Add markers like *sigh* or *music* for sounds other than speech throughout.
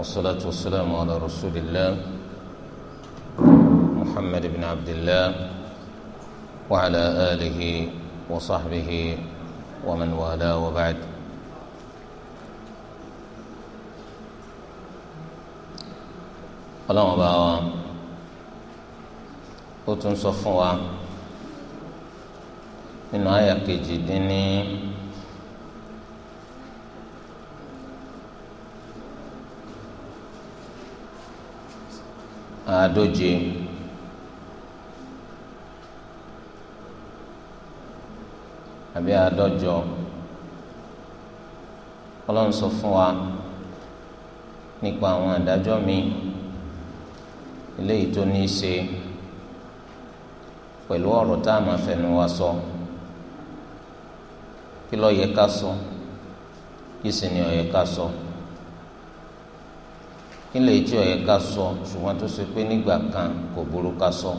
والصلاة والسلام على رسول الله محمد بن عبد الله وعلى آله وصحبه ومن والاه وبعد اللهم بارك wa ó tún sọ fún àádóje ah, àbí àádọ́jọ ọlọ́run sọ fún wa nípa àwọn àdájọ́ mi eléyìí tó ní í ṣe pẹ̀lú ọ̀rọ̀ tá a máa fẹnu wa sọ kí ló yẹ ká sọ kí sì ni ó yẹ ká sọ. So. nílẹ̀ tí ó yẹ ká sọ ṣùgbọ́n tó ṣe pé nígbà kan kò burú ká sọ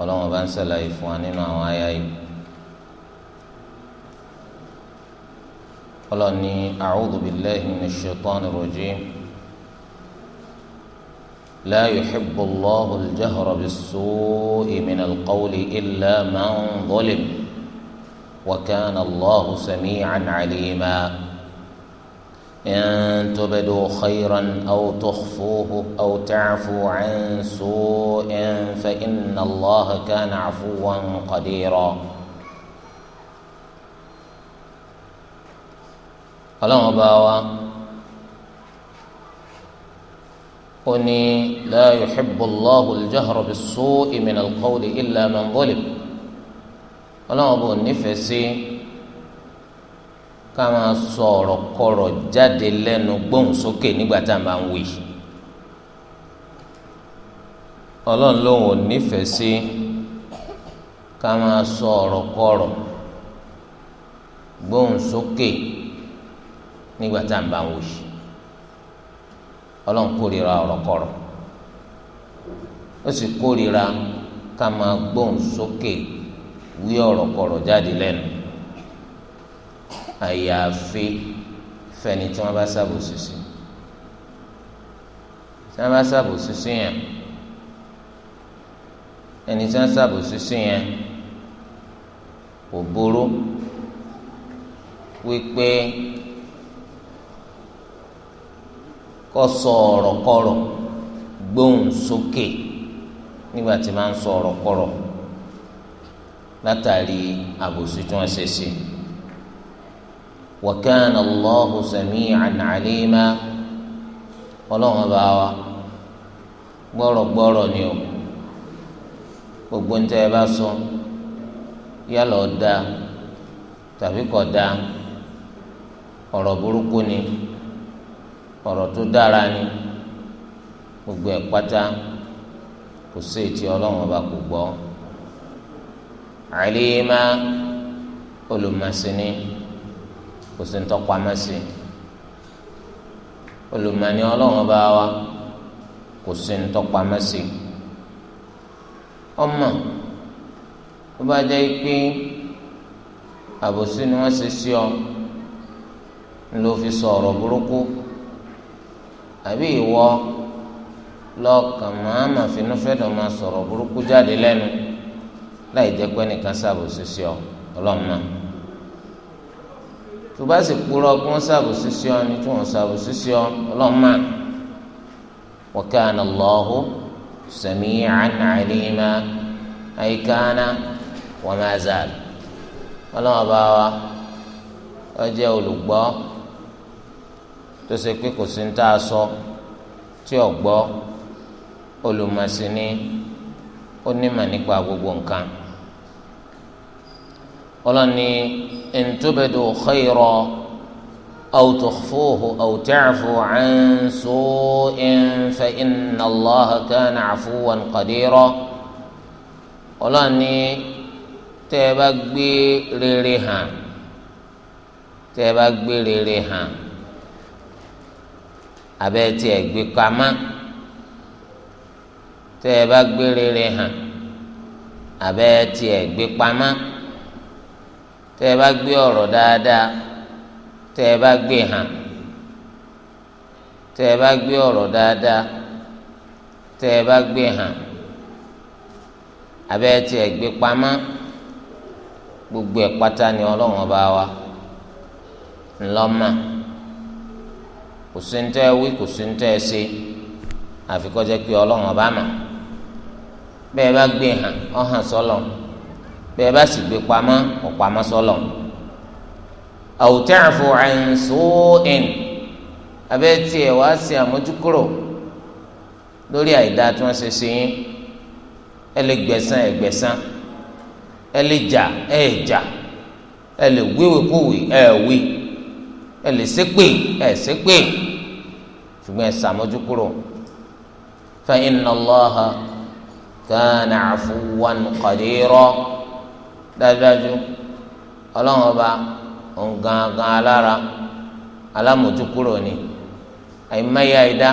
ọlọ́wọ́n bá ń ṣàlàyé fún wa nínú àwọn àyà yìí ọlọ́ni a'udhu billahi minash shaitani rajim la yuhibbu Allahu al-jahra bis-su'i minal qawli illa man zulim wa kana إن تبدوا خيرا أو تخفوه أو تعفوا عن سوء فإن الله كان عفوا قديرا ọlọ́run bá wa ó ní la yuhibbu Allahu al-jahra bis-su'i min al-qawli illa man zulim ọlọ́run bá ò nífẹ̀ẹ́ sí. ká máa sọ ọ̀rọ̀ kọ̀rọ̀ jáde lẹ́nu gbóhùn sókè nígbà tá a máa ń wí. ọlọ́run lòun ò nífẹ̀ẹ́ sí ká máa sọ ọ̀rọ̀ kọ̀rọ̀ gbóhùn sókè nígbà tá a máa ń wí. ọlọ́run kórìíra ọ̀rọ̀ kọ̀rọ̀ ó sì kórìíra ká máa gbóhùn sókè wí ọ̀rọ̀ kọ̀rọ̀ jáde lẹ́nu àyàfi fẹni tí wọn bá ṣàbòsí sí tí wọn bá ṣàbòsí sí yẹn ẹni tí wọn ṣàbòsí sí yẹn kò burú wípé kó sọ ọ̀rọ̀ kọ̀rọ̀ gbóhùn sókè nígbà tí máa ń sọ ọ̀rọ̀ kọ̀rọ̀ látàrí àbòsí tí wọn ṣe sí i. وكان الله سميعا عليما ọlọ́run bá wa gbọ́rọ̀gbọ́rọ̀ ni o gbogbo ń tẹ́ ẹ bá sọ yálà burúkú ni ọrọ tó dára ni gbogbo ẹ̀ pátá kò sí ni. kò sí ntọ́pamọ́ sí olùmọ̀ni ọlọ́run bá wa kò sí ntọ́pamọ́ sí ọmọ bá jẹ́ pé àbòsí ni wọ́n ṣe sí ọ ló fi sọ ọ̀rọ̀ burúkú àbí ìwọ lọ́ọ̀kan màámà finúfẹ́dọ̀ máa sọ̀rọ̀ burúkú jáde lẹ́nu láì tó bá sì kúrọ kó ń sábò sísí ọ ní tí wọn sábò sísí ọ ọlọ́mà wa kana Allahu sami'an 'alima ay kana wa ma zal ọlọ́mà bá wa ọ jẹ́ olùgbọ́ tó ṣe pé gbogbo nǹkan ọlọ́ni ntúbẹ̀dù khayra aw tukhfuhu aw ta'fu an su'in fa inna allaha kana afuwan qadira ọlọ́ni tẹ́ ẹ bá gbé rere hàn tẹ́ ẹ bá gbé rere hàn abẹ́ tí gbé pamá tẹ́ gbé rere hàn abẹ́ tí ẹ gbé pamá. tẹ́ ẹ bá gbé ọ̀rọ̀ dáadáa tẹ́ ẹ bá gbé hàn tẹ́ ẹ bá gbé ọ̀rọ̀ dáadáa tẹ́ ẹ bá gbé hàn abẹ́ tí ẹ gbé pamọ́ gbogbo ẹ̀ pátá ni ọlọ́run ọba wa ńlọ́mà kò sí ní wí kò sí ní ṣe àfikọ́jẹ́ pé ọlọ́run ọba mà bẹ́ẹ̀ bá gbé hàn ọ̀hàn sọ́lọ́run. bẹ́ẹ̀ bá sì gbé pamọ́ ọ̀pamọ́ sọ́lọ̀ aw ta'fu an su'in abẹ́ tiẹ̀ wá sí àmójúkúrò lórí àìdá tí wọ́n ṣe sí yín ẹ lè gbẹ̀san ẹ gbẹ̀san ẹ lè jà ẹ jà ẹ lè wíwèkúwè ẹ wí ẹ lè ṣépè ẹ ṣépè ṣùgbọ́n ẹ ṣàmójúkúrò fa inna Allaha kana afuwan qadira dájúdájú ọlọ́run ọba òun gangan alára alámòjúkúrò ni àìmọye àìdá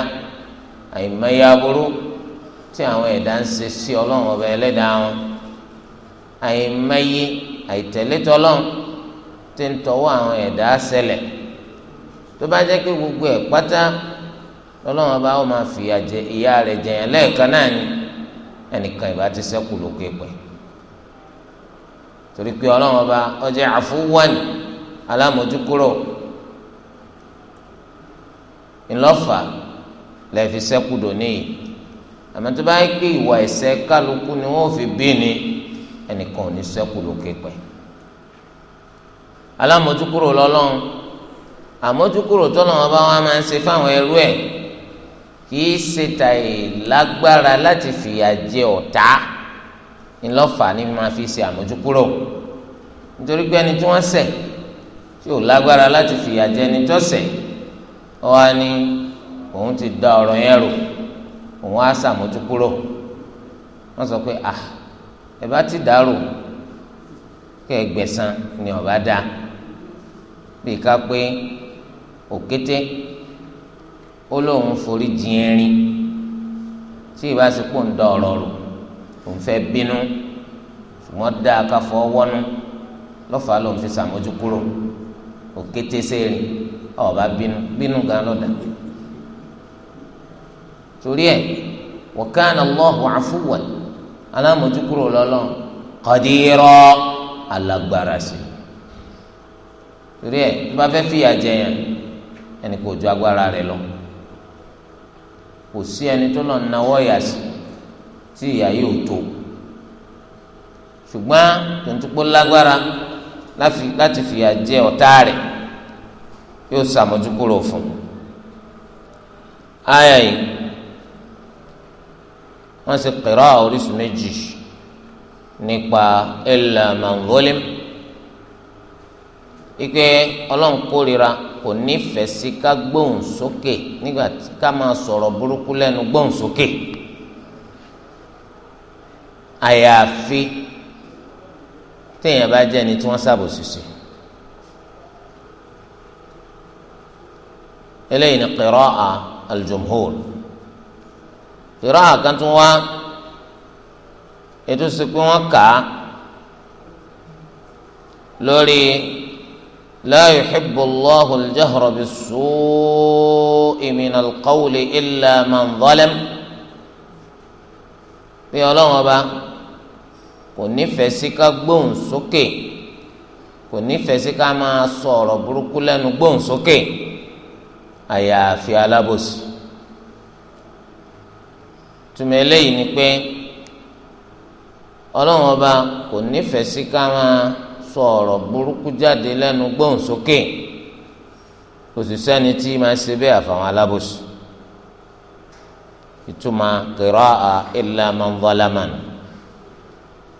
àìmọye aburú tí àwọn ẹ̀dá ń ṣe sí ọlọ́run ọba ẹlẹ́dàá wọn àìmọye àìtẹ̀lẹ́tọ̀ ọlọ́run tí ń tọwọ́ àwọn ẹ̀dá ṣẹlẹ̀ tó bá jẹ́ pé gbogbo ẹ̀ pátá ọlọ́run ọba ó máa fìyà jẹ ìyà rẹ̀ jẹyàn lẹ́ẹ̀kan náà ni ẹnìkan ìbá ti ṣẹ́kù lókè pẹ̀lú torí pé ọlọ́run ọba ó jẹ́ àfúwọ́n alámójúkúrò ńlọ́fà lẹ́ẹ̀fi sẹ́kùdò níyì àmọ́ tó bá yẹ pé ìwà ẹ̀ṣẹ̀ kálukú ni wọ́n fi bí ni ẹnìkan ò ní sẹ́kù lókè pẹ́ alámójúkúrò lọ́lọ́run àmójúkúrò tọ́lọ́run ọba wọn máa ń ṣe fáwọn ẹrú ẹ̀ kì í ṣe tàyè lágbára láti fìyà jẹ ọ̀tá ńlọ́fà ni máa fi ṣe àmójúkúrò nítorí pé ẹni tí wọ́n ṣẹ̀ tí ò lágbára láti fìyà jẹ ẹni tó ṣẹ̀ ọ wá ní òun ti da ọ̀rọ̀ yẹn rò òun á ṣàmójúkúrò wọ́n sọ pé ah ẹ bá ti dàrú kẹ́ ẹ ni ọ̀bá dá bí ká pé òkété ó lóun forí jìn ẹrin tí ìbá sì pò ń da ọ̀rọ̀ rò òun fẹ́ bínú ṣùgbọ́n dáa ká fọ́ wọ́nú lọ́fàá lòun fi sàmójú kúrò òkété sẹ́rìn ọba bínú bínú gan lọ́dà torí ẹ wa kana Allahu afuwan alámójú kúrò lọ́lọ́ qadira alágbára sí torí ẹ bá fẹ́ fìyà jẹyàn ẹnì kò ju agbára rẹ lọ kò sí ẹni tó lọ náwó yà sí tí ìyá yóò tó ṣùgbọ́n tòǹtòpó lágbára láti fìyà jẹ ọ̀tá rẹ̀ yóò ṣàmójúkúrò fún un. ayà yìí wọ́n ṣe kẹ̀rọ orísun méjì nípa ẹ̀là mọ̀ngólìm ipe ọlọ́run kórira kò nífẹ̀ẹ́ sí ká gbóhùn sókè nígbà tí ká máa sọ̀rọ̀ burúkú lẹ́nu gbóhùn sókè. So àyàfi téèyàn bá jẹ́ ẹni tí wọ́n ṣàbòsí sí eléyìí ni qira'a al-jumhur qira'a kan tún wá ètò sèpé wọ́n kà á lórí la yuhibbu Allahu al-jahra bis-su'i min pé ọlọ́run ọba kò nífẹ̀ẹ́ sí ká gbóhùn sókè kò nífẹ̀ẹ́ sí ká máa sọ ọ̀rọ̀ burúkú lẹ́nu gbóhùn sókè àyàfi alábòsí túmọ̀ eléyìí ni pé ọlọ́run ọba kò nífẹ̀ẹ́ sí ká máa sọ ọ̀rọ̀ burúkú jáde lẹ́nu gbóhùn sókè kò sì sẹ́ni tí máa ṣe bẹ́ẹ̀ àfàwọn alábòsí ìtumọ̀ kìrọ́à illa man zalaman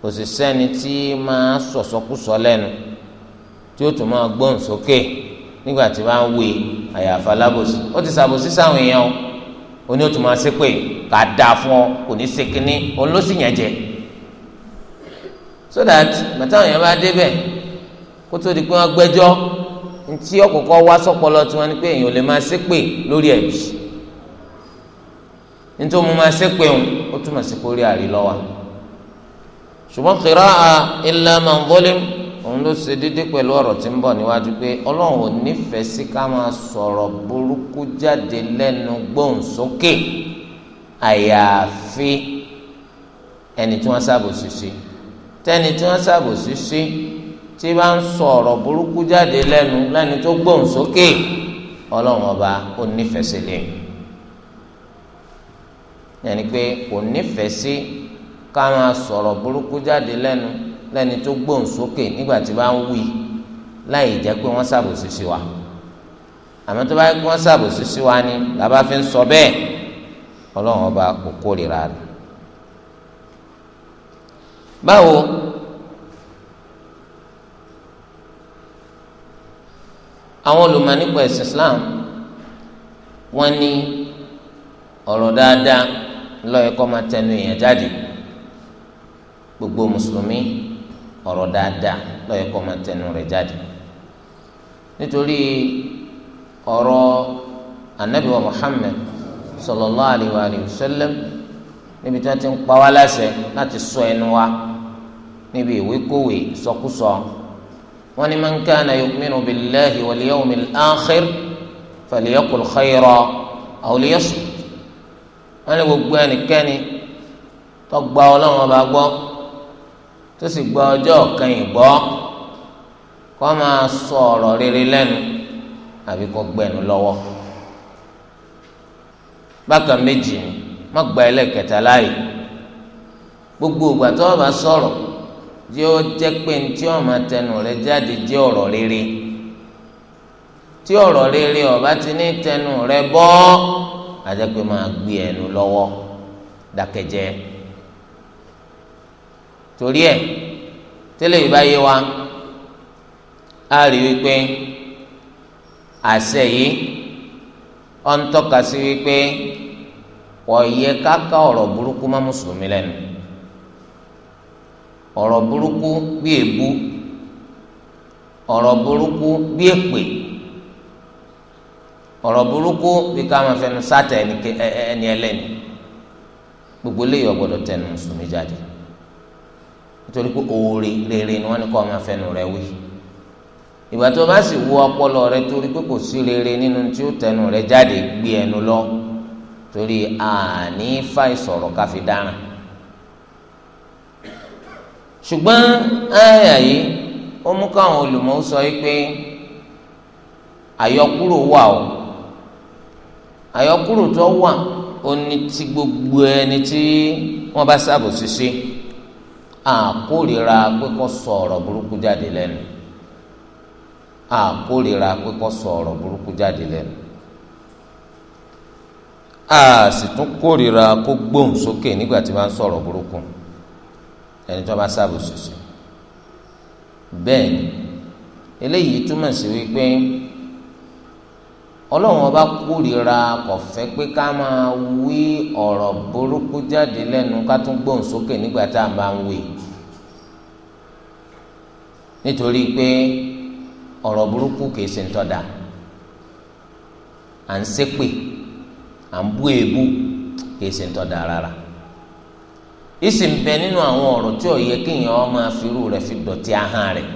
kò sì sẹ́ni tí máa sọ̀sọ́kúsọ lẹ́nu tí ó tún máa gbóhùn sókè nígbà tí wọ́n á wé àyàfà lábòsí ó ti sàbòsí sáwọn èèyàn o oní o tún máa ṣe pé kà á dáa fún ọ kò ní ṣe kínní òun ló sì yẹn jẹ so that bàtà òyìnbó bá débẹ̀ kó tó di pé wọ́n gbẹ́jọ́ ntí ọ̀kọ̀ọ̀kọ̀ wá sọ́pọ̀lọ́ tiwọn ni pé èèyàn ò lè máa ṣe pé lórí ẹ̀bí nítorí mo máa ṣépè òun ó túmọ̀ sí kórè àrílọ́wà ṣùgbọ́n kìrá a illa man zalim òun ló ṣe déédé pẹ̀lú ọ̀rọ̀ tí ń bọ̀ níwájú pé ọlọ́run ò nífẹ̀ẹ́ sí ká máa sọ̀rọ̀ burúkú jáde lẹ́nu gbóhùn sókè àyàfi ẹni tí wọ́n ṣàbòsí sí tẹ́ni tí wọ́n ṣàbòsí sí tí bá ń sọ̀rọ̀ burúkú jáde lẹ́nu lẹ́ni tó gbóhùn ọlọ́run ọba ò nífẹ̀ẹ́ sí lẹ́yìn yẹnni pé kò nífẹ̀ẹ́ sí ká máa sọ̀rọ̀ burúkú jáde lẹ́nu lẹ́ni tó gbóhùn sókè nígbà tí bá ń wí láì jẹ́ pé wọ́n ṣàbòsí sí wa àmọ́ tó bá yẹ kí wọ́n ṣàbòsí sí wa ni làbá fi ń sọ bẹ́ẹ̀ ọlọ́run ọba kò kórìíra rẹ̀ báwo àwọn olùmọ̀ nípa ẹ̀sìn Islam wọ́n ní ọ̀rọ̀ dáadáa lọ́yẹ̀ kọ́ máa tẹnu èèyàn jáde gbogbo mùsùlùmí ọ̀rọ̀ dáadáa lọ́yẹ̀ kọ́ máa tẹnu rẹ̀ jáde nítorí ọ̀rọ̀ anabi wa muhammed sallallahu alayhi wa alayhi wa sallam níbi tí wọ́n ti ń pa wá láṣẹ láti sọ ẹnu wa níbi ìwékòwé sọkúsọ wọ́n ní man kana yu'minu billahi wal yawmil akhir falyaqul khayra aw liyasmut wọn ní gbogbo ẹnikẹ́ni tó gba ọlọ́run ọba gbọ́ tó sì gba ọjọ́ kẹyìn gbọ́ kó máa sọ ọ̀rọ̀ rere lẹ́nu àbí kó gbẹ̀nu lọ́wọ́ bákan méjì ni má gba ẹlẹ́kẹta láàyè gbogbo ìgbà tó o bá sọ̀rọ̀ jẹ́ ó jẹ́ pé ní tí ọ̀ma tẹnu rẹ jáde jẹ́ ọ̀rọ̀ rere tí ọ̀rọ̀ rere ọ̀bá ti ní tẹnu rẹ bọ́ adẹ́pẹ́ máa gbé ẹnu lọ́wọ́ dákẹ́jẹ́ torí ẹ̀ tẹ́lẹ̀ yìí bá yé wa a rí wípé àṣẹ yìí ó ń tọ́ka sí wípé ọ̀yẹ káka ọ̀rọ̀ burúkú má mùsùlùmí lẹ́nu ọ̀rọ̀ burúkú bí èbú ọ̀rọ̀ burúkú bí èpè. E ọ̀rọ̀ burúkú bí ká máa fẹnu sáta ẹni ẹlẹ́ni gbogbo eléyìí ọ̀gbọ́dọ̀ tẹnu mùsùlùmí jáde nítorí pé oore rere ni wọ́n ní kọ́ máa fẹnu rẹ wí ìgbà tó bá sì wo ọpọlọ rẹ torí pé kò sí rere nínú tí ó tẹnu rẹ jáde gbé ẹnu lọ torí àní fa ìsọ̀rọ̀ káfi dáràn ṣùgbọ́n ẹ̀yà yìí ó mú káwọn olùmọ̀ sọ yìí pé àyọkúrò wà o àyọkúrò tó wà oní ti gbogbo ẹni tí wọn bá sábò ṣiṣẹ àkórìíra pé kó sọ ọ̀rọ̀ burúkú jáde lẹ́nu àkórìíra pé kó burúkú jáde lẹ́nu a sì tún kórìíra kó gbóhùn sókè nígbà tí wọn sọ̀rọ̀ burúkú ẹni tó bá sábò ṣiṣẹ bẹ́ẹ̀ eléyìí túmọ̀ sí wípé ọlọ́run ọba kórìíra kò fẹ́ pé ká máa wí ọ̀rọ̀ burúkú jáde lẹ́nu ká tún gbóhùn sókè nígbà tá a máa ń wí nítorí pé ọ̀rọ̀ burúkú kìí ṣe ń tọ́da à ń ṣépè à ń bú èébú kìí ṣe ń tọ́da rárá ìsìn bẹ nínú àwọn ọ̀rọ̀ tí ò yẹ kéèyàn máa firú rẹ̀ fi dọ̀tí ahọ́n rẹ̀.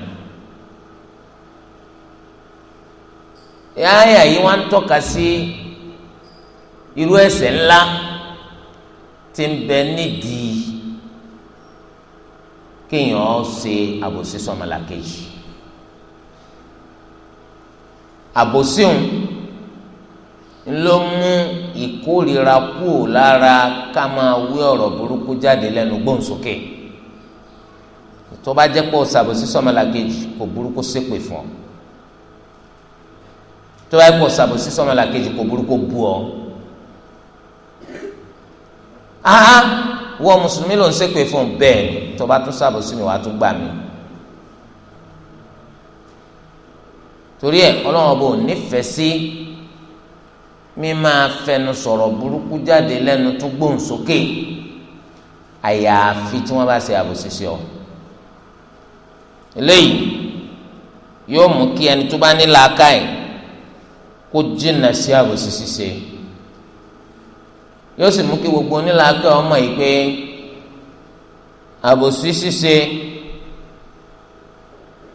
yáyà yìí wọ́n ń tọ́ka sí irú ẹ̀ṣẹ̀ ńlá tí ń bẹ nídìí kéèyàn ṣe àbòsí sọmọlàkejì àbòsíhùn ló mú ìkórira kúò lára ká máa wí ọ̀rọ̀ burúkú jáde lẹ́nu gbóǹsókè tó bá jẹ́ pé ó sọmọlàkejì kò burúkú ṣépè fún ọ tó bá kọ sàbòsí sọmọ la kejì kò burúkú bu ọ aha wọ mùsùlùmí ló ń ṣépè fún bẹ́ẹ̀ tó bá tún sàbòsí mi wàá tún gbà mí torí ẹ ọlọ́wọ́n bò nífẹ̀ẹ́ sí mi máa fẹnu sọ̀rọ̀ burúkú jáde lẹ́nu tún gbóhùn sókè àyàfi tí wọ́n bá ṣe àbòsí sí ọ eléyìí yóò mú kí ẹni tó bá ní làákàyè kó jìnnà sí àbòsí ṣíṣe yóò sì mú kí gbogbo onílàákẹ́ ọmọ yìí pé àbòsí ṣíṣe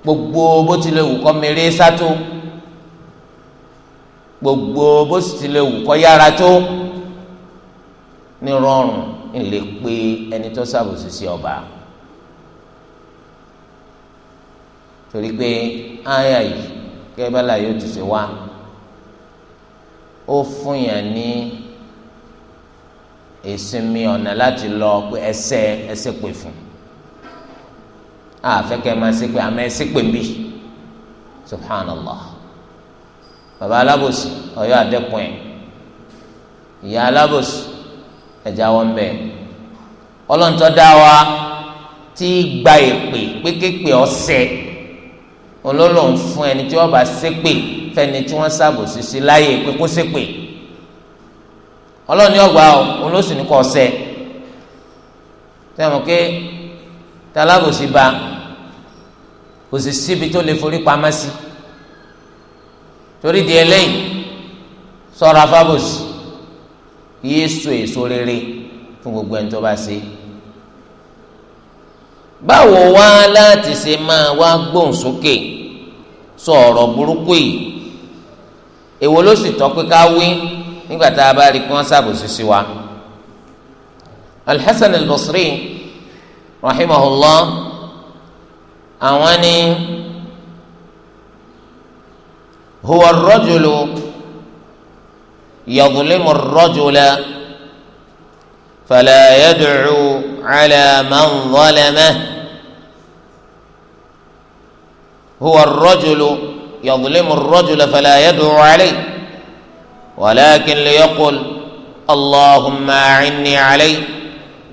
gbogbo bó tilẹ̀ wù kọ́ mèrè sátó gbogbo bó tilẹ̀ wù kọ́ yára tó ní rọrùn ńlẹ̀ ẹni tó ṣàbòsí sí ọba torí pé áyà yìí kẹ́ yóò ti ṣe wá ó fún yàn ní ìsinmi ọ̀nà láti lọ pé ẹsẹ̀ ẹsẹ̀ pè fún àfẹ́kẹ́ máa ṣe pé àmọ́ ẹsẹ̀ pè mí subhanallah bàbá alábòsí ọ̀yọ́ àdẹ́kùn ẹ̀ ìyá alábòsí ẹ̀já wọn bẹ̀ ọlọ́ntọ́ dá wa tí gba èpè pékèpè ọ̀sẹ̀ olólùfún ẹni tí wọ́n bá ṣépè fẹ́ni tí wọ́n ṣàbòsí sí láyè pé kó ṣépè ọlọ́run ní ọgbà olóṣù ní kò ṣẹ tẹ́wọ̀n pé talábòsí ba kò sì síbi tó lè forí pamọ́ sí torí di eléyìí ṣọ́ra fábòsí yéé so èso rere fún gbogbo ẹni tó bá ṣe é báwo wá láti ṣe máa wá gbóhùn sókè sọ ọ̀rọ̀ burúkú yìí èwo ló sì tọ́ pé ká wí nígbà tá a bá rí kí wọ́n ṣàbòsí sí wa. alḥasan al-basri rahimahullah àwọn ni huwa rọ́jùlù yadhlimu rọ́jùlà fala yad'u ala man zalama huwa rọ́jùlù. يظلم الرجل فلا يدعو عليه ولكن ليقل اللهم أعني عليه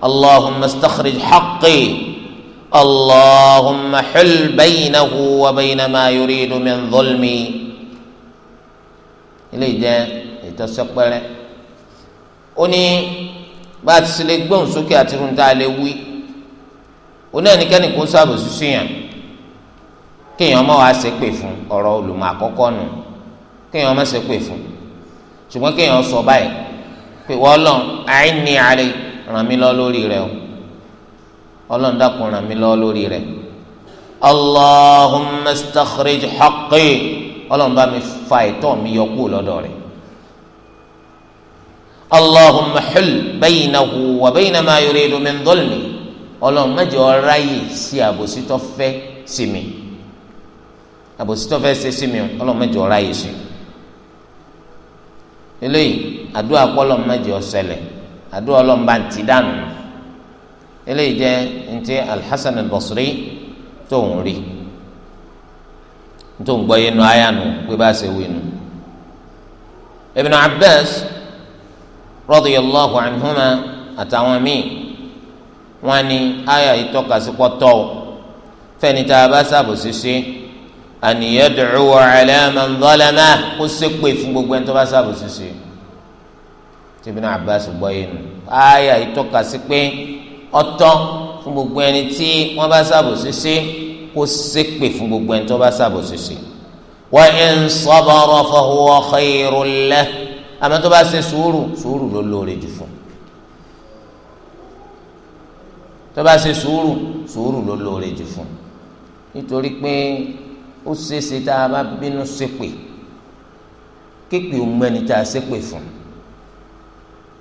اللهم استخرج حقي اللهم حل بينه وبين ما يريد من ظلمي إليه جاء يتسقبل أني bá a ti ṣe gbóhùn sókè àti irun lè wí oní ẹnikẹ́ni kò sábò sísú yẹn kéèyàn má wá ṣe pè fún ọ̀rọ̀ olùmọ̀ àkọ́kọ́ nù kéèyàn má ṣe pè fún ṣùgbọ́n kéèyàn sọ báyìí pé wọ́n lọ àìní àárẹ̀ ràn mí lọ lórí rẹ̀ o ọlọ́run dákun ràn mí lọ lórí rẹ̀ allahumma istakhrij haqqi ọlọ́run bá mi fa ìtọ́ mi yọ kúrò lọ́dọ̀ rẹ̀ allahumma hul baynahu wa bayna ma yuridu min dhulmi ọlọ́run má jẹ́ ráyè sí àbòsítọ́ fẹ́ sí mi. Si àbòsítọ́ fẹ́ ṣe sí mi o ọlọ́mọdé ọ̀rá yìí ṣe eléyìí àdúrà pọ́lọ́mọdé ọ̀sẹ̀lẹ̀ àdúrà ọlọ́mọba ntì dànù eléyìí jẹ́ ntí alḥasan al-basri tó ń rí tó ń gbọ́ yẹnu ayánu pé bá ṣe wí nu ibn abbas radiyallahu anhuma àtàwọn míì wọ́n ní ayà ìtọ́kasí pọ́tọ́ fẹ́ni tá a bá sábò ṣiṣẹ́ àníyàn dùrù wàhálà mọ̀nbọ́lámà kó sépè fún gbogbo ẹni tó bá sábò ṣiṣẹ́ tìbínú Abbas gbọ́ yìí nù àyà ìtọ́ka sí pé ọ̀tọ̀ fún gbogbo ẹni tí wọ́n bá sábò ṣiṣẹ́ kó sépè fún gbogbo ẹni tó bá sábò ṣiṣẹ́ wa in sabara fahuwa khayrun lahu àmọ́ tó bá ṣe tó bá ṣe sùúrù sùúrù ló lóore jù fún nítorí pé ó ṣeéṣe tá a bá bínú ṣépè kéèpè ò mẹ́ni tá a ṣépè fún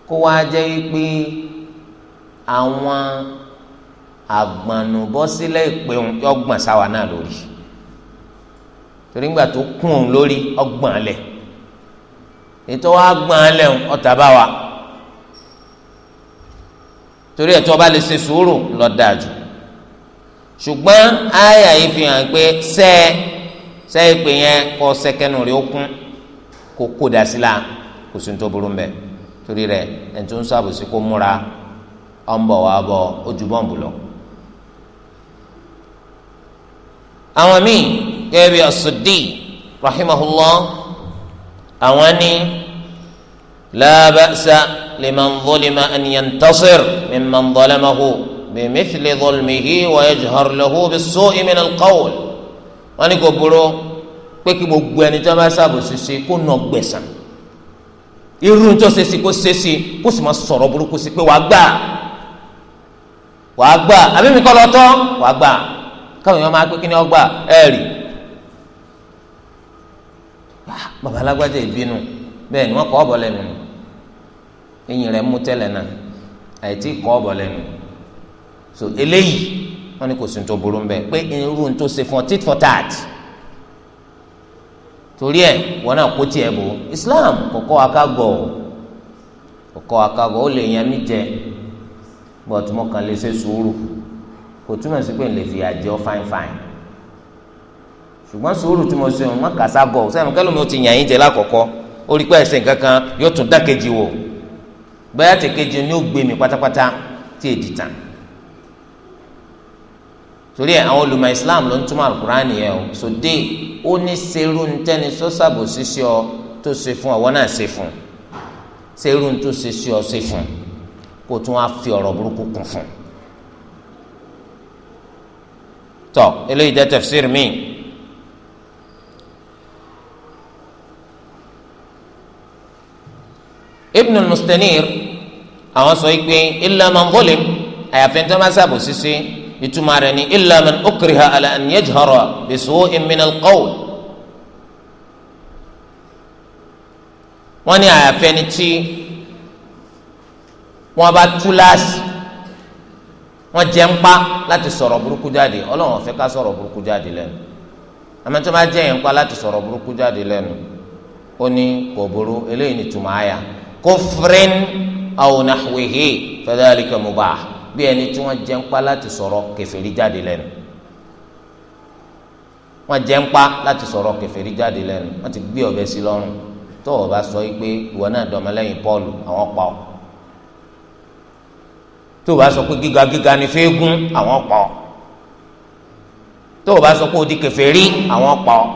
kó wáá jẹ́ pé àwọn àgbànúbọ́sílẹ̀ ìpè ọgbọ̀n sáwa náà lórí torí ńgbà tó kún òun lórí ọgbọ̀n lẹ̀ ètò wa gbọ̀n lẹ̀ ọ̀tá bá wa torí ẹ̀tọ́ bá lè ṣe sùúrù lọ́ọ́ jù ṣùgbọ́n àyà yìí fi hàn pé sẹ́ẹ̀ sẹ́yìn pé yẹn kọ́ sẹ́kẹ́nù rẹ̀ ó kún kó kó dà sí la kò sí tó burú mbẹ́ torí rẹ̀ ẹni tó ń sọ àbòsí kó múra ọ̀ ń bọ̀ wá bọ̀ ó ju bọ́ǹbù lọ. àwọn míì gẹ́gẹ́ bí as-Suddi àwọn ní la ba'sa liman zulima an yantasir mimman zalamahu bimithli zulmihi wa yajhar lahu bis-su'i min wọn ní kò burú pé kí gbogbo ẹni tí wọn bá ṣàbòsí sí kó nà gbẹ̀san irú tó ṣe kó kó sì máa sọ̀rọ̀ burúkú sí pé wàá gbà wàá gbà àbí mi kọ́ lọ tọ́ wàá gbà káwọn èèyàn máa pé kí ni ọgbà ẹ rí ah, kọ́ ọ̀bọ̀ lẹ́nu rẹ̀ kọ́ ọ̀bọ̀ lẹ́nu so eléyìí wọ́n ní kò sí tó burú mbẹ pé irú tó ṣe fún tit for tat torí ẹ wọn náà kó tiẹ̀ bò Islam kọkọ akágọ kọkọ akágọ ó lè yan mí jẹ but mo kàn lè ṣe sùúrù kò túmọ̀ sí pé lè fi àjọ fine fine ṣùgbọ́n sùúrù tí mo ṣe wọn má kàṣà gọ̀ sẹ́yìn kẹ́lómi ó ti yàn yín jẹ lákọ̀ọ́kọ́ ó rí pé ẹ̀sìn kankan yóò tún dákejì wò bẹ́ẹ̀ tẹ̀kejì ni ó gbé mi pátápátá tí èdì tán torí ẹ àwọn olùmọ̀ islam ló ń túmọ̀ alukur'an yẹn o sòdè ó ní serú ntẹni tó ṣàbòsí sí ọ tó ṣe fún ọ wọn náà ṣe fún serú tó ṣe sí ọ ṣe fún kó tún á fi ọ̀rọ̀ burúkú kún fún. tọ eléyìí jẹ́ tafsir mi. ibn mustanir àwọn sọ yìí pé illa man zulim àyàfi ń tọ́ ìtumọ̀ rẹ̀ ni illa man ukriha ala an yajhara bi su'in min al-qawl wọ́n ní àyàfẹ́ ni tí wọ́n bá tú láàsì wọ́n jẹ́ ń pa láti sọ̀rọ̀ burúkú jáde ọlọ́run ò fẹ́ ká sọ̀rọ̀ burúkú jáde lẹ́nu àmọ́ tí wọ́n bá jẹ́ ń pa láti sọ̀rọ̀ burúkú jáde lẹ́nu ó ní kò burú eléyìí ni tùmọ̀ àyà kufrin aw nahwihi fadhalika mubah bí ẹni tí wọ́n jẹ́ ń pa láti sọ̀rọ̀ kèfèrí jáde lẹ́nu wọ́n jẹ́ ń pa láti sọ̀rọ̀ kèfèrí jáde lẹ́nu wọ́n ti gbé ọ̀bẹ sí lọ́rùn tó o bá sọ pé ìwọ náà dọ̀mọ́lẹ́yìn Pọ́ọ̀lù àwọn pa ọ́ tó o bá sọ pé gíga gíga ni fẹ́ẹ́gún àwọn pa ọ́ tó o bá sọ pé o di àwọn pa ọ́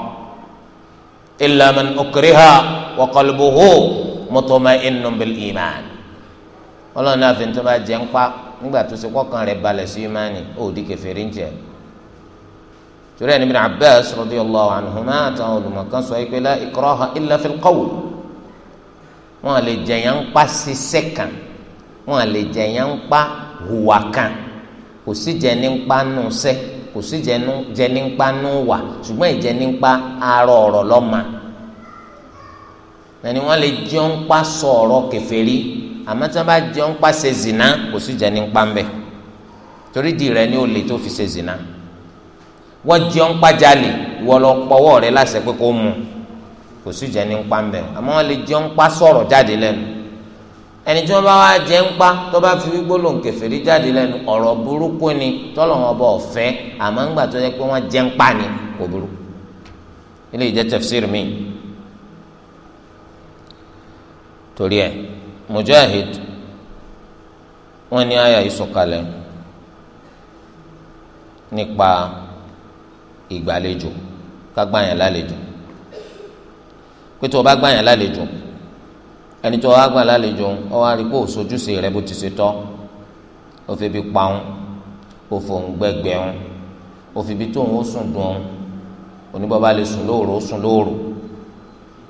illa man ukriha wa qalbuhu mutma'innun bil iman náà fi ń tó ń pa ńgbà tó ṣe kọ́kàn rẹ̀ balẹ̀ sí imáni ó di kèfèrí ń jẹ torí ẹni Ibn Abbas radiyallahu anhuma àtàwọn olùmọ̀kan sọ pé la ikraha illa fil qawl wọn lè jẹyàn ń pa ṣiṣẹ́ kan wọn lè jẹyàn ń pa hùwà kan kò sí jẹni ń pa nù sẹ́ kò sí jẹni ń pa nù wà ṣùgbọ́n ìjẹni ń pa arọ ọ̀rọ̀ lọ́ma ẹni wọn lè jẹun pa sọ ọ̀rọ̀ àmọ́ tí wọ́n bá jẹ́ ń pa ṣe zina kò sí jẹ́ ní pa ń bẹ̀ torí di rẹ̀ ní olè tó fi ṣe zina wọ́n jẹ́ ń pa jalè ìwọ lọ pọ̀wọ́ rẹ̀ láṣẹ pé kó mu kò sí jẹ́ ní pa ń bẹ̀ àmọ́ wọ́n lè jẹ́ ń pa sọ̀rọ̀ jáde lẹ́nu ẹni tí wọ́n bá wá jẹ́ ń pa tó bá fi gbólóhùn kèfèrí jáde lẹ́nu ọ̀rọ̀ burúkú ni tọ́lọ̀wọ́n bọ̀ ọ̀fẹ́ àmọ́ ńgbà tó yẹ pé wọ́n jẹ́ ń pa ni kò burú ilé ìjẹ́ tafsir mi torí ẹ̀ mujahid wọ́n ní àyà ìsọ̀kalẹ̀ nípa ìgbàlejò kágbáyàn lálejò pé tó o bá gbáyàn lálejò ẹni tó o bá gbà lálejò ọ wá rí kó o sojúṣe rẹ bó ti ṣe tọ́ o fi bi pàun o fòun gbẹgbẹun o fi bi tóun ó sùn dùn oníbọ̀ bá lè sùn lóòrò sùn lóòrò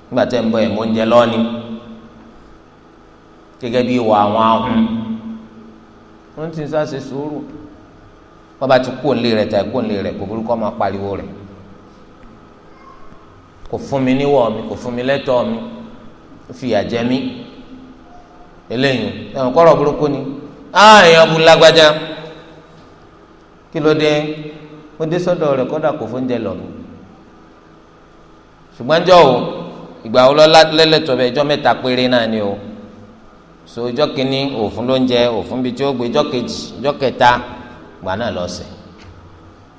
nígbà tẹ́ ń bọ̀ ẹ̀ mọ́ oúnjẹ lọ́ni gẹ́gẹ́ bí ìwà àwọn ahùn wọ́n ti sá ṣe sùúrù wọ́n bá ti kó nílé rẹ̀ tàbí kó nílé rẹ̀ kò burúkú ọmọ pariwo rẹ̀ kò fún mi níwọ̀ mi kò fún mi lẹ́tọ̀ọ́ mi kò fìyà jẹ mí eléyìí ẹ̀wọ̀n kọ́rọ̀ burúkú ni ààyàn bu lágbájá kí ló dé mo dé sọ́dọ̀ rẹ̀ kọ́dà kò fún jẹ lọ mi ṣùgbọ́n jọ́ o ìgbà wo lọ́lẹ́lẹ́tọ̀ bẹ́ẹ̀ jọ́ mẹ́ta péré náà ni o so ọjọ́ kìíní òfun ló ń jẹ òfun bíi tí ó gbé ọjọ́ kejì ọjọ́ kẹta gbà náà lọ́sẹ̀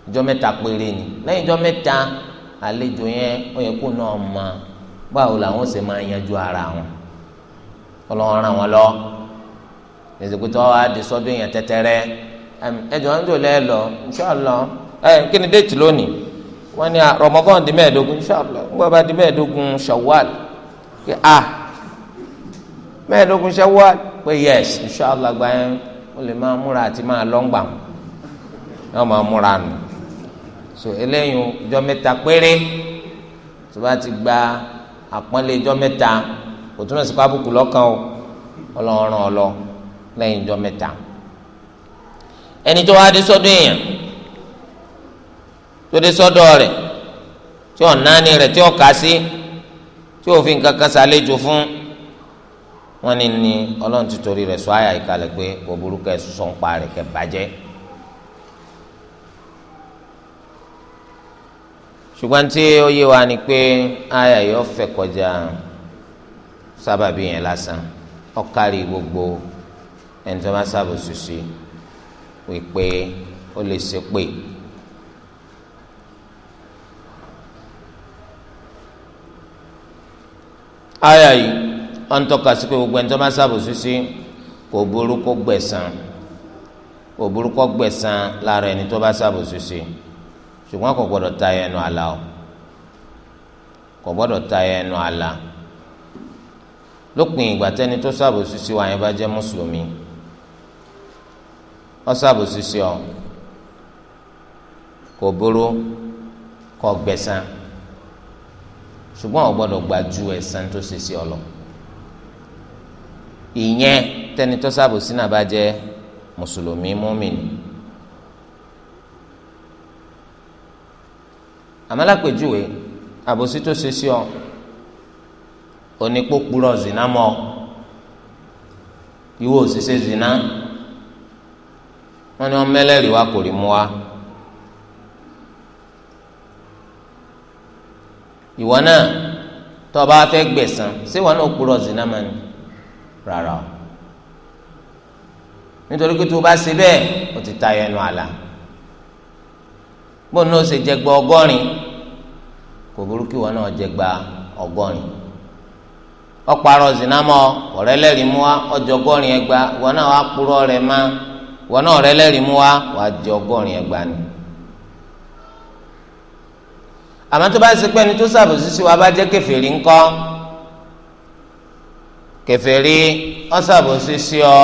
ọjọ́ mẹ́ta péré ni lẹ́yìn ọjọ́ mẹ́ta àlejò yẹn ó yẹ kó náà mọ báwo làwọn ṣe máa yanjú ara wọn ọlọ́run ràn wọn lọ ezekutọ adi sọdún yẹn tẹ́tẹ́rẹ́ ẹjọ ń dòlẹ lọ inṣàlọ ẹ kí ni déètì lónìí wọn ni Ramadan di mẹ́ẹ̀ẹ́dógún inṣàlọ ń gbọ́ bá di mẹ́ẹ̀ẹ́dógún Shawwal kí a mẹ́ẹ̀ẹ́dógún Ṣawwal pé yes inṣàlá gba yẹn ó lè máa múra àti máa lọ́ngbà yóò máa múra nù so eléyìí ọjọ́ mẹ́ta péré tó bá ti gba àpọ́nlé ọjọ́ mẹ́ta kò túmọ̀ sí pábùkù lọ́kàn o ọlọ́run ọlọ lẹ́yìn ọjọ́ mẹ́ta ẹni tó wá dé sọ́dọ̀ èèyàn tó dé sọ́dọ̀ rẹ̀ tí ọ̀nà rẹ̀ tí ọ̀ka sí tí òfin kankan sàlejò fún un wọn ní ní ọlọ́run ti torí rẹ̀ sọ àyà ìkàlẹ̀ pé kò burúkú ẹ̀sùn sọ̀ ń pa rẹ̀ kẹ̀ bàjẹ́ ṣùgbọ́n tí ó yé wa ni pé àyà yóò fẹ́ kọjá sábàbí yẹn lásán ó gbogbo ẹni tó bá sábò ṣùṣì wípé ó lè ṣe pé. àyà yìí wọn tọ́ka sí pé gbogbo ẹni tó bá ṣàbòsí sí kò burú kó gbẹ̀san kò burú kó gbẹ̀san lára ẹni tó bá ṣàbòsí sí ṣùgbọ́n kò gbọ́dọ̀ ta ẹnu àlà o kò gbọ́dọ̀ ta ẹnu àlà lópin ìgbà tẹni tó ṣàbòsí sí wa yẹn bá jẹ́ mùsùlùmí ó ṣàbòsí sí ọ kò burú kó gbẹ̀san ṣùgbọ́n ò gbọ́dọ̀ gbà ju tó ṣe ọ lọ ìyẹn tẹni tó ṣàbòsí náà bá jẹ́ mùsùlùmí mùmínì. àmàlàpẹ̀jùwe àbòsí tó ṣe sí ọ onípòkúrọ̀ zina mọ́ ìwọ òṣìṣẹ́ zina wọn ni wọn mẹlẹ́rìí wa kò rí mu wa ìwọ náà tọ́ ọ bá ṣé wọn náà kúrọ̀ zina mọ́ ni rárá o nítorí pé tó o bá ṣe bẹ́ẹ̀ o ti ta ẹnu àlà bó náà ṣe jẹ gba ọgọ́rin kò burú kí wọn náà jẹ gba ọgọ́rin ọ̀parọ̀ zinamọ ọ̀rẹ́ lẹ́rìí mú wa ọjọ́ ọgọ́rin ẹgba wọn náà wàá kúrọ́ rẹ̀ má wọn náà ọ̀rẹ́ lẹ́rìí mú wa wàá jẹ ọgọ́rin ẹgba ni àmọ́ tó bá ṣe pé ẹni tó ṣàbòsí sí wa bá jẹ́ kèfèrí ńkọ́ kèfèrí wọn ṣàbòsí sí ọ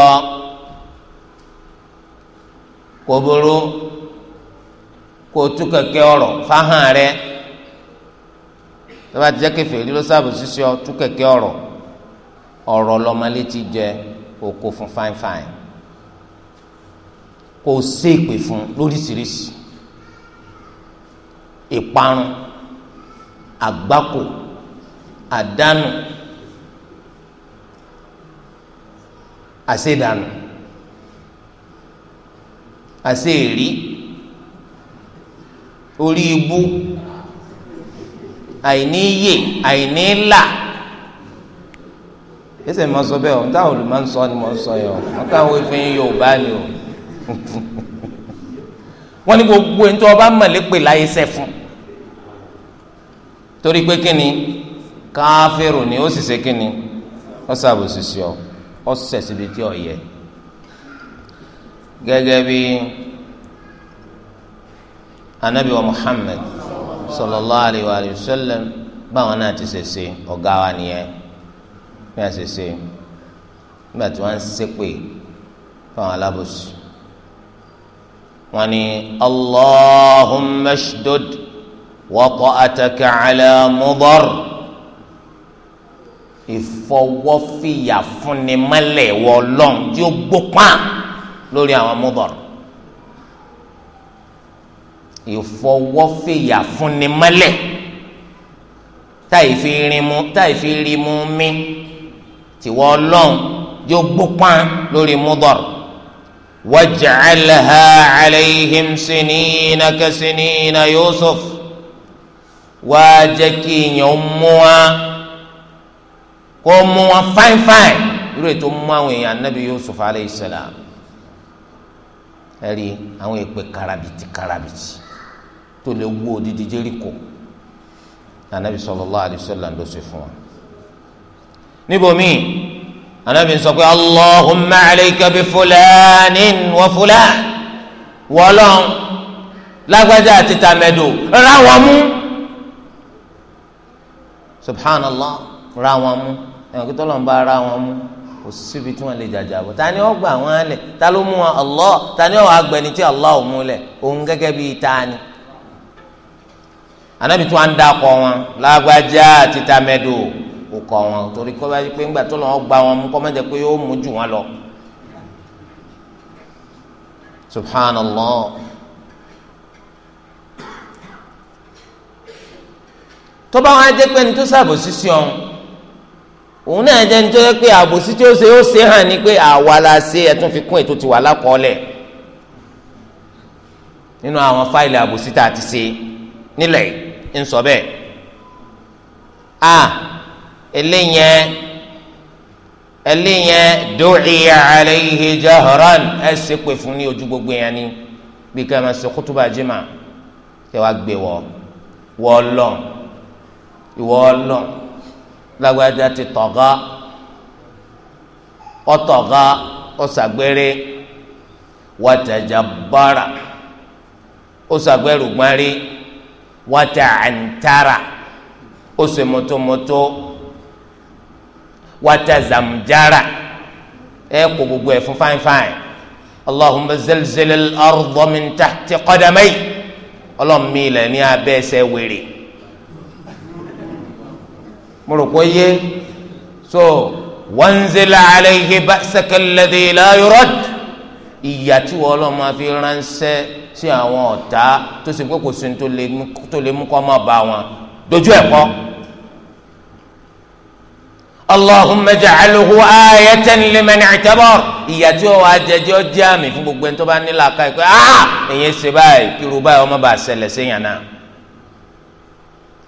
kò burú kò tú kẹkẹ ọ̀rọ̀ fáhàn rẹ tọ́ba ti jẹ́ kèfèrí ló ṣàbòsí sí ọ tú kẹkẹ ọ̀rọ̀ ọ̀rọ̀ lọ́mọlé ti jẹ oko fún fáinfáin kò sí ìpè fún lóríṣiríṣi ìparun àgbákò àdánù. àṣedànù àṣeèrí orí ibú àìníyè àìnílà ẹsẹ̀ mọ sọ bẹ́ẹ̀ o táwọn olùmọ̀ ń sọ ni mọ̀ ń sọ yẹ o wọ́n káwọn ìfẹ́ yóò bá ní o *laughs* wọ́n ní gbogbo ẹni tó ọba mọ̀lẹ́pẹ̀ láyé sẹ́ fún torí pé kíni káfíìrù ni ó sì ṣe kíni ó ṣàbòsí ọ ọsẹ síbi tí ọyẹ gẹ́gẹ́ bí anabi wa muhammed sallallahu alayhi wa alayhi wa sallam báwọn náà ti ṣèṣe ọ̀gá wa nìyẹn bí wọ́n ṣèṣe nígbà tí wọ́n ń fáwọn alábòsí wọ́n ní allahumma shdud wa ta'ataka ala mudar ìfọwọ́fìyà fúnni mọ́lẹ̀ wọ lọ́n tí ó gbópá lórí àwọn mọ́bọ̀rọ̀ ìfọwọ́fìyà fúnni mọ́lẹ̀ táìfi rimu táìfi rimu mi tiwọ́ lọ́n tí ó gbópá lórí mọ́bọ̀rọ̀ waj'alha alayhim sinina ka Yusuf wàá wa kó mú wọn fáínfáín irú ètò mú àwọn èèyàn anabi yusuf alayhi salam ẹ̀rí àwọn èpè karabiti karabiti tó lè wú odidi jẹ́ríkò anabi sallallahu alayhi wasallam ló ṣe fún wa níbòmí anabi sọ pé allahumma alayka bi fulanin wa fulan wọlọ́n lágbájá àti tàmẹ́dò ra wọn mú subhanallah ra wọn mú ẹnì kí tọ́lọ̀ ń bá ara wọn mú kò síbi tí wọ́n lè jàjà bọ̀ ta ni ó gbà wọ́n lẹ̀ ta ló mú wọn Allah ta ni ó wàá gbẹni tí Allah ò mú lẹ̀ òun gẹ́gẹ́ bíi ta ni. anábì tí wọ́n ń dakọ̀ wọn lágbájá àti tamẹ́dò kò kọ̀ wọn torí kọ́ bá yí pé ńgbà tọ́lọ̀ wọn gbà wọn mú kọ́ má jẹ́ pé yóò mú jù wọn lọ. subhanallah. tó bá wọn á jẹ́ pé ní tó ṣàbòsí sí ọ̀hún òun náà jẹ́ ní tó yẹ pé àbòsí tí ó ṣe ó ṣe hàn ní pé àwa la ṣe ẹ̀tún fi kún ètò tiwa lákọọ́lẹ̀ nínú àwọn fáìlì àbòsí tá a ti ṣe nílẹ̀ ń sọ bẹ́ẹ̀ a eléyẹn eléyẹn du'iya alayhi jahran ẹ ṣe pé fún ní ojú gbogbo yẹn ni bí ká máa ṣe kútúbà jimá tẹ wá gbé wọ wọ ọlọ ìwọ ọlọ lágbájá ti tọ̀gá ọtọ̀gá ọ̀sàgbére wàtàjà bára ọ̀sàgbẹ́rù gbárí wàtà àǹtara ọ̀sẹ̀ mọ́tòmọ́tò wàtà zàmjára ẹ kó gbogbo ẹ fún fáinfáin allahumma zelzele al-ardha min tahti qadamay ọlọ́mí ilẹ̀ ní abẹ́ ẹsẹ̀ mo rò so wanzil alayhi ba'saka alladhi la yurad ìyà tí wọ́n lọ́ máa fi ránṣẹ́ sí àwọn ọ̀tá tó sì pé kò sí tó lè mú kọ́ máa bá wọn dojú ẹ̀ kọ́. اللهم اجعله آية لمن اعتبر ìyàtí ọwọ ajẹjẹ ọjẹ àmì fún gbogbo ẹni tó bá nílò aka ìpè ah èyí ṣe báyìí kí irú báyìí ọmọ bá ṣẹlẹ̀ séyàn náà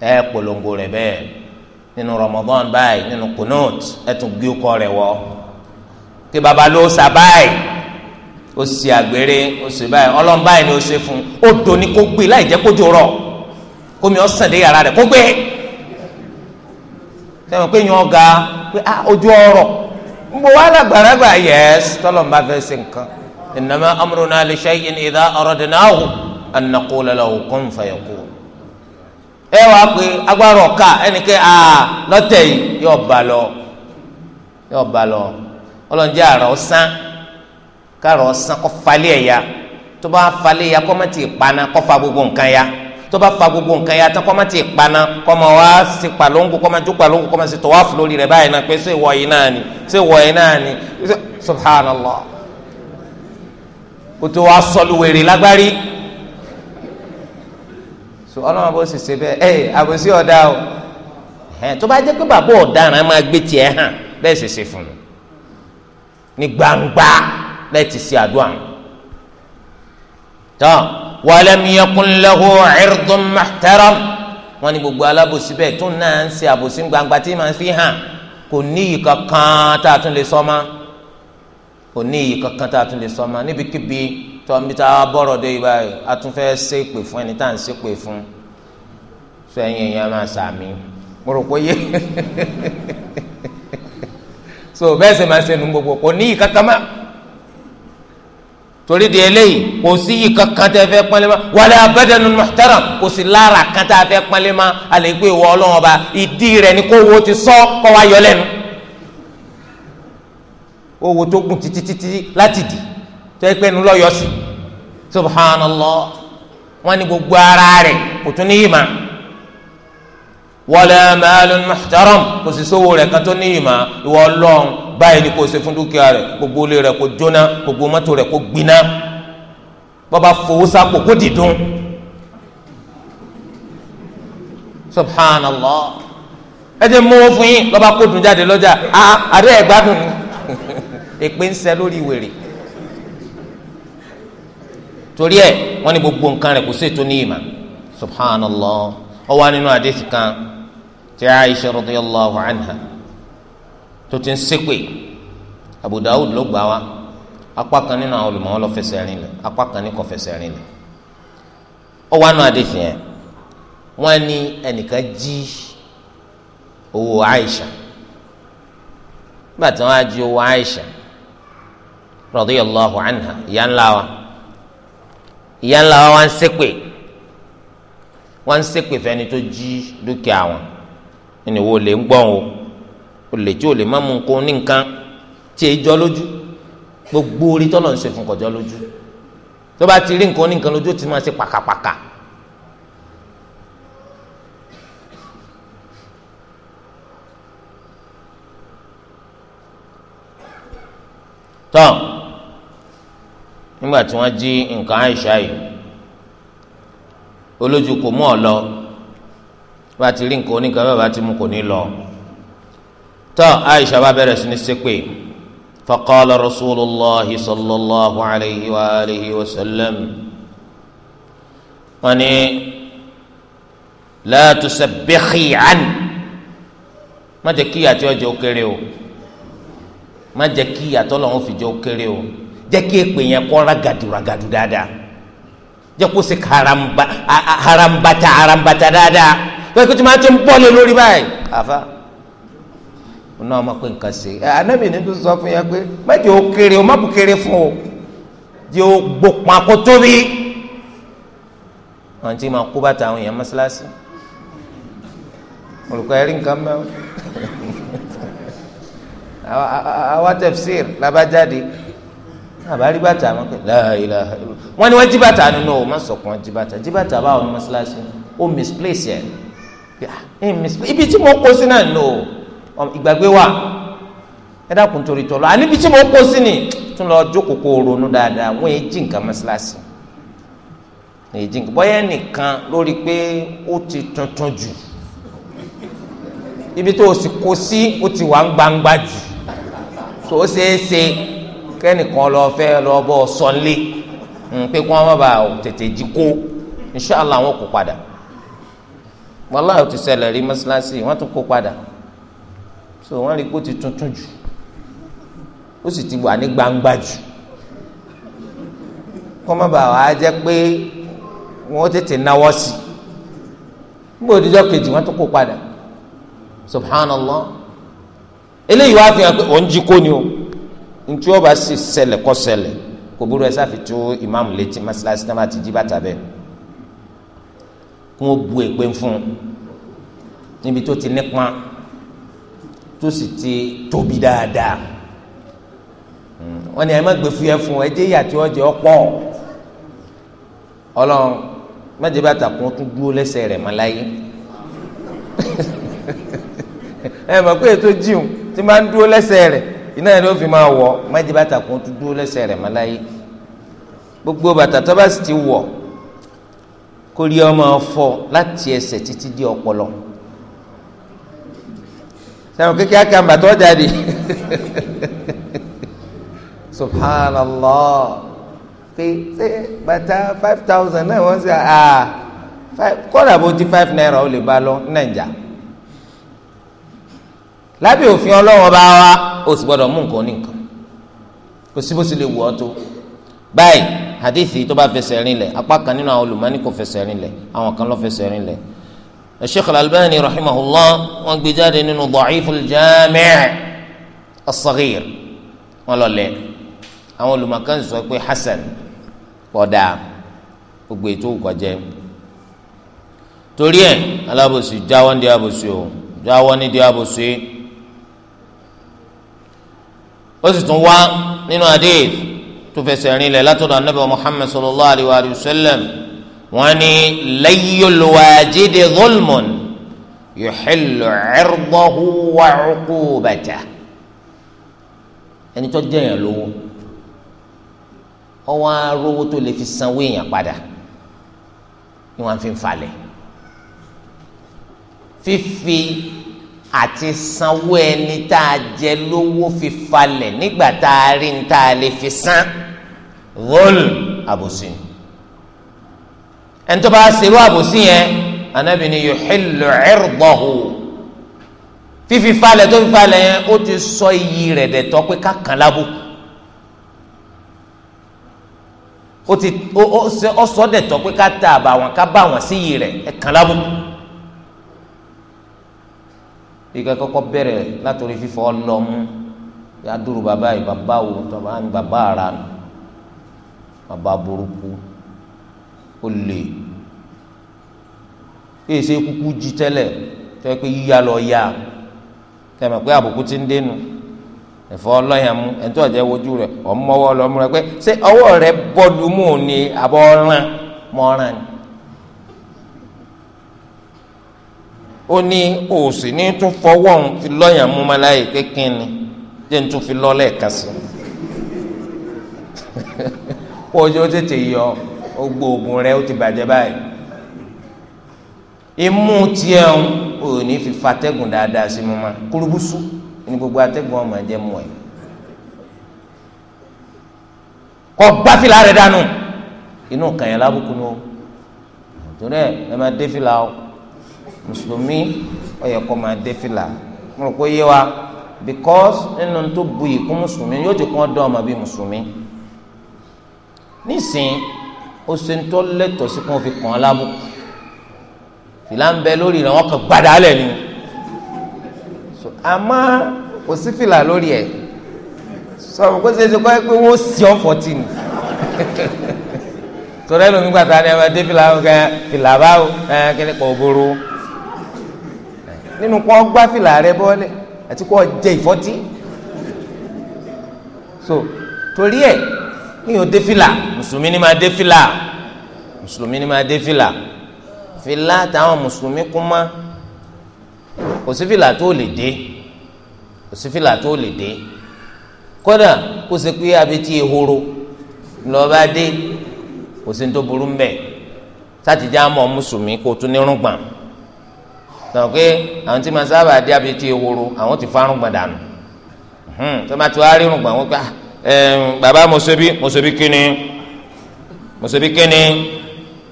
ẹ polongo rẹ bẹ́ẹ̀ nínú Ramadan báyìí nínú kunut ẹtùn gbé ọkọ rẹ̀ wọ kí baba ló sà báyìí ó sì àgbèrè ó sì báyìí ọlọ́run báyìí ni ó ṣe fún un ó doni kó gbé láì jẹ́ kó jò rọ̀ kómi ọ̀sán dé yàrá rẹ̀ kó gbé sẹ́wọ̀n pé yan ọ̀gá pé ah ojú ọ̀rọ̀ nbọ wà lágbàrágbà yẹs tọ́lọ́n bá fẹ́ ṣe nǹkan innama amruna li shay'in idha aradnahu an naqula lahu kun fayakun ẹ wàá pé agbára ọ̀ka ẹnìkẹ́ à lọ́tẹ̀ yìí yóò bá lọ yóò bá lọ ọlọ́njẹ́ àrà ọ̀sán káàrà ọ̀sán kọ́ falẹ̀ ẹ̀yà tó bá falẹ̀ ẹ̀yà kọ́ má ti paná kọ́ fa gbogbo nǹkan ya tó bá fa gbogbo nǹkan ya tán kọ́ má ti paná kọ́ ma wá sí palóńgò kọ́ ma palóńgò kọ́ ma sì tọ́wáfù rẹ̀ báyìí náà pé ṣé ìwọ yìí náà ni ṣé ìwọ yìí náà ni subhanallah kótó wa sọlù wèrè lágbárí so ọlọ́run bó sì ṣe bẹ́ẹ̀ ẹ àbòsí ọ̀dà o ẹ tó bá jẹ́ pé bàbá ọ̀daràn máa gbé tiẹ̀ hàn bẹ́ẹ̀ sì ṣe fún un ní gbangba láti ṣe àdúrà tó walam yakun lahu irdun muhtaram wọn ni gbogbo alábòsí bẹ́ẹ̀ tó náà ń ṣe àbòsí gbangba tí màá fi hàn kò ní iyì kankan tá a tún lè sọ ma kò ní iyì kankan tá a tún lè sọ ma níbikíbi tọ́nbi tá a bọ̀rọ̀ dé ibà yìí a tún fẹ́ ṣépè fún ẹni tá à ń ṣépè fún sọ ẹ̀yìn ẹ̀yìn máa sàmì mo rò pé yé *laughs* so bẹ́ẹ̀ sì máa ṣe nu gbogbo kò ní ìkankan mọ́ torí di eléyìí kò sí ìkankan tẹ́ fẹ́ pọ́nlé mọ́ wàlẹ́ abẹ́dẹ́nu mọ̀tẹ́ràn kò sí lára kan tá a fẹ́ pọ́nlé mọ́ alẹ́ gbé wọ ọlọ́wọ́n ba ìdí rẹ̀ ni kó wo ti sọ kó wá yọ lẹ́nu owó tó gùn títí láti dì í tó yẹ pé nu lọ́yọ̀ sí subhanallah wọn ni gbogbo ara rẹ̀ kò tún níyì má wala malun muhtaram kò sì sówó rẹ̀ kan tó níyì má ìwọ Ọlọ́run báyìí ni kò ṣe fún dúkìá rẹ̀ gbogbo ilé rẹ̀ kò jóná gbogbo mọ́tò rẹ̀ kò gbiná bàbá fowó sápò kó dìdún subhanallah ẹ jẹ́ mọ́wọ́ fún yín lọ́ba kó dùn jáde lọ́jà ah, àdé ẹ̀gbádùn ni èpè *laughs* ń sẹ lórí wèrè torí ẹ wọn ní gbogbo nǹkan rẹ kò sí ètò ní ìmà subhanallah ó wà nínú àdéhìí kan tí aisha radiyallahu anha tó ti ń ṣépè abu dawud ló gbà wá apá kan nínú àwọn olùmọ̀ọ́ lọ fẹsẹ̀ rìn lẹ̀ apá kan ní kò fẹsẹ̀ rìn lẹ̀ ó wà nínú yẹn wọn ní ẹnìkan jí owó aisha nígbà wọn á jí owó aisha radiyallahu anha ìyá ńlá wa ìyá ńlá wa wá ń ṣépè wọ́n ń ṣépè fẹ́ni tó jí dúkìá wọn ẹni wo lè ń gbọ́n o olè tí o lè má mú nǹkan ní nǹkan tí e jọ lójú gbogbo orí tọ́lọ̀ ń ṣe fún kọjọ́ lójú tó bá ti rí nǹkan ní nǹkan lójú ó ti máa ṣe pàkàpàkà. tọ́ nígbà tí wọ́n jí nǹkan àìṣá yìí olójú kò mú ọ lọ bá ti rí nǹkan oníkan bá bá ti mú kò ní lọ tọ́ àìṣá bá bẹ̀rẹ̀ sí ní ṣépè faqala rasulullahi sallallahu alayhi wa alihi wa sallam wọ́n ní la tusabbikhi an má jẹ́ kí tí ó jẹ́ ó kéré o má jẹ́ kí ìyà tí fi jẹ́ ó kéré o jẹ́ kí èpè yẹn kọ́ ragadu ragadu dáadáa jẹ́ kó sì ka haramba harambata harambata dáadáa bẹ́ẹ̀ kó tí máa ti ń bọ́lẹ̀ lórí báyìí àfa ọ̀nà ọmọ pé nǹkan ṣe ẹ anábì ní tó sọ fún yẹn pé mẹ́jọ ó kéré ó má bù kéré fún o jẹ́ ó gbópọn akótóbi àwọn tí máa kó bàtà àwọn èèyàn mọ́ṣáláṣí olùkọ́ ẹ̀rí nǹkan mẹ́wọ́ *laughs* àwa tafsir làbájáde àbárí ah, bàtà wọn kẹ láìla wọn ni wọn jí bàtà nínú o má sọkàn jí bàtà jí bàtà báwọn ní mọ́ṣáláṣí ó misplace yẹn ah, ibi tí mo kó sí náà nínú o ìgbàgbé wa ẹ dákun torí tọ́lọ́ àní ibi tí mo kó sí ni tún lọ jókòó kó o ronú dáadáa wọn èyí jí nǹkan mọ́ṣáláṣí èyí jí nǹkan bọ́yá nìkan lórí pé ó ti tuntun jù ibi tó o sì kó sí ó ti wà ń gbangba jù tó o ṣeé ṣe kẹ́nìkan lọ fẹ́ lọ bọ́ sọ́nlé pé kí wọ́n má bàa tètè jí kó inṣàlá àwọn kò padà wàhálà ò ti ṣẹlẹ̀ rí mọ́ṣáláṣí wọ́n tún kó padà so wọ́n rí kó ti tuntun jù ó sì ti wà ní gbangba jù kó má bàa wà á jẹ́ pé wọ́n tètè náwó sí i níbo ìdíjọ́ kejì wọ́n tún kó padà subhanallah eléyìí wá fi hàn pé òun jí kó ni o ntí ọba sì ṣẹlẹ̀ kọ́ ṣẹlẹ̀ kò burú ẹ sáfi tó ìmáàmù létí mọ́sálásí náà ti jí bàtà bẹ́ẹ̀ kó bu èpè fún un níbi tó ti nípa tó sì ti tóbi dáadáa wọ́n ní ẹ má gbé fúyẹ́ fún ẹ jẹ́ ìyà tí wọ́n jẹ ọ̀pọ̀ ọlọ́run mẹ́jẹ bàtà kún tún dúró lẹ́sẹ̀ rẹ̀ mọ́ láyé *laughs* ẹ mọ̀ pé ètò jíun ti máa ń dúró lẹ́sẹ̀ rẹ̀ iná yẹn ló fi máa wọ̀ mẹ́tì bàtà kún dúdú lẹ́sẹ̀ rẹ̀ mọ́ láyé gbogbo bàtà tó bá sì ti wọ̀ kó rí ọmọ fọ́ láti ẹsẹ̀ títí di ọpọlọ sẹ́wọ̀n kékeré àkàmbà tó jáde *laughs* subhanallah pé ṣé bàtà five thousand náà wọ́n ṣe à kọ́dà bó ti five naira ó lè bá lọ ní nàìjíríà lábẹ́ òfin ọlọ́wọ́n bá wa o sì gbọ́dọ̀ mú nǹkan nìkan kò sí bó sì lè wù ọ́ tó báyìí hadithi tó bá fẹsẹ̀ rinlẹ̀ apá kan nínú àwọn olùmọ́ni kò fẹsẹ̀ rinlẹ̀ àwọn kan ló fẹsẹ̀ rinlẹ̀ Sheikh Al-Albani rahimahullah wọn gbé jáde nínú Da'iful Jami' as wọn lọ lẹ àwọn olùmọ̀kan sọ pé hasan kọ̀dà gbogbo ètò ìkọjẹ torí ẹ alábòsí jáwọ́ ní di o jáwọ́ ní di ó sì tún wá nínú hadith tó fẹsẹ̀ rinlẹ̀ látọ̀dọ̀ anabi muhammed sallallahu alayhi wa sallam wọ́n ní layyul wajidi zulmun yuhillu irdahu wa uqubata ẹni tó jẹ́ yẹn lówó ọwọ́ arówó tó lè fi sanwó èèyàn padà ni wọ́n fi ń falẹ̀ fífi àti sanwó ẹni tá a jẹ lówó fi falẹ̀ nígbà tá a rí ní tá a lè fi san rọ́ọ̀lù àbòsí ẹni tó bá ṣerú àbòsí yẹn Ànábì ní yuhillu irdahu fífi falẹ̀ tó fi falẹ̀ yẹn ó ti sọ iyì rẹ̀ dẹ̀tọ́ pé kákan lábò ó ti ó sọ dẹ̀tọ́ pé ká ta àbàwọ̀n ká bá wọn sí iyì rẹ̀ ẹ̀kan lábò ike kọ́kọ́ bẹ̀rẹ̀ látòrí fífọ ọlọmú yà dúró bàbá yìí bàbá wò tọba ní bàbá ara nù bàbá burúkú ó lè èsè kúkú jí tẹ́lẹ̀ tẹ pé yíya lọ yá tẹmẹ pé àbùkù ti ń dénú ẹfọ ọlọyàmú ẹtọ jẹ wojú rẹ ọmọwọ lọmú rẹ pé ṣé ọwọ́ rẹ bọdùmù ni àbọ ọràn mọ ọràn ni. ó ní òsì ní tún fọwọ́ ń fi lọ́yàn mú maláyè kékin ni jẹ́ ń tún fi lọ́ lẹ́ẹ̀kan sí kó *laughs* o jẹ́ ó tètè yọ gbogbo oògùn rẹ ó ti bàjẹ́ báyìí imú tiẹ̀ ń ò ní fi fatẹ́gùn dáadáa sí mu ma ní gbogbo atẹ́gùn ọmọ ẹ̀jẹ̀ mu ẹ̀ kọ́ bá rẹ̀ dànù inú kàyàn lábùkún torí ẹ̀ ẹ̀ máa dé fìlà o mùsùlùmí ó yẹ kó máa dé fìlà mo rò pé yé wa because nínú tó bu yìí kún mùsùlùmí yóò ti kún ọdún ọmọ bíi mùsùlùmí nísìnyí ó ṣe ń tọ́ lẹ́tọ̀ọ́ sí kí wọ́n fi kàn án lábùkù fìlà ń bẹ lórí rẹ̀ wọ́n kàn gbàdá lẹ̀ ni àmọ́ kò sí fìlà lórí ẹ̀ sọ̀rọ̀ kó ṣeéṣe kọ́ ẹ pé wọ́n sì ọ́ fọ́tì ni *laughs* torí ẹlòmígbàtà ni ẹ máa dé fìlà báwo ẹ kí ni kò burú nínú kó gbáfìlà rẹ bọ́lẹ̀ àti kó jẹ ìfọ́tí so torí ẹ ní o dé fìlà mùsùlùmí ni máa dé fìlà mùsùlùmí ni máa dé fìlà fìlà táwọn mùsùlùmí kún mọ́ kò sí fìlà tó lè dé kò sí fìlà tó lè dé kódà kó ṣe pé abetí ehoro lọ́ba dé kò sí ní tó burú mbẹ́ sátìjà mọ́ mùsùlùmí kó tún ní rúgbọ̀n sọ pé àwọn tí ma sábà dé abi ti ehoro àwọn ti farungbọn dànù tó ma tó arírùngbọn wọn gbà bàbá mọ̀sọ́bí mọ̀sọ́bí kínní mọ̀sọ́bí kínní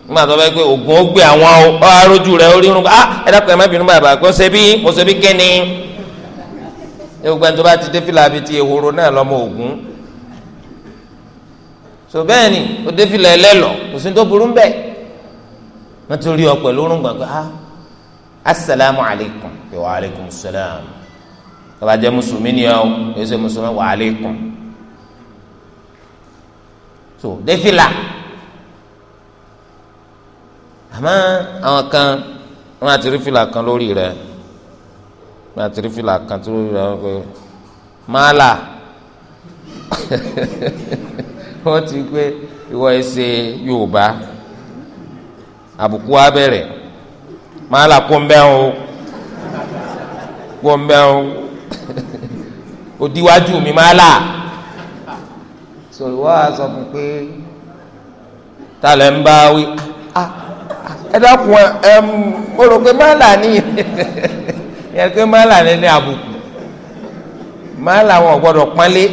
nígbà tó bá gbé oògùn ó gbé àwọn ọ arójú rẹ ó rírun ah ẹ dákun ẹ má bínú bàbá kó ṣe bí mọ̀sọ́bí kínní ewu tó bá ti dé fìlà abi ti ehoro náà lọ́mọ oògùn tó bẹ́ẹ̀ ni ó dé fìlà ẹlẹ́lọ́ kò sí tó burú bẹ́ẹ̀ wọ́n ti rí ọ pẹ̀lú orúngbọ̀n pé ah asalaamu aleykum pé wa aleykum salaam tó bá jẹ́ mùsùlùmí ni ọ èyí ṣe mùsùlùmí wa aleykum so défìlà àmọ́ àwọn kan wọn àti rí fìlà kan lórí rẹ̀ wọn àti rí kan tó lórí wọn *laughs* pé máa wọn ti gbé ìwọ ẹsẹ Yorùbá àbùkù wa màá là kó ń bẹ́ o kó ń bẹ́ o òdiwájú mi màá là sọ̀rọ̀ wá sọ fún pé ta lẹ́ ń bá wí ah, ẹ dákun ẹ mo rò pé màá là ní *laughs* yẹn pé màá là ní ní àbùkù màá là wọn gbọdọ̀ pọ́nlé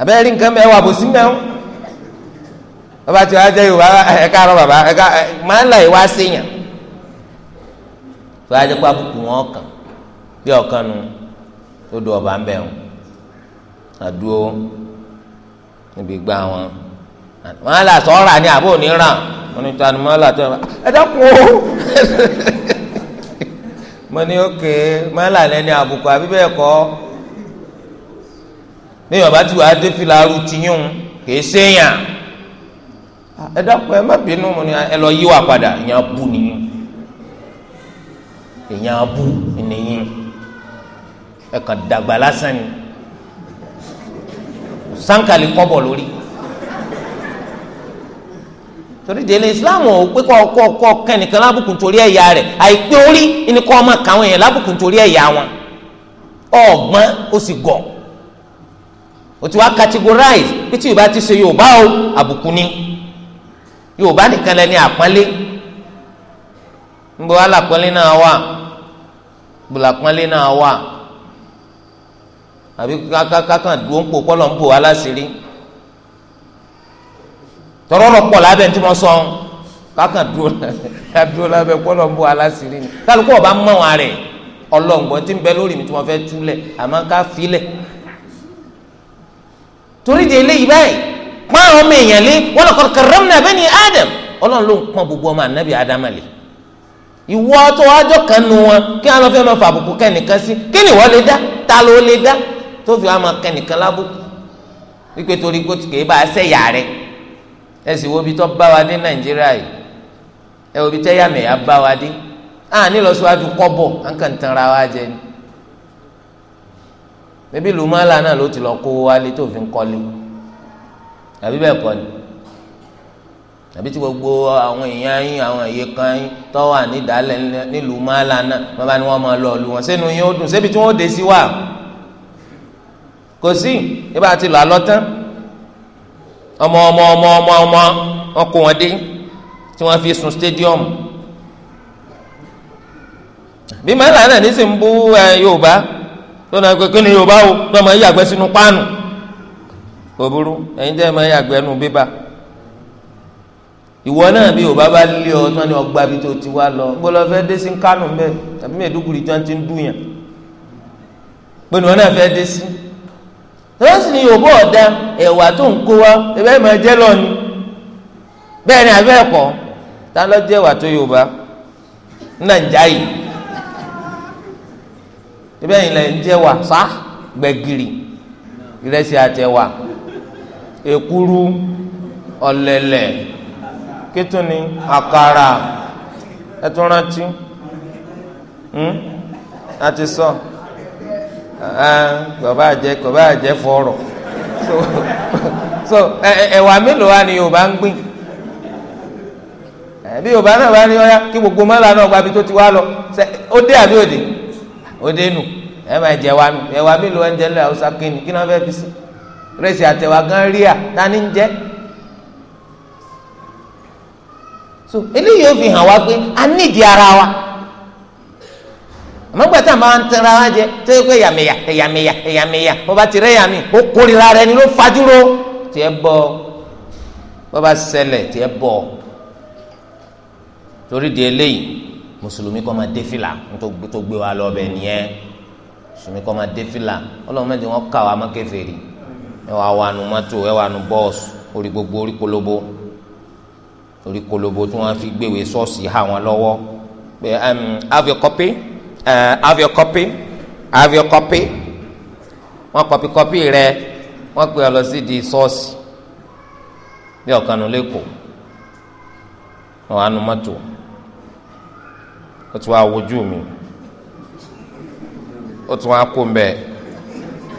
àbẹ́rẹ́ rí nǹkan mẹ́wàá bò sí mẹ́wàá bàbá tí wàá jẹ́ yorùbá ẹ̀ka àrọ́ bàbá ẹ̀ka máa ń là ìwá séèyàn tó yà jẹ́ pé àbùkù wọn kàn bí ọ̀kan nu tó do ọba ń bẹ̀ wọn àdúró níbi gbá wọn wọn là sọ́ra ní àbò níràn wọn ni tani wọn là tó ẹ dákun o *laughs* mo ní òkè wọn là lẹ́ni àbùkù àbí bẹ́ẹ̀ kọ́ bí yorùbá ti wà á dé fìlà arú tiyún kìí séèyàn ẹ dákun ẹ má bínú ní ẹ lọ yíwà padà ìyẹn bù nìyí èèyàn abú nìyín ẹ kàn dàgbà lásán ni sankali kọ́bọ̀ lórí torí délé islam ò pé kọ́ kọ́ kọ́ kẹ́nìkan lábùkún torí ẹ̀yà rẹ̀ àìpé orí ni kọ́ ọmọ kàwọn èèyàn lábùkún torí ẹ̀yà wọn ọ̀gbọ́n ó sì gọ̀ o ti wá categorize pé tí yorùbá ti ṣe yorùbá o àbùkù ni yorùbá nìkan lẹni àpọ́nlé nbọ alakpọlẹ náà wà bulakpọlẹ náà wà àbí kákan dúró ń pò kọlọ ń pò aláṣìírí tọrọ lọ pọ lábẹ ntí mo sọ kákan dúró *laughs* dúró lábẹ kọlọ ń pò aláṣìírí ni kálukú ọba mọ wọn rẹ ọlọngbọn tí ń bẹ lórí mi tí wọn fẹ́ túlẹ àmọ́ ká filẹ torí de eléyìí báyìí pọ́n àwọn ọmọ èèyàn lé wọn lọ kọ́ kẹrẹ́mù náà bẹ́ẹ̀ Adam ọlọ́run ló ń pọ́n gbogbo ọmọ ànábì Adam lé ìwọ tó wájọ kan nu wọn kí wọn lọ fẹ́ máa fàbùkù kẹnìkan sí kí ni ìwọ lè dá ta ló lè dá tó fi wọn máa kẹnìkan lábùkù wípé torí kó kìí bá a sẹ́yà rẹ ẹ sì wo ibi tó bá wa dé nàìjíríà yìí ẹ wo ibi tẹ́ yàmẹ̀yà bá wa dé à ní lọ́síwájú kọ́bọ̀ à ń wa jẹ ni bébí lùmọ́lá náà ló ti lọ kó wálé tó fi ń kọ́lé àbí bẹ́ẹ̀ kọ́ ni àbí tí gbogbo àwọn èèyàn yín àwọn èyí kan yín tó wà nídàálẹ̀ nílùú mọ́lá náà wọ́n bá ní wọ́n máa lọ lu wọn sínú yín ó dùn sébi tí wọ́n dé sí wà kò sí ibà ti lọ àlọ́ tán ọmọ ọmọ ọmọ ọmọ ọmọ wọn kó wọn dé tí wọ́n fi sun stadium bí mọ́lá náà ní sì ń bú Yorùbá tó náà pé kí ni Yorùbá o tó máa yàgbẹ́ sínú páànù kò burú ẹ̀yin jẹ́ máa yàgbẹ́ nù bíbá. ìwọ náà bí o bá bá lé ọ tán ni ọgbà bí tó ti wá lọ gbọ́dọ̀ fẹ́ dé sí kánò mbẹ́ tàbí mẹ́ẹ̀ẹ́dógùrì tí wọ́n ti ń dùnyàn wọn náà fẹ́ dé sí. tọ́sí ni yòówó ọ̀dà ẹ̀wà tó ń kó wa ẹ̀bẹ́ máa bẹ́ẹ̀ ni abẹ́ ẹ̀kọ́ tá jẹ́ ẹ̀wà tó yìí ẹ̀bẹ́ yìí jẹ́ wà sá gbẹ̀gìrì kítún ni àkàrà ẹ tún rántí àti hmm? sọ bàbá àjẹ bàbá àjẹ fọrọ so ẹwà mélòó wa ni Yorùbá ń gbìn bí Yorùbá náà wá ní ọyá kí gbogbo mọ́lá náà gba tó ti wá lọ ó dé àbí òde òde nù ẹ máa jẹ wa nù ẹ̀wà mélòó ẹ ń jẹ lọ Haúsá kínní kí náà fẹ́ fi sí rẹsì gan rí à ta ni ń so eléyìí ó fi hàn wá pé a nídìí ara wa àmọ́ gbà tá a máa ń tẹ̀ra wa jẹ tó yẹ pé ẹ̀yàmẹ̀yà ẹ̀yàmẹ̀yà ẹ̀yàmẹ̀yà bó bá ti rẹ́ yàmi ó kórìíra rẹ ni ló fajúro tiẹ̀ bọ̀ bó bá ṣẹlẹ̀ tiẹ̀ bọ̀ torí di eléyìí mùsùlùmí kọ́ máa dé fìlà tó gbé wa lọ bẹ̀ nìyẹn mùsùlùmí kọ́ máa dé fìlà ọlọ́run mẹ́jọ wọn kà wá mọ́kẹ́fẹ́ rí wà wà nù mọ́tò ẹ wà nù bọ́ọ̀sì orí gbogbo orí polówó torí kolobo tí wọ́n fi gbéwèé ṣọ́ọ̀ṣì há wọn lọ́wọ́ pé have your copy uh, have your copy have your copy wọ́n kọ́pì kọ́pì rẹ wọ́n pè ọ lọ sí di ṣọ́ọ̀ṣì bí ọ̀kanu lẹ́kọ̀ọ́ wọn anu mọ́tò ó ti wá wojú mi ó ti wá kó mbẹ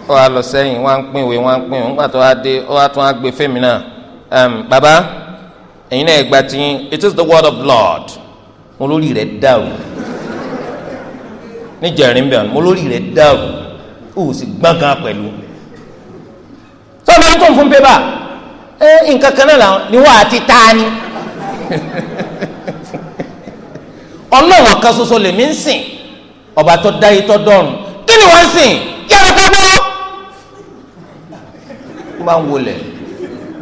ó wá lọ sẹ́yìn wọ́n á ń pín ìwé wọ́n á ń dé ó wá tún á gbé fẹ́mi náà bàbá ẹ̀yin náà ẹgbà tí it is the word of Lord mo lórí rẹ̀ dàrú níjẹ̀rin bẹ́ẹ̀ mo lórí rẹ̀ dàrú ó sì gbọ̀ngàn pẹ̀lú sọ́dọ̀ ní kóun fún pépà ẹ nǹkan kan náà ni wọ́n àti ta ni ọlọ́run kan ṣoṣo lèmi ń sìn ọba tó dáyé tó dọ́run kí ni wọ́n ń sìn yẹ́rù pẹ́ bọ́ ó máa ń wọlé.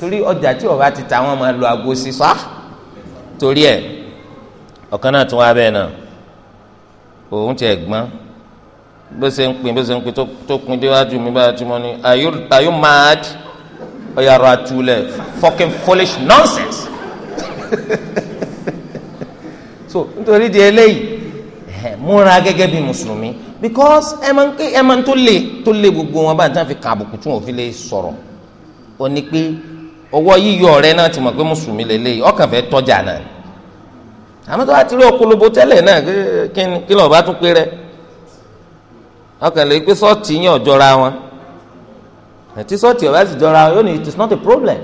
torí ọjà tí ọba ti ta wọn máa lo aago sí sá torí ẹ ọ̀kan náà tún wá bẹ́ẹ̀ náà òun tiẹ̀ gbọ́n bó ṣe ń pin bó ṣe ń pin tó kun déwájú mi báyà tí mo ní are you are you mad ọ̀yà ara tulẹ̀ fucking foolish nonsense *laughs* so nítorí di eléyìí múra gẹ́gẹ́ bí mùsùlùmí because ẹ máa ń ké ẹ máa ń tó lé tó lé gbogbo wọn báyìí tí wọ́n fi kàn àbùkù tí lè sọ̀rọ̀ ó ní pé Ọwọ yíyọ rẹ náà ti mọ̀ pé mùsùlùmí lélẹ́yìí ọkàn tọja tọ́jà náà àmọ́ tó bá ti rí okolobo tẹlẹ náà kí lọ́ọ́ bá tún pé rẹ ọkàn lè pé sọ́ọ̀tì yín ọ̀jọ́ra wọn àti sì jọra wọn yóò it is not a problem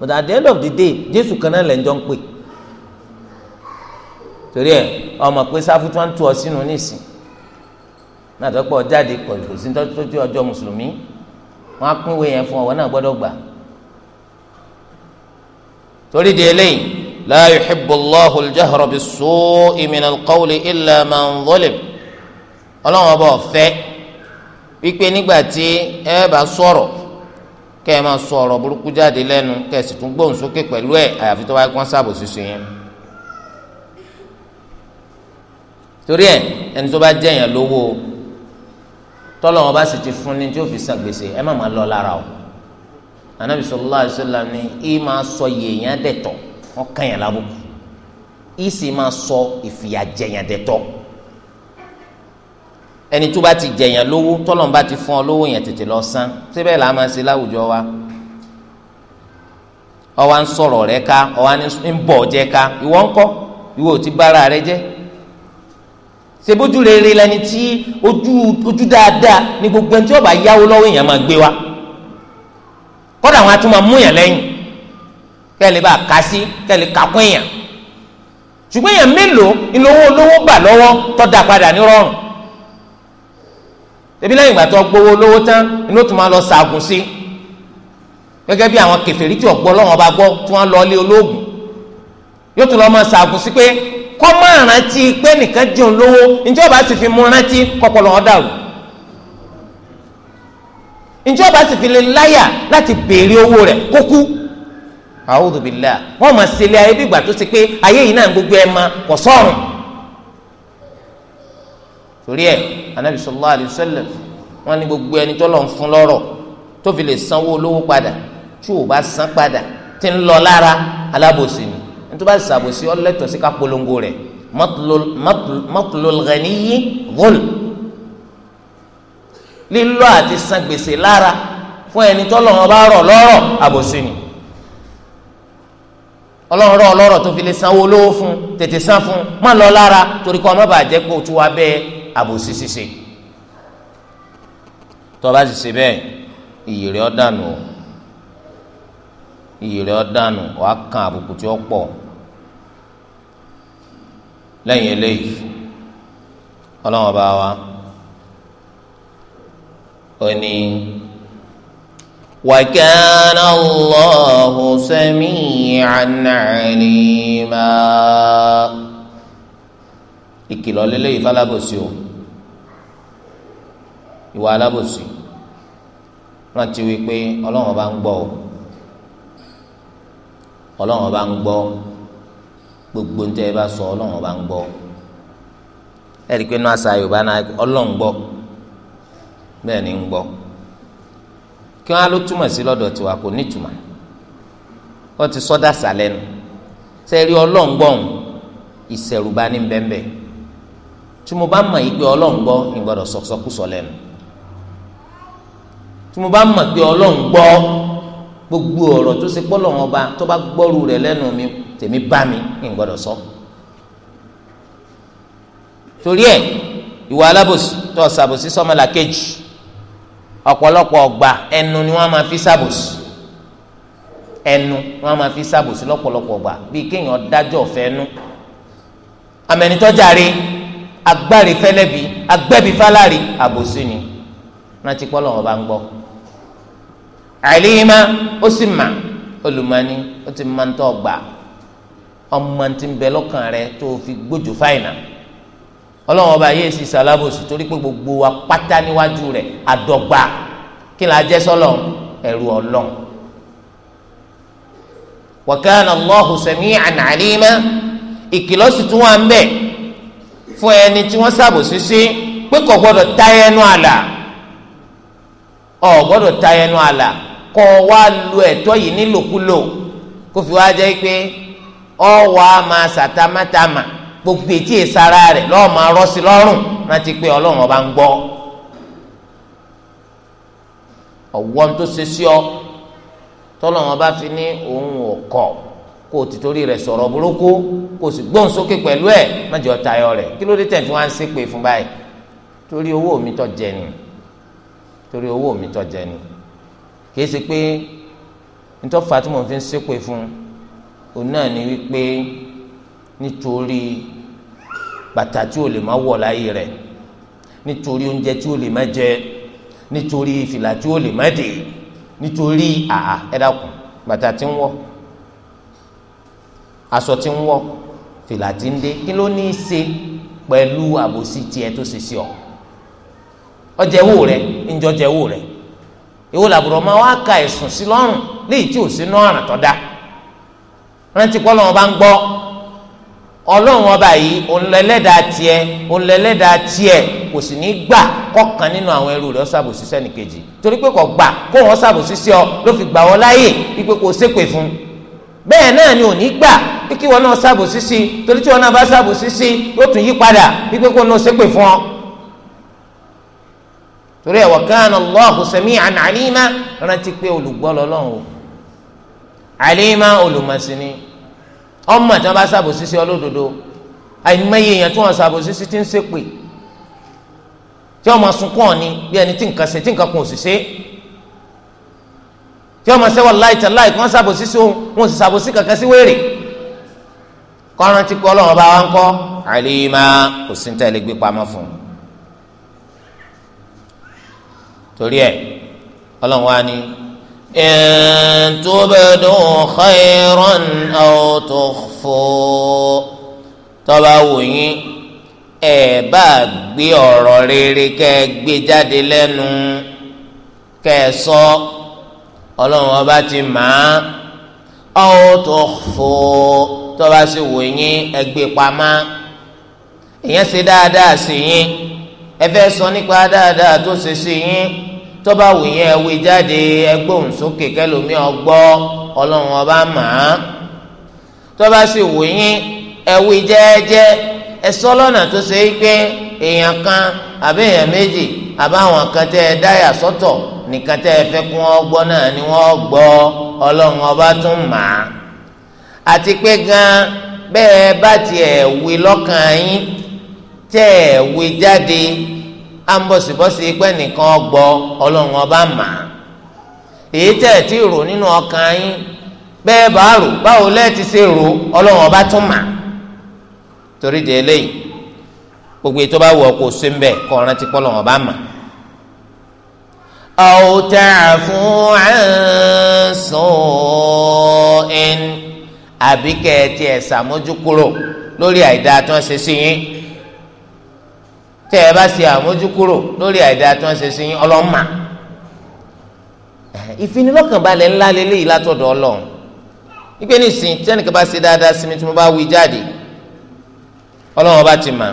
but at the end of the day jésù kan náà lẹ̀ ń jọ ń pè torí ẹ ọmọ pé sáfù tí ọ sínú nísìn náà tó jáde tó tó ọjọ́ mùsùlùmí á pínwé yẹn fún ọ wọn torí di eléyìí la yuhibbu Allahu al-jahra bis-su'i min al-qawli illa man zalim ọlọ́run ọba ọ̀fẹ́ wípé nígbà tí ẹ bá sọ̀rọ̀ kẹ́ ẹ máa sọ ọ̀rọ̀ burúkú jáde lẹ́nu kẹ́ ẹ sì tún gbóhùn sókè pẹ̀lú ẹ̀ àyàfi tó wáyé kán sáàbò sísun yẹn. torí ẹ ẹni tó bá jẹ́ lówó tọ́lọ́run ọba sì ti fún ni tí ó fi san ẹ má máa lọ lára o anabi sallallahu alayhi wa sallam ni i máa sọ yèèyàn dẹ̀tọ̀ wọn kàn yàn lábùkù i sì máa sọ ìfìyàjẹyàn dẹ̀tọ̀ ẹni tó bá ti jẹyàn lówó tọ́lọ́n bá ti fún ọ lówó yẹn tètè lọ san síbẹ̀ là á máa ṣe láwùjọ wa ọwọ́ à ń sọ̀rọ̀ rẹ ká ọwọ́ à ń bọ̀ jẹ ká ìwọ ńkọ́ ìwọ ò ti bára rẹ jẹ́ ṣèbójú rere lẹni tí ojú ojú dáadáa ni gbogbo ẹni tí ó bá yáwó lọ́wọ́ èèyàn máa gbé wa kódà wọn a tún máa mú yàn lẹ́yìn kẹ́lẹ́ bá a kà sí kẹ́lẹ́ kakún èèyàn ṣùgbọ́n èèyàn mélòó ìlówó olówó gbà lọ́wọ́ tọ́da padà ní rọrùn ebi lẹ́yìn ìgbà tó gbowó olówó tán inú tó máa lọ ṣaagùn sí gẹ́gẹ́ bí àwọn kèfèrí tí ọ̀gbọ́ lọ́wọ́n bá gbọ́ tí wọ́n lọ lé olóògùn yóò tún lọ máa ṣaagùn sí pé kọ́ máa rántí pé nìkan jẹun lówó ìjọba sì fi mú rántí kọ́pọ̀ lọ́wọ́ dàrú njẹ́ ọba sì fi lè láyà láti béèrè owó rẹ̀ kókú a'udhu billah wọ́n mọ̀ sílẹ̀ ayé bígbà tó ṣe pé ayé yìí náà gbogbo ẹ̀ ma kò sọ̀rùn torí ẹ̀ anabi sallallahu alayhi wa sallam wọ́n ní gbogbo ẹni tó lọ ń fún lọ́rọ̀ tó fi lè sanwó olówó padà tí ò bá san padà tí ń lọ lára alábòsí ni ẹni tó bá ṣàbòsí ó sí ká polongo rẹ̀ matlul matlul ghaniyi lílọ àti san gbèsè lára fún ẹni tọ́lọ́run bá rọ̀ lọ́rọ̀ àbòsí ni ọlọ́run rọ̀ lọ́rọ̀ tó fi lè sanwó olówó fún tètè san fún má lọ lára torí kọ́ ọ má bàa jẹ́ pé o tún wá bẹ́ẹ̀ àbòsí ṣíṣe tó bá sì ṣe bẹ́ẹ̀ iyì rẹ̀ ọ́ dànù o iyì rẹ̀ ọ́ dànù wàá kan àbùkù tí ó pọ̀ lẹ́yìn eléyìí ọlọ́run bá wa oni وكان الله سميعا عليما ìkìlọ̀ lélẹ́yìí falábòsí o ìwà alábòsí rántí wípé ọlọ́run ọba ń gbọ́ o ọlọ́run ọba ń gbọ́ gbogbo ń tẹ́ ẹ bá sọ ọlọ́run ọba ń gbọ́ ẹ̀rí pé náà sa yorùbá náà ọlọ́run gbọ́ bẹ́ẹ̀ ni ń gbọ́ kí wọ́n á ló túmọ̀ sí lọ́dọ̀ tiwa kò ní túmọ̀ wọ́n ti sọ́dà sàlẹ́nu sẹ́rí ọlọ́ngbọ́n ìṣẹ̀rùbá ní bẹ́ẹ̀nbẹ́ẹ́ tí mo bá mọ̀ ìgbé ọlọ́ngbọ́ ní gbọ́dọ̀ sọ́kúsọ lẹ́nu tí mo bá mọ̀ pé ọlọ́ngbọ́ gbogbo ọ̀rọ̀ tó ṣe pọ́ lọ́wọ́ ọba tó bá gbọ́rù rẹ̀ lẹ́nu mi tèmi bá mi ní gbọ́dọ̀ sọ. torí ẹ ìwà alábòsí tó ọ̀sàbòsí sọmọlá kejì. ọ̀pọ̀lọpọ̀ ọ̀gbà ẹnu ni wọ́n máa fi ẹnu wọ́n máa fi ṣàbòsí lọ́pọ̀lọpọ̀ ọ̀gbà bíi kéèyàn dájọ́ ọ̀fẹ́ nu amẹnitọ́jàre agbárí fẹlẹ́bi agbẹ́bi àbòsí ni rántí pọ́ lọ́wọ́ bá ń gbọ́ ó sì mà olùmọ̀ni ó ti máa ń tọ́ ọmọ ti ọlọ́run ọba yéé sì sàlábòsì torí pé gbogbo wa pátá níwájú rẹ̀ àdọ́gba kí la jẹ́ sọ́lọ̀ ẹ̀rù ọlọ́run. wa kana Allahu sami'an 'alima ìkìlọ̀ sì tún wà ń bẹ̀ fún ẹni tí wọ́n sàbòsí sí pé kò gbọ́dọ̀ ta ẹnu àlà ọ̀ gbọ́dọ̀ ta ẹnu àlà kọ́ wa lu ẹ̀tọ́ yìí nílòkulò kó fi jẹ́ pé ọ̀ wá máa sàtámátámà gbogbo etí ìsara rẹ̀ lọ́ọ́ máa rọ́ sí lọ́rùn rántí pé ọlọ́run ọba ń gbọ́ ọ̀wọ́n tó ṣe sí ọ tọ́lọ́run bá fi ní òun ọ̀kọ̀ kó o ti torí rẹ̀ sọ̀rọ̀ burúkú kó o sì gbóhùn sókè pẹ̀lú ẹ̀ mẹ́jọ tayọ rẹ̀ kí ló dé tẹ̀ fún wa ń ṣépè fún báyìí torí owó mi tó jẹ ni torí owó mi tó jẹ ni kìí ṣe pé ntọ́fà tí fi ń ṣépè fún òun náà ni wípé nítorí bàtà tí o lè má wọ̀ láyé rẹ̀ nítorí oúnjẹ tí o lè má jẹ nítorí fìlà tí o lè má dé nítorí àà ẹ bàtà tí ń wọ̀ aṣọ tí ń wọ̀ fìlà tí ń dé kí ló ní í ṣe pẹ̀lú àbòsí tiẹ̀ tó ṣe sí ọ ọjẹwò rẹ ńjọjẹwò rẹ ìwọ làbùrọ̀ máa wá ka ẹ̀sùn sí lọ́rùn léyìí tí ò sí náà ràn tọ́ rántí pọ́ bá ń gbọ́ ọlọ́run ọba yìí ònlẹ́lẹ́dàá tiẹ̀ ònlẹ́lẹ́dàá tiẹ̀ kò sì ní gbà kọ́kan nínú àwọn ẹrú rẹ̀ ṣàbòsí sẹ́nì kejì torí pé kò gbà kó wọn ṣàbòsí sí ọ ló fi gbà wọn láàyè wípé kò ṣépè fún bẹ́ẹ̀ náà ni ò ní gbà pé kí wọn náà ṣàbòsí sí torí tí wọn náà bá ṣàbòsí sí yóò tún yí padà wípé kó náà ṣépè fún ọ. torí ẹ̀ wa Allahu sami'an alima rántí pé olùgbọ́ lọ́lọ́run o alima olùmọ̀sìn ni ọmọ tí wọn bá ṣàbòsí sí ọlódodo àìmọye èèyàn tí wọn ṣàbòsí sí ti ń ṣépè tí wọn máa sunkún ọ̀ni bí ẹni tí nǹkan ṣe tí nǹkan kan ò sì ṣe tí wọn máa ṣe wọn láì tẹ láì kí wọn ṣàbòsí sí òun wọn ò sì ṣàbòsí kankan sí wèrè kọ́ran ti kọ́ ọlọ́run ọba wa ń kọ́ àlèémá kò sí ní tẹ́lẹ̀ gbé pamọ́ fún torí ẹ ọlọ́run wa ni. إن تبدوا خيرا أو تخفوا تباوي ẹ bá gbé ọ̀rọ̀ rere kẹ́ gbé jáde lẹ́nu kẹ́ sọ ọlọ́run ọba ti mà á ọ̀ tó fò sì wò ẹ gbé pamá èèyàn ṣe dáadáa sí yín ẹ fẹ́ sọ nípa dáadáa tó ṣe sí yín tọ́ba wù yẹn ewé jáde ẹgbóhùn sókè kẹlòmí ọgbọ́ ọlọ́run ọba màá tọ́ba sì wù yín ewé jẹ́ẹ́jẹ́ ẹ̀sọ́ lọ́nà tó ṣe é pé èèyàn kan àbí èèyàn méjì àbáwọn kan tẹ́ ẹ dáyà sọ́tọ̀ nìkan tẹ́ ẹ fẹ́ kún ọgbọ́ náà ni wọ́n gbọ́ ọlọ́run ọba tún màá àti pé gan bẹ́ẹ̀ bá tiẹ̀ wí lọ́kàn yín tẹ́ ẹ wí jáde à ń bọ̀sibọ́sì pé nìkan gbọ́ ọlọ́run ọba mà á èyí tẹ̀ tí rò nínú ọkàn yín bẹ́ẹ̀ bá rò báwo lẹ́ẹ̀tì ṣe rò ọlọ́run ọba tún mà á torí di eléyìí gbogbo ètò bá wù ọ́ kó sí mbẹ́ kọ́ ọ̀rán ti pọ́lọ́ ọba mà á. أو تعفو عن سوء àbí kẹ́ ẹ tiẹ̀ ṣàmójúkúrò lórí àìdáa tó ń ṣe sí yín tẹ ẹ bá ṣe àmójúkúrò lórí àìdáa tí wọn ṣe sí yín ọlọ́mà ìfinilọ́kànbalẹ̀ ńlá lélẹ́yìí látọ̀dọ̀ ọlọ́run wípé nísìn tí ẹnìkan bá ṣe dáadáa sí mi tí mo bá wí jáde ọlọ́run ọba ti mà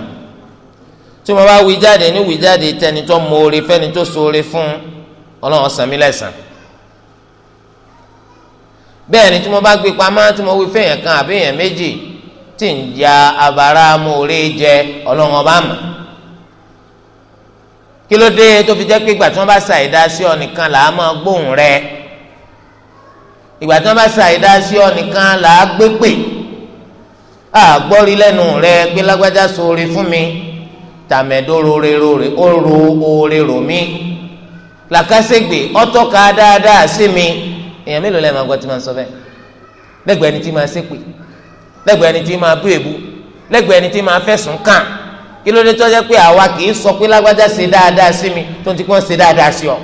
tí mo bá wí jáde ní wí jáde tẹni tó mọ̀ọ́re fẹ́ni tó ṣoore fún ọlọ́run san mí lẹ́san bẹ́ẹ̀ ni tí mo bá gbé pamọ́ tí mo wí fẹ́yàn kan àbí èèyàn méjì tí ń ya abara mọ̀ọ́re jẹ ọlọ́run ọba mà kí ló dé tó fi jẹ́ pé ìgbà tí wọ́n bá ṣàìdá sí ọ nìkan là á máa gbóhùn rẹ ìgbà tí wọ́n bá ṣàìdá sí ọ nìkan là á gbé pè àgbọ́rí lẹ́nu rẹ pé lágbájá ṣoore fún mi tàmẹ̀dó rore rore ó ro oore rò mí làkàṣègbè ọtọ́ka dáadáa sí mi èèyàn mélòó lẹ́ẹ̀ máa gbọ́ tí máa sọ bẹ́ẹ̀ lẹ́gbẹ̀ẹ́ ni tí máa ṣépè lẹ́gbẹ̀ẹ́ ni tí máa bú èbú lẹ́gbẹ̀ẹ́ ni tí máa fẹ̀sùn kàn kí ló dé tó jẹ́ pé àwa kì í sọ pé lágbájá ṣe dáadáa sí mi tó ti kọ́ ṣe dáadáa sí ọ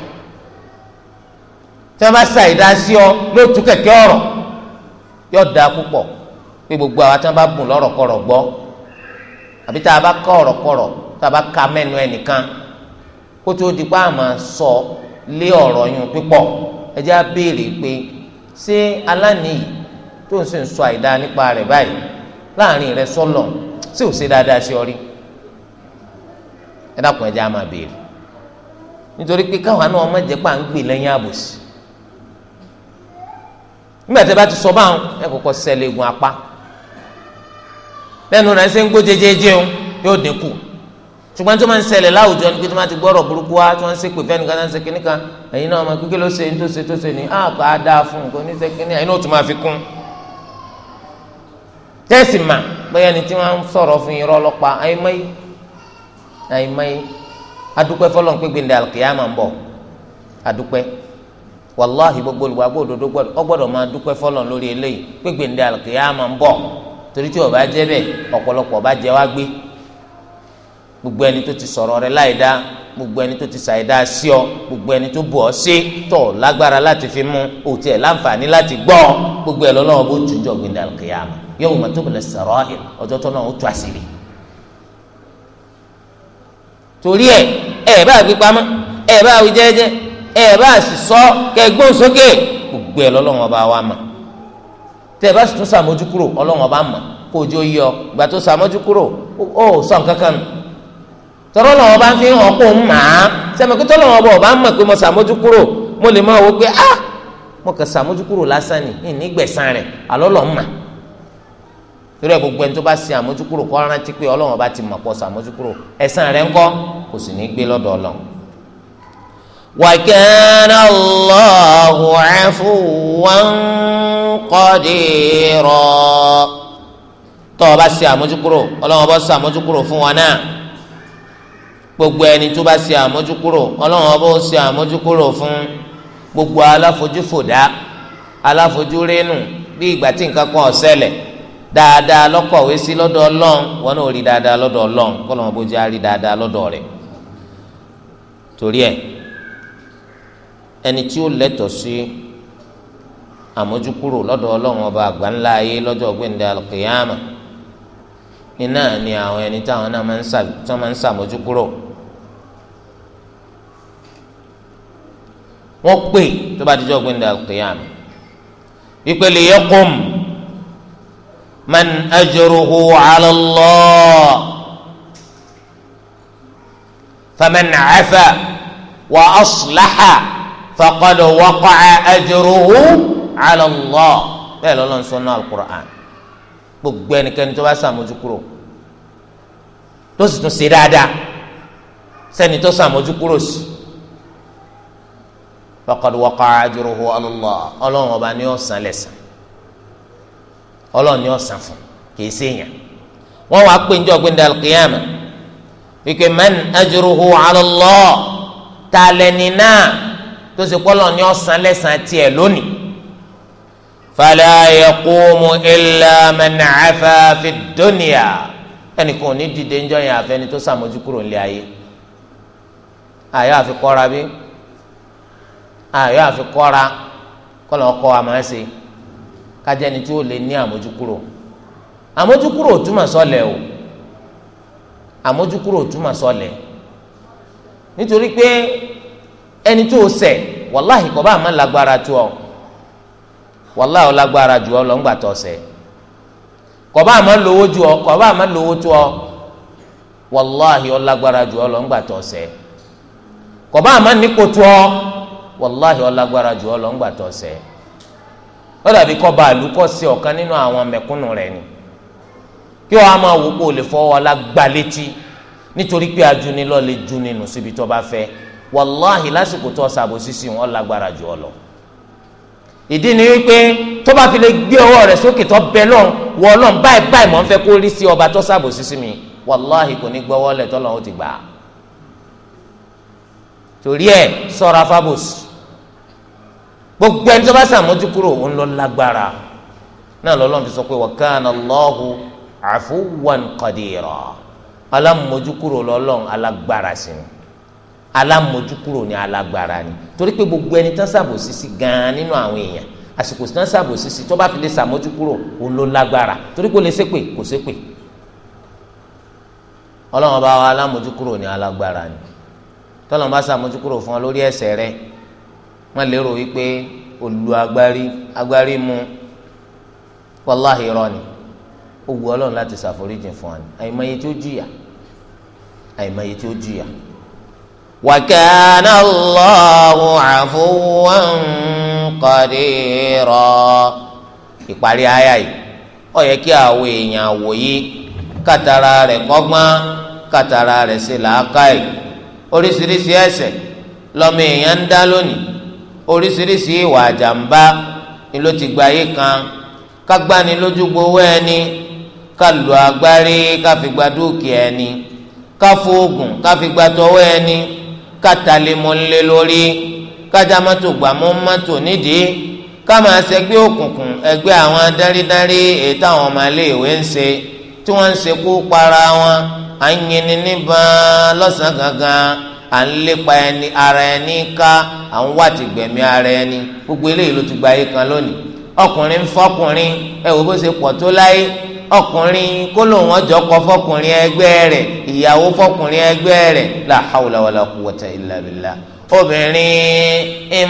tí wọ́n bá ṣàìdá sí ọ ló tú kẹ̀kẹ́ ọ̀rọ̀ yóò dáa púpọ̀ pé gbogbo àwa tí wọ́n bá bùn lọ́rọ̀kọ̀rọ̀ gbọ́ àbí tá a bá kọ́ ọ̀rọ̀kọ̀rọ̀ tá a bá ka mẹ́nu ẹnìkan kó tó di pa àmọ́ sọ lé ọ̀rọ̀ yun pípọ̀ ẹ á béèrè pé ṣé aláníyì tó ń sọ àìdá nípa rẹ̀ báyìí láàrin rẹ̀ sọ́lọ̀ sí ò ṣe dáadáa sí ọ rí ẹ dákun ẹ jẹ́ àmà béèrè nítorí pé káwọn náà ọmọ jẹ́ pà ń gbè lẹ́yìn àbòsí nígbà tí a bá ti sọ báwọn ẹ kọ́kọ́ sẹ́lẹ̀gùn apá lẹ́nu rẹ̀ ṣe ń gbó jẹjẹjẹ o yóò dínkù ṣùgbọ́n tí wọ́n máa ń ṣẹlẹ̀ láwùjọ ni pé tí wọ́n ti gbọ́rọ̀ burúkú wá tí wọ́n ń ṣépè fẹ́ni kan tí wọ́n ń ṣe kínní ẹ̀yin náà ọmọ kíkẹ́ ló ṣe tó ṣe tó ṣe ní àpá ah, dáa fún nǹkan oníṣe kínní ẹ̀yin náà tún máa fi kún. tẹ́sì mà bẹ́ẹ̀ ni tí wọ́n ń sọ̀rọ̀ fún irọ́ ọlọ́pàá ayé mẹ́yìí àìmọye adúpẹ́ fọlọ́n pé gbẹ̀ndẹ̀ alkiyama ń bọ̀ adúpẹ́ wàláhì gbogbo olùwàgbọ́ òdodo ọgbọ́dọ̀ máa dúpẹ́ fọlọ́n lórí eléyìí pé gbẹ̀ndẹ̀ alkiyama ń bọ̀ torí tí ó bá jẹ́ bẹ́ẹ̀ ọ̀pọ̀lọpọ̀ bá jẹ́ wá gbé gbogbo ẹni tó ti sọ̀rọ̀ rẹ láìdá gbogbo ẹni tó ti ṣàìdá sí ọ gbogbo ẹni tó bù ọ sí tọ̀ lágbára láti fi mú òtí ẹ̀ láǹfààní láti gbọ́ gbogbo ẹ̀ lọ́lọ́wọ́ bó tún jọ gbẹ̀ndẹ̀ alkiyama yawma tubla sarair ọjọ́ tó náà ó tú àṣírí torí ẹ ẹ bá gbé pamọ́ ẹ bá wí jẹ́jẹ́ ẹ bá sì sọ kẹgbọn sókè gbogbo ẹ lọ́lọ́run ọba wa mọ̀ tẹ bá sì tún sàmójú kúrò Ọlọ́run ọba mọ̀ kó o jó yọ ìgbà tó sàmójú kúrò ó sọ nkankan. tọrọ lọ́wọ́ bá ń fi hàn kó ń mà á sẹmi tọrọ lọ́wọ́ bá ọba mọ̀ pé mo sàmójú kúrò mo lè máa wọ pé ah mo kàn sàmójú kúrò lásán ni ìnígbẹ̀sán rẹ̀ àlọ́ lọ́ torí ẹ gbogbo ẹni tó bá ṣe àmójúkúrò kọ́ rántí pé ọlọ́run ọba ti mọ̀ pọ̀ sí àmójúkúrò ẹ̀san rẹ̀ ńkọ́ kò sì ní gbé lọ́dọ̀ ọlọ́run. wa kana Allahu afuwan qadira tọ́ ọ bá ṣe àmójúkúrò ọlọ́run ọba ṣe àmójúkúrò fún wa náà gbogbo ẹni tó bá ṣe àmójúkúrò ọlọ́run ọba ó ṣe àmójúkúrò fún gbogbo aláfojúfòdá aláfojúrénù bí ìgbà tí nǹkan kan ó ṣẹlẹ̀ dáadáa lọ́kọ̀wé sí lọ́dọ̀ ọlọ́run wọn náà rí dáadáa lọ́dọ̀ ọlọ́run kọ́lọ́ wọn bójú á rí dáadáa lọ́dọ̀ rẹ̀ torí ẹ ẹni tí ó lẹ́tọ̀ọ́ sí àmójúkúrò lọ́dọ̀ ọlọ́run ọba àgbáńlá ayé lọ́jọ́ gbẹ̀ndẹ̀ alùkìyàmà iná ni àwọn ẹni táwọn náà máa ń sàmójúkúrò wọ́n pè tó bá dijọ́ gbẹ̀ndẹ̀ alùkìyàmà ìpele yẹ kọ́mù. من أجره على الله فمن عفا وأصلح فقد وقع أجره على الله bẹ́ẹ̀ lọ́lọ́ ń القرآن náà alukur'an gbogbo ẹnikẹ́ni tó bá sàmójúkúrò tó sì tún ṣe dáadáa sẹ́ni tó sàmójúkúrò sí faqad waqa'a ajruhu ala Allah ọlọ́run ọba ni ó san lẹ́san ọlọ́run ni ó san fún kìí séèyàn wọ́n wàá pè njọ́ gbé ndàlùkìyàmù ìpè man ajruhu ala Allah talẹ̀ni náà tó ṣe kọ́ ọlọ́run ni ó san lẹ́sàn-án tiẹ̀ lónìí fala yaqumu illa man afa fi dunya ẹnìkan ò ní dìde njọ́ yẹn àfẹ́ni tó sàmójú kúrò nílé ayé àyà àfikọ́ra bí àyà àfikọ́ra kọ́ lọ́ọ́ kọ́ àmọ́ ẹ̀ sèé. kájẹni tí ó lè ní àmójúkúrò àmójúkúrò sọlẹ̀ o àmójúkúrò túmọ̀ sọlẹ̀ nítorí pé ẹni tó ṣẹ̀ wàláhì kọ́ bá àmọ́ lágbára tó ọ wàláhì ọ lágbára jù ọ lọ́ngbà tó ṣẹ̀ kọ́ bá àmọ́ lówó jù ọ kọ́ bá àmọ́ lówó tó ọ wàláhì lágbára jù ọ lọ́ngbà ó dàbí kọba àlùkọ sí ọ̀kan nínú àwọn mẹ̀kúnnù rẹ̀ ni kí wọ́n á máa wò pé o lè fọwọ́ alágbá létí nítorí pé ajunilọ lè ju nínú síbi tó bá fẹ́ wàláhì lásìkò tó ṣàbò sísì wọn lágbára jù ọ lọ ìdí ni wípé tó bá fi lè gbé ọwọ́ rẹ̀ sókè tó bẹ lọ́n wọ lọ́n báyìí báyìí mọ̀ ń fẹ́ kó rí sí ọba tó ṣàbò sísì mi wàláhì kò ní gbọ́wọ́ lẹ̀ tọ́lọ́ ó ti gbà á torí ẹ̀ sọ́ra fábòsì gbogbo ẹni tó bá sàmójú kúrò òun lọ lágbára náà lọ́lọ́run ti sọ pé wa kana Allahu afuwan qadira alámójú kúrò lọ́lọ́run alágbára sí ni alámójú kúrò ní alágbára ni torí pé gbogbo ẹni tán sàbòsí sí gan-an nínú àwọn èèyàn àsìkò tán sàbòsí sí tó bá fi lè sàmójú kúrò òun ló lágbára torí pé ó lè ṣépè kò ṣépè ọlọ́run bá wa alámójú kúrò ní alágbára ni tọ́lọ́run bá sàmójú kúrò fún ọ lórí ẹ̀ṣẹ̀ rẹ̀ wọ́n lérò wípé olú agbárí agbárí mu wàláhì irọ́ ni ó wu ọlọ́run láti ṣàforíjì fún wa ni àìmọye tí ó jìyà àìmọye tí ó jìyà. وكان الله عفوا قديرا ìparí aya yìí ó yẹ kí àwọn èèyàn wòye kàtàrà rẹ̀ kọ́gbọ́n kàtàrà rẹ̀ sí làákàyè oríṣiríṣi ẹ̀ṣẹ̀ lọ́mọ èèyàn ń dá lónìí oríṣiríṣi ìwà àjàmbá ni ló ti gba ayé kan ká gbani lójú gbowó ẹni ká lu agbárí ká fi gba dúkìá ẹni ká fóògùn ká fi gba tọwọ́ ẹni ká talimọ̀lẹ́ lórí ká já mọ́tò gbà mọ́ mọ́tò nídìí ká máa ṣẹgbẹ́ òkùnkùn ẹgbẹ́ àwọn dáridárí èyí táwọn ọmọ iléèwé ń ṣe tí wọ́n ń ṣekú para wọn à níbọn lọ́sàn gangan à ń lépa ẹni ara ẹni ká à ń wà tí gbẹ̀mí ara ẹni gbogbo eléyìí ló ti gba ayé kan lónìí ọkùnrin fọkùnrin ẹ wò bó ṣe pọ̀ tó láyé ọkùnrin kó lòun ọjọ́ kọ fọkùnrin ẹgbẹ́ rẹ̀ ìyàwó fọkùnrin ẹgbẹ́ rẹ̀ la hawla wala quwwata illa billah obìnrin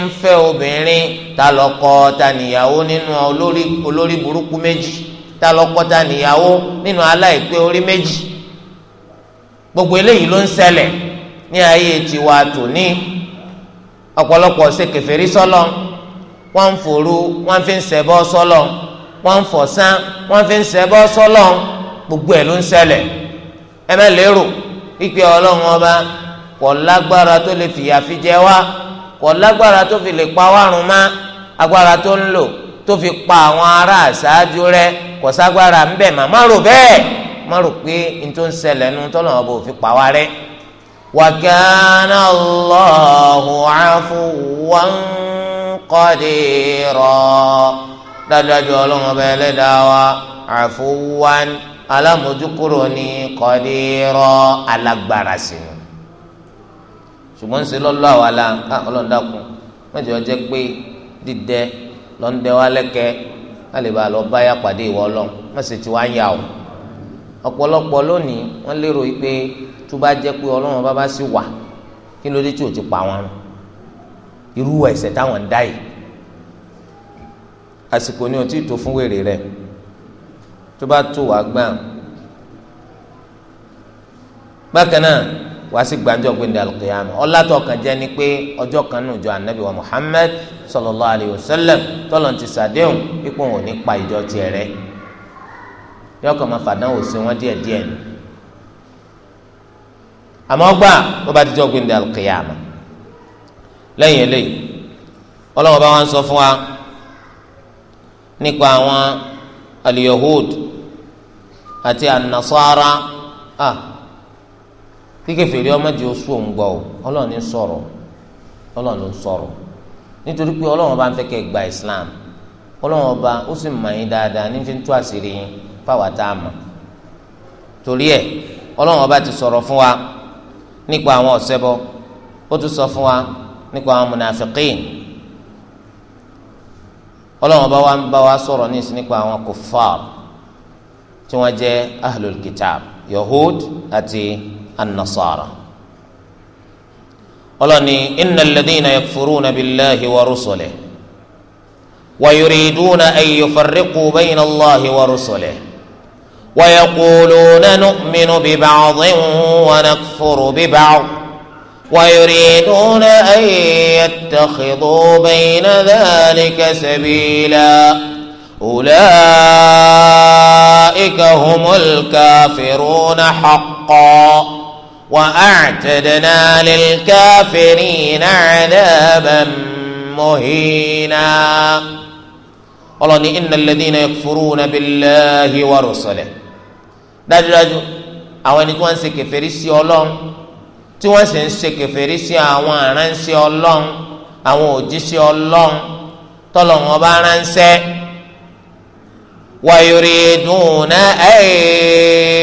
ń fẹ́ obìnrin ta lọ́kọ ta níyàwó nínú olórí olórí burúkú méjì ta lọ́kọ ta níyàwó nínú aláìpé orí méjì gbogbo eléyìí ló ń ṣẹlẹ̀ ní ayé tiwa tòní ọ̀pọ̀lọpọ̀ ṣe kèfèrí sọ́lọ́ wọ́n ń fòru wọ́n fi ń sọlọ sọ́lọ́ wọ́n ń fọ̀sán wọ́n fi ń sọ́lọ́ gbogbo ẹ̀ ló ń ṣẹlẹ̀ ẹ ọba kò lágbára tó lè fìyà fi jẹ wá lágbára tó fi lè pa wá má agbára tó ń lò tó fi pa àwọn n ọba ò fi وكان الله عفوا قديرا dájúdájú ọlọ́run ọba ẹlẹ́dàá wa àfọwọ́n alámójúkúrò ní kọ́dírọ́ alágbára sínú ṣùgbọ́n ṣe lọ́lọ́ àwa la ká ọlọ́run dákun mẹ́jọ jẹ́ pé dídẹ lọ́ndẹ wa lẹ́kẹ́ á lè bá lọ báyà pàdé ìwọ ọlọ́run mẹ́sẹ̀ tí wàá yà ó ọ̀pọ̀lọpọ̀ lónìí wọ́n lérò yìí pé tó bá jẹ́ pé ọlọ́run bá bá sì wà kí ló dé tí ò ti pa wọn irú ẹ̀ṣẹ̀ táwọn ń dá yìí àsìkò ni ò tí ì tó fún wèrè rẹ tó bá tó wàá gbà bákan náà wàá sì gbàǹjọ pé ndàlù kìyàmù ọlátọ kan jẹ ni pé ọjọ́ kan nù jọ anabi wa muhammed sallallahu alayhi wa sallam tọlọ ti sàdéhùn ipò wọn ò ní pa ìjọ tiẹ̀ rẹ yọkọ máa fàdánwò sí wọn díẹ̀ díẹ̀ ni. àmọ́ gbà wọ́n bá ti jọ́ gbẹ̀ndẹ̀ alùkìyàmà lẹ́yìn eléyìí ọlọ́wọ́n bá wọn sọ fún wa nípa àwọn aliyahud àti anasara a kíkẹ́ fèrè ọmọdé oṣù òǹgbọ́ o ọlọ́ọ̀ni sọ̀rọ̀ ọlọ́ọ̀ni sọ̀rọ̀ nítorí pé ọlọ́wọ́n bá gba Islam ọlọ́wọ́n bá ó sì mọ̀ yín dáadáa ní fi ń tú àṣírí yín fáwọn ti sọ̀rọ̀ fún nípa àwọn ọ̀sẹ́bọ ó tún sọ fún wa nípa àwọn munafiqin ọlọ́run bá wa ń bá wa sọ̀rọ̀ ní ìsìn nípa àwọn kuffar tí wọ́n jẹ́ ahlul kitab yahud àti an ọlọ́ni innal ladhina yakfuruna billahi wa rusulihi wa yuriduna an yufarriqu bayna allahi ويقولون نؤمن ببعض ونكفر ببعض ويريدون أن يتخذوا بين ذلك سبيلا أولئك هم الكافرون حقا وأعتدنا للكافرين عذابا مهينا والله إن الذين يكفرون بالله ورسله dájúdájú àwọn ẹni tí wọ́n ń ṣe kèfèrí sí ọlọ́run tí wọ́n sì ń ṣe kèfèrí sí àwọn aránṣẹ́ ọlọ́run àwọn òjíṣẹ́ ọlọ́run tọ́lọ́run ọba ránṣẹ́ wa yuriduna ay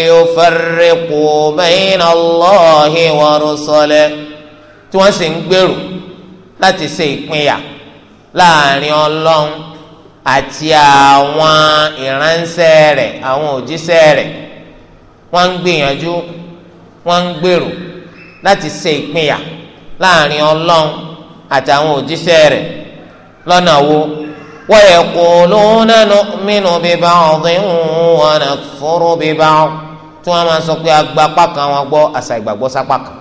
yufarriqu bayna Allahi wa rusulihi tí wọ́n sì ń gbèrò láti ṣe ìpínyà láàrin ọlọ́run àti àwọn ìránṣẹ́ rẹ̀ àwọn òjíṣẹ́ rẹ̀ wọ́n ń gbìyànjú wọ́n ń gbèrò láti ṣe ìpínyà láàrin ọlọ́run àtàwọn òjíṣẹ́ rẹ̀ lọ́nà wo wa yaquluna nu'minu bi ba'dhin wa nakfuru bi ba'd tí wọ́n máa sọ pé agba apá wọn gbọ́ àṣà ìgbàgbọ́ sápá kan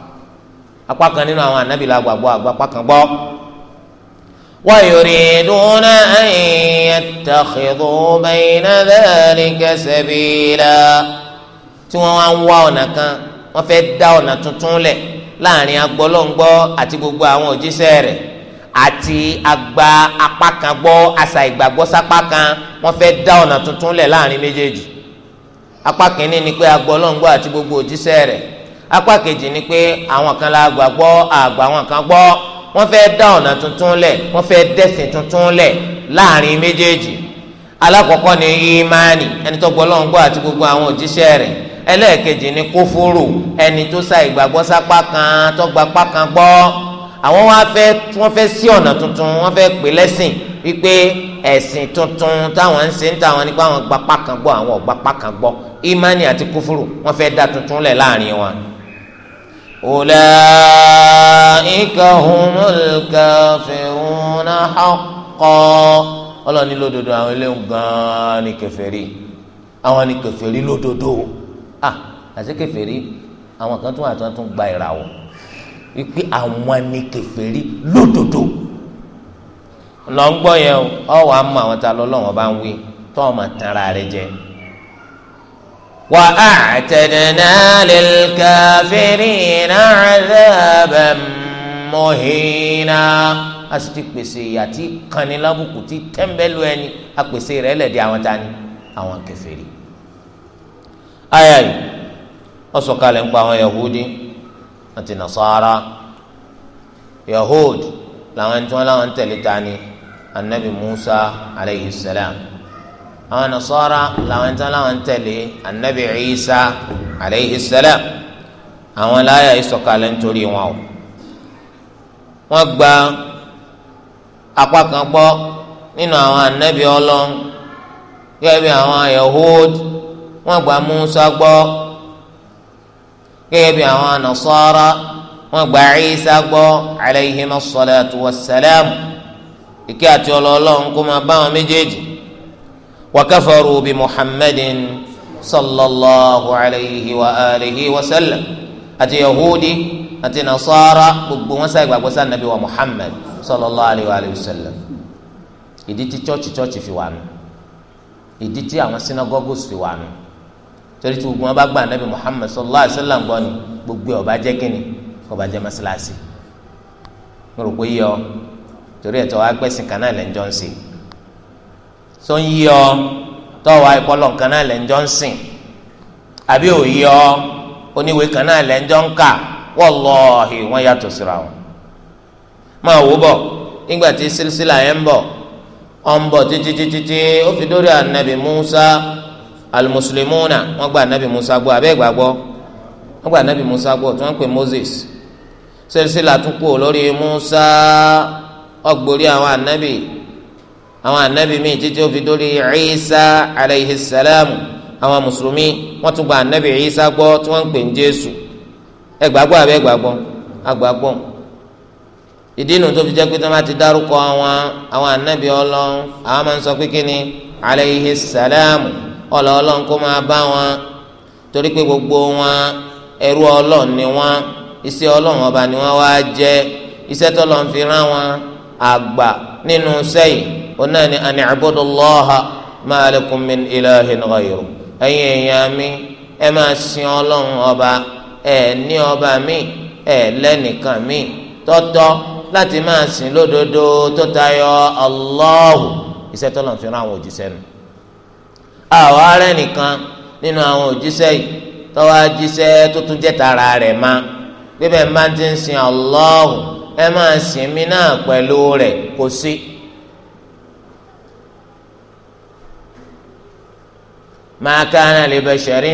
apá kan nínú àwọn ànábì la gbàgbọ́ àgbà apá kan gbọ́. wa yuriduna an yattakhidhu bayna dhalika sabila tí wọ́n wá ń wá ọ̀nà kan wọ́n fẹ́ dá ọ̀nà tuntun lẹ̀ láàrin agbọ́lọ́ngbọ́ àti gbogbo àwọn òjíṣẹ́ rẹ̀ àti agba apá kan gbọ́ àṣà ìgbàgbọ́ sápá kan wọ́n fẹ́ dá ọ̀nà tuntun lẹ̀ láàrin méjèèjì apá kìíní ni pé agbọ́lọ́ngbọ́ àti gbogbo òjíṣẹ́ rẹ̀ apá kejì ni pé àwọn kan la gbàgbọ́ àgbà àwọn kan gbọ́ wọ́n fẹ́ dá ọ̀nà tuntun lẹ̀ wọ́n fẹ́ dẹ́sìn tuntun lẹ̀ láàrin méjèèjì alákọ̀ọ́kọ́ ni ìmánì ẹni tó gbọ́lọ́ngbọ́ àti gbogbo àwọn òjíṣẹ́ rẹ̀ ẹlẹ́ẹ̀kejì ni kófóró ẹni tó sa ìgbàgbọ́ sápá kan tó gba apá kan gbọ́ àwọn wá fẹ́ wọ́n fẹ́ sí ọ̀nà tuntun wọ́n fẹ́ pè lẹ́sìn wípé ẹ̀sìn tuntun táwọn ń ṣe ń ta àwọn nípa àwọn gba apá kan gbọ́ àwọn ọ̀gbà apá kan gbọ́ ìmánì àti kófóró wọ́n fẹ́ dá tuntun lẹ̀ láàrin wọn. ulaika humul kafiruna haqqan ọlọ́ọ̀ni lódodo àwọn eléyìí gan-an ni kèfèrí àwọn ni kèfèrí lódodo à ah, àti kèfèrí àwọn kan tún wà tí wọ́n tún gba ìràwọ̀ wípé àwọn ni kèfèrí lódodo lọ ń gbọ́ yẹn o ọ wàá mọ àwọn ta lọ́lọ́wọ́n bá ń wí tó ọmọ tanra rẹ jẹ. وأعتدنا للكافرين عذابا مهينا a sì ti pèsè ìyà kanilábùkù tí tẹ́ńbẹ́lú ẹni a pèsè rẹ̀ lẹ̀dí àwọn ta ni àwọn kèfèrí àyà yìí ó sọ̀kalẹ̀ ń pa àwọn yahudi àti nasara yahud làwọn tí wọn làwọn tẹ̀lé tani anabi musa alayhi salam àwọn nasara làwọn tí wọn làwọn tẹ̀lé anabi isa alayhi salam àwọn láyà yìí sọ̀kalẹ̀ nítorí wọn o wọn gba apá kan gbọ́ nínú àwọn anabi ọlọ́n gẹ́gẹ́ bí àwọn yahud wọ́n gba Musa gbọ́ gẹ́gẹ́ bí àwọn Nasara wọ́n gba Isa gbọ́ alayhim as-salatu was-salam ìkẹ́ àti ọlọ́ọ̀lọ́hún kó máa bá wọn méjèèjì wa kafaru bi Muhammadin sallallahu alayhi wa alihi wa sallam àti Yahudi àti Nasara gbogbo wọn sáyẹ gbàgbọ́ sáà nàbí wa Muhammad sallallahu alayhi wa alihi wa sallam ìdí tí chọ́ọ̀chì chọ́ọ̀chì fi wà nù ìdí tí àwọn synagogues fi wà nù torí tí gbogbo wọn bá gba anabi muhammed sallallahu alayhi wa sallam gbọ́ ni gbogbo ọba jẹ́ kínni ọba jẹ́ mọ́sálásí mo rò pé yíyọ torí ẹ̀tọ́ wa gbẹ̀sìn kan náà lẹ́ ń jọ ń sìn tó ń yíyọ tọ́wọ́ ìkọlọ̀ kan náà lẹ́ ń jọ ń sìn àbí ò yíyọ oníwèé kan náà lẹ́ ń jọ ń kà wallahi wọ́n yàtọ̀ síra wọn máa wò bọ̀ nígbà tí sílsílà yẹn ń bọ̀ ọ̀ ń bọ̀ títí títí ó fi dórí anabi musa. alimusulimuna wọn gba anabi musa gbọ́ abẹ́ gbàgbọ́ wọ́n gba anabi musa gbọ́ tí wọ́n pè moses sílsílà tún kú lórí musa ọgbórí àwọn anabi àwọn anabi míì títí ó fi dórí isa alayhi salam àwọn mùsùlùmí wọ́n tún gba anabi isa gbọ́ tí wọ́n pè ń jésù ẹ gbàgbọ́ abẹ́ gbàgbọ́ agbàgbọ́ ìdí inú tó fi jẹ́ pé tó má ti dárúkọ àwọn àwọn anabi ọlọ́run àwọn máa ń sọ pé kí ni alayhi salam. ọlọ Ọlọ́run kó máa bá wọn torí pé gbogbo wọn ẹrú Ọlọ́run ni wọn iṣẹ́ Ọlọ́run ọba ni wọn wá jẹ iṣẹ́ tọ́lọ́run fi rán wọn àgbà nínú sẹ́yìn òun náà ni àní àbúdùlọ́ha ma lakum min ilahin ghayru ẹ̀yin èèyàn mi ẹ máa sin Ọlọ́run ọba ẹ ní ọba mi ẹ lẹ́nìkan mi tọ́tọ́ láti máa sìn lódodo tó tayọ Allahu iṣẹ́ tọ́lọ́run fi rán àwọn òjíṣẹ́ nù. àwọn ará nìkan nínú àwọn òjíṣẹ́ yìí tọ́wọ́ ajíṣẹ́ tó tún jẹ́ tara rẹ̀ ma bíbẹ̀ má ti ń sin Allah ẹ máa sìn mí náà pẹ̀lú rẹ̀ kò sí. ما كان لبشر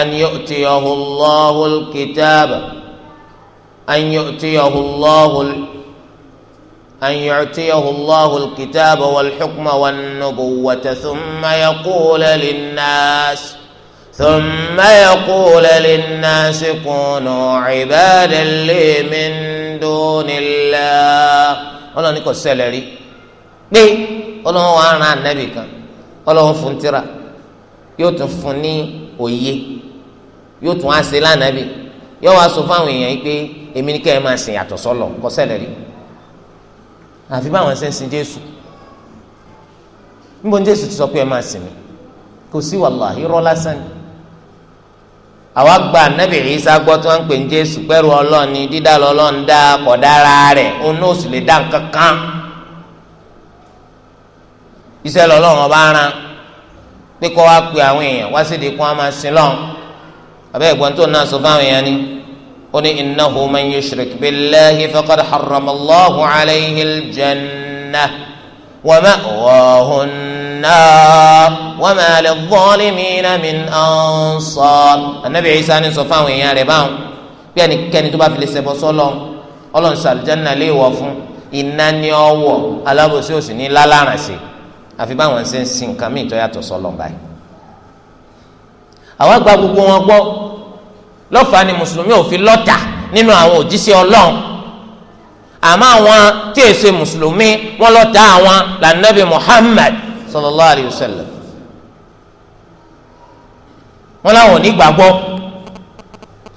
أن يؤتيه الله الكتاب أن يؤتيه الله أن يعطيه الله الكتاب والحكم والنبوة ثم يقول للناس ثم يقول للناس كونوا عبادا لي من دون الله Ọlọ́run ní kò ṣẹlẹ̀ rí pé Ọlọ́run wa ran anabi kan Ọlọ́run fún tírà yóò tún fún ní òye yóò tún á ṣe lánàbì yóò wá sọ fáwọn èèyàn yìí pé èmi ní kẹ́ ẹ máa sìn yàtọ̀ sọ́lọ̀ kò ṣẹlẹ̀ rí àfi báwọn ṣe ń sin jésù níbo ni jésù ti sọ pé ẹ máa sìn mí kò sí wàláhì irọ́ lásán ni àwa gba anabi Isa gbọ́ tí wọ́n ń pè ní jésù pẹ̀lú ọlọ́ọ̀ni dídá lọ́lọ́ọ̀ni dá kọ̀dára rẹ̀ òun náà lè dá nǹkan kan iṣẹ́ lọ́lọ́run ọba rán pé kọ́ wa pe àwọn èèyàn wá sídìí kó wọn máa sin lọ́hùn àbẹ́ ìgbọ́n tó náà sọ fáwọn èèyàn ni oni innahu man yushrik billahi faqad harrama allahu alayhi aljanna wa ma'wahu an-nar wa ma lidh-dhalimina min ansar anabi isa ni sọ fáwọn èèyàn rẹ̀ báwọn bí ẹnikẹ́ni tó bá fi lè ṣẹbọ sọ́lọ́ ọlọ́run sàlùjánà lè wọ̀ fún iná ní ọwọ́ alábòsí òsì ní lálàrán sí àfi báwọn ṣe ń sin nǹkan míì tó yàtọ̀ sọ́lọ́ báyìí àwọn àgbà gbogbo wọn gbọ́ lọ́fà ni mùsùlùmí ò fi lọ́tà nínú àwọn òjíṣẹ́ ọlọ́run àmọ́ àwọn tí è ṣe mùsùlùmí wọ́n lọ́tà àwọn lànàbì Muhammad sallallahu alayhi wa sallam wọ́n láwọn ò ní gbàgbọ́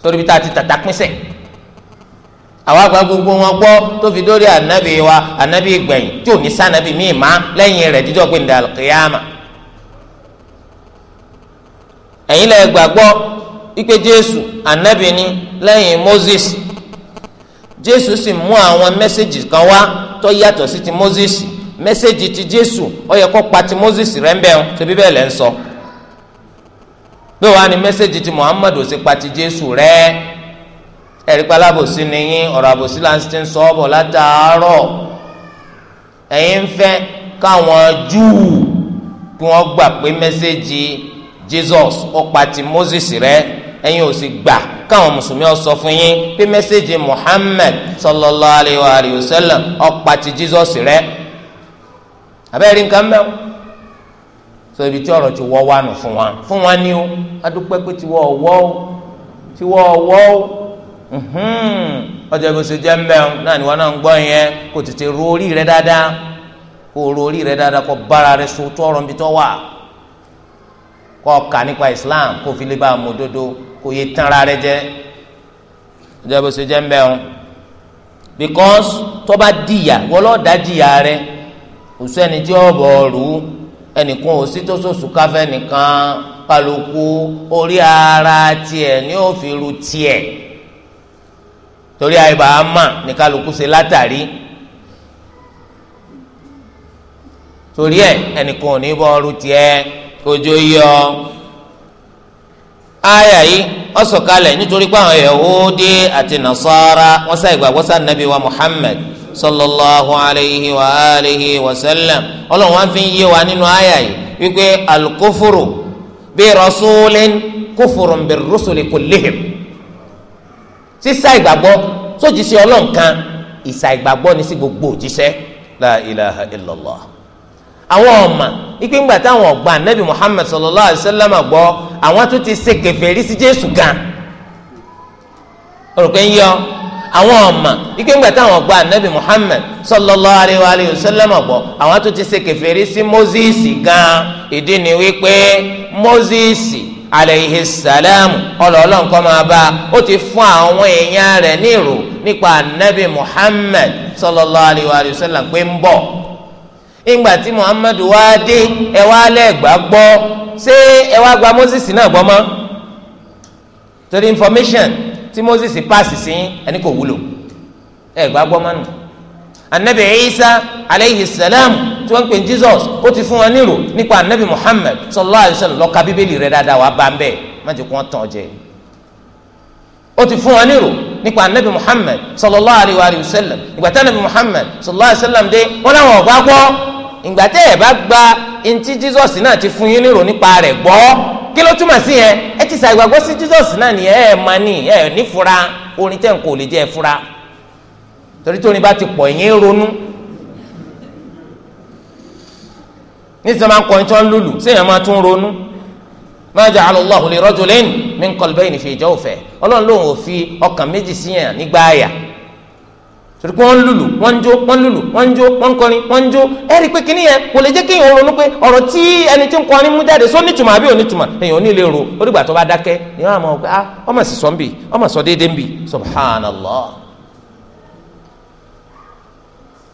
sórí bí tá a ti tàtà pínsẹ̀ àwọn àgbà gbogbo wọn gbọ́ tó fi dórí ànábì wa ànábì gbẹ̀yìn tí ò ní sànábì míì má lẹ́yìn rẹ̀ dídọ́ gbẹ̀ndà al-qiyama ẹ̀yin lẹ gbàgbọ́ ipe jésù anabi ni moses jésù sì mú àwọn mẹ́sẹ̀gì kan wá tó yàtọ̀ sí ti moses mẹ́sẹ̀gì ti jésù ó yẹ kó pa ti moses rẹ̀ ń bẹ̀ ń ṣe bí ń sọ pé wàá ní mẹ́sẹ̀gì ti muhammad ò sì pa ti jésù rẹ̀ ẹ̀rí palábòsí ni yín ọ̀rọ̀ àbòsí là ń ti ń sọ ọ́ bọ̀ látàárọ̀ ẹ̀yin ń káwọn júù kí wọ́n gbà pé mẹ́sẹ̀gì jesus ọ̀pá ti moses rẹ ẹ̀yin ò sì gbà káwọn mùsùlùmí ọ sọ fún yín bí mẹ́sẹ̀gì muhammed sallallahu alayhi wa ọ̀pá ti jesus rẹ abẹ́rẹ́ nǹkan so ibi tí ọ̀rọ̀ ti wọ́ wà nù fún wa ni o adúpẹ́ pé ti wọ́ ọwọ́ o ti wọ́ ọwọ́ o ọjọ́ jẹ́ mẹ́wọ́ náà ni wọn náà ń gbọ́ yẹn kò tètè ro orí rẹ dáadáa kò ro kọ́ ọ̀ka nípa islam kó fi lè bá a mọ òdodo kó yẹ tán ara rẹ jẹ́ ìjọba ìṣe jẹ́ ń bẹ̀ ọ́n because tó bá dìyà wọlọ́ọ̀dá dìyà rẹ kò sẹ́ni tí ọ̀bọ̀ rú ẹnìkan ò sí tó sòsù káfẹ́ nìkan paloku orí ara tiẹ̀ ní òfin ru tiẹ̀ torí àyíbá ama ní kálukú ṣe látàrí torí ẹ ẹnìkan ò ní bọ́ ru tiẹ̀ òjò yọ àyà yìí ó sọ̀kalẹ̀ nítorí pé àwọn Yahudi àti Nasara wọ́n sá ìgbàgbọ́ sá nàbí wa Muhammad sallallahu alayhi wa alihi wa sallam Ọlọ́run wa fi ń yé wa nínú àyà yìí wípé alukófòrò bí rasulin kófòrò ń bẹ rusuli kullihim sísá ìgbàgbọ́ sójì sí Ọlọ́run kan ìsà ìgbàgbọ́ ni sí gbogbo òjíṣẹ́ la ilaha illallah àwọn ọ̀mà ipe ńgbà táwọn ọ̀gbà Nabi muhammed sallallahu alayhi wa sallam gbọ́ àwọn tó ti ṣe kèfèrí sí jésù gan olùkọ́ ń yọ àwọn ọ̀mà ipe ńgbà táwọn ọ̀gbà anabi muhammed sallallahu alayhi wa sallam gbọ́ àwọn tó ti ṣe kèfèrí sí moses gan ìdí ni wípé moses aleyhi salam ọlọlọ́n kọ́ máa bá ó ti fún àwọn èèyàn rẹ̀ ní nípa anabi muhammed sallallahu alayhi wa sallam pé ń bọ̀ nígbà muhammadu wá dé ẹ wá lẹ́gbàá gbọ́ ṣé ẹ wá gba moses náà gbọ́ mọ́ torí information tí moses pass sí ẹni kò wúlò ẹ gbà gbọ́ mọ́ nù anabi isa aleyhi salam tí wọ́n ń pè ní jesus ó ti fún wọn nírò nípa anabi muhammad sallallahu alayhi wa sallam lọ́ka bíbélì rẹ̀ dáadáa wàá bá ń bẹ́ẹ̀ má jẹ́ kó wọ́n tàn jẹ́ ó ti fún wọn nírò nípa anabi muhammad sallallahu alayhi wa sallam ìgbà tí anabi muhammad sallallahu alayhi wa sallam dé wọ́n láwọn ọ̀gbá gbọ́ ìgbà tẹ́ ẹ̀ bá gba ntí Jesus náà ti fún yín nírò nípa rẹ̀ gbọ́ kí ló túmọ̀ sí yẹn ẹ ti ṣàìgbàgbọ́ sí Jesus náà nìyẹn ẹ̀ máa ní ẹ̀ nífura orin tẹ̀ ń kò lè jẹ́ ẹ fura torí tóni bá ti pọ̀ yín ronú nísìnyí máa ń kọrin tí wọ́n ń lùlù séèyàn máa tún ronú ma ja'ala Allahu li rajulin min qalbayni fi jawfihi ọlọ́run lòun ò fi ọkàn méjì síyàn nígbà àyà torí pé wọ́n lùlù wọ́n ń jó wọ́n lùlù wọ́n ń jó wọ́n ń kọrin wọ́n ń jó ẹ rí i pé kíní yẹn kò lè jẹ́ kéèyàn ronú pé ọ̀rọ̀ tí ẹni tí ń kọrin mú jáde só nítumọ̀ àbí onítùmọ̀ èèyàn ò ní lè ro ó dìgbà tó bá dákẹ́ ni wọ́n á mọ̀ pé ah ọmọ sì sọ ń bì ọmọ sọ déédéé ń bì subhanallah.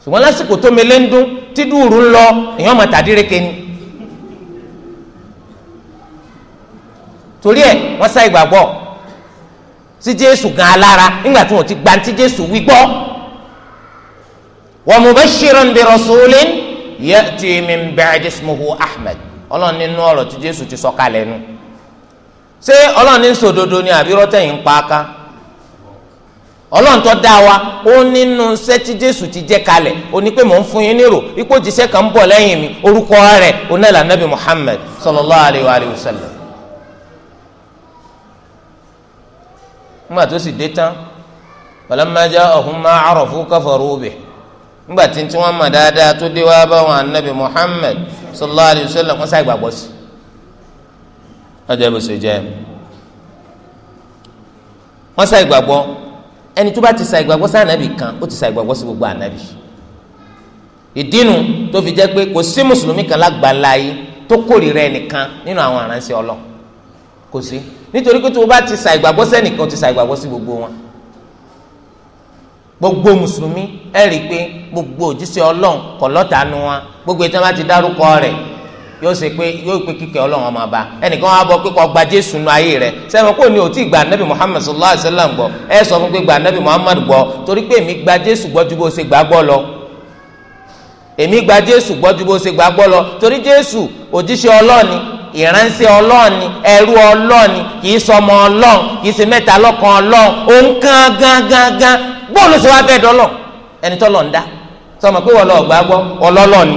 ṣùgbọ́n lásìkò tó melé ń dún tí dùrù ń lọ èèyàn mọ̀ tàdíreke ni. torí ẹ wọ́n sá ìgbàgbọ́ sí Jésù gan alára nígbà tí wọ́n ti gba Jésù wí gbọ́ wa mubashiran bi rasulin ya'ti min ba'di ismuhu ahmed ọlọ́run nínú ọ̀rọ̀ tí jésù ti sọ kalẹ̀ nu ṣé ọlọ́run ní sòdodo ni àbí rọ́tẹ̀yìn ń pa ká ọlọ́run tó dá wa ó nínú iṣẹ́ tí jésù ti jẹ́ kalẹ̀ ó ní pé mò ń fún yín nírò ipò jíṣẹ́ kan ń bọ̀ lẹ́yìn mi orúkọ rẹ̀ onílà nabi muhammed sallallahu alayhi wa alayhi nígbà tó sì dé tán falamma ja'ahum ma 'arafu kafaru bihi nígbà tí tí wọ́n mọ̀ dáadáa tó dé wá bá wọn anabi muhammed sallallahu alayhi wa sallam wọ́n ṣàgbàgbọ́ sí ọjọ́ ìbùsùn ìjẹ́ wọ́n ṣàgbàgbọ́ ẹni tó bá ti ṣàgbàgbọ́ sí anabi kan ó ti ṣàgbàgbọ́ sí gbogbo anabi ìdínú tó fi jẹ́ pé kò sí mùsùlùmí kan lágbàláyé tó kórìíra ẹnìkan nínú àwọn aránṣẹ́ ọlọ́ kò sí nítorí pé tó o bá ti ṣàgbàgbọ́ sẹ́nìkan o ti ṣàgbàgbọ́ sí gbogbo wọn gbogbo mùsùlùmí ẹ rí i pé gbogbo òjíṣẹ́ ọlọ́run kọ̀ lọ́tàánu wọn gbogbo ìtàn bá ti dárúkọ rẹ̀ yóò ṣe pé yóò pe kíkẹ́ ọlọ́run ọmọ ọba ẹnìkan wá bọ pé kó gba jésù nu ayé rẹ̀ sẹ́wọ̀n kò ní o gba anabi muhammed sallallahu alaihi wa sallam gbọ́ ẹ sọ fún pé gba anabi muhammed gbọ́ torí pé èmi gba jésù gbọ́ ju bó ṣe gbà gbọ́ lọ èmi gba jésù gbọ́ ju bó ṣe gbà gbọ́ lọ torí jésù òjíṣẹ́ ọlọ́run ni ìránṣẹ́ ọlọ́ọ̀ni ẹrú ọlọ́ọ̀ni kìí sọmọ ọlọ́ọ̀n kìí ṣe mẹ́ta lọ́kan ọlọ́ọ̀n òun kan gangan bóòlù ṣe wá bẹ́ẹ̀ dọ́lọ̀ ẹni tọ́lọ̀ ń dá sọmọ pé wọ́n lọ gbà gbọ́ ọlọ́ọ̀ni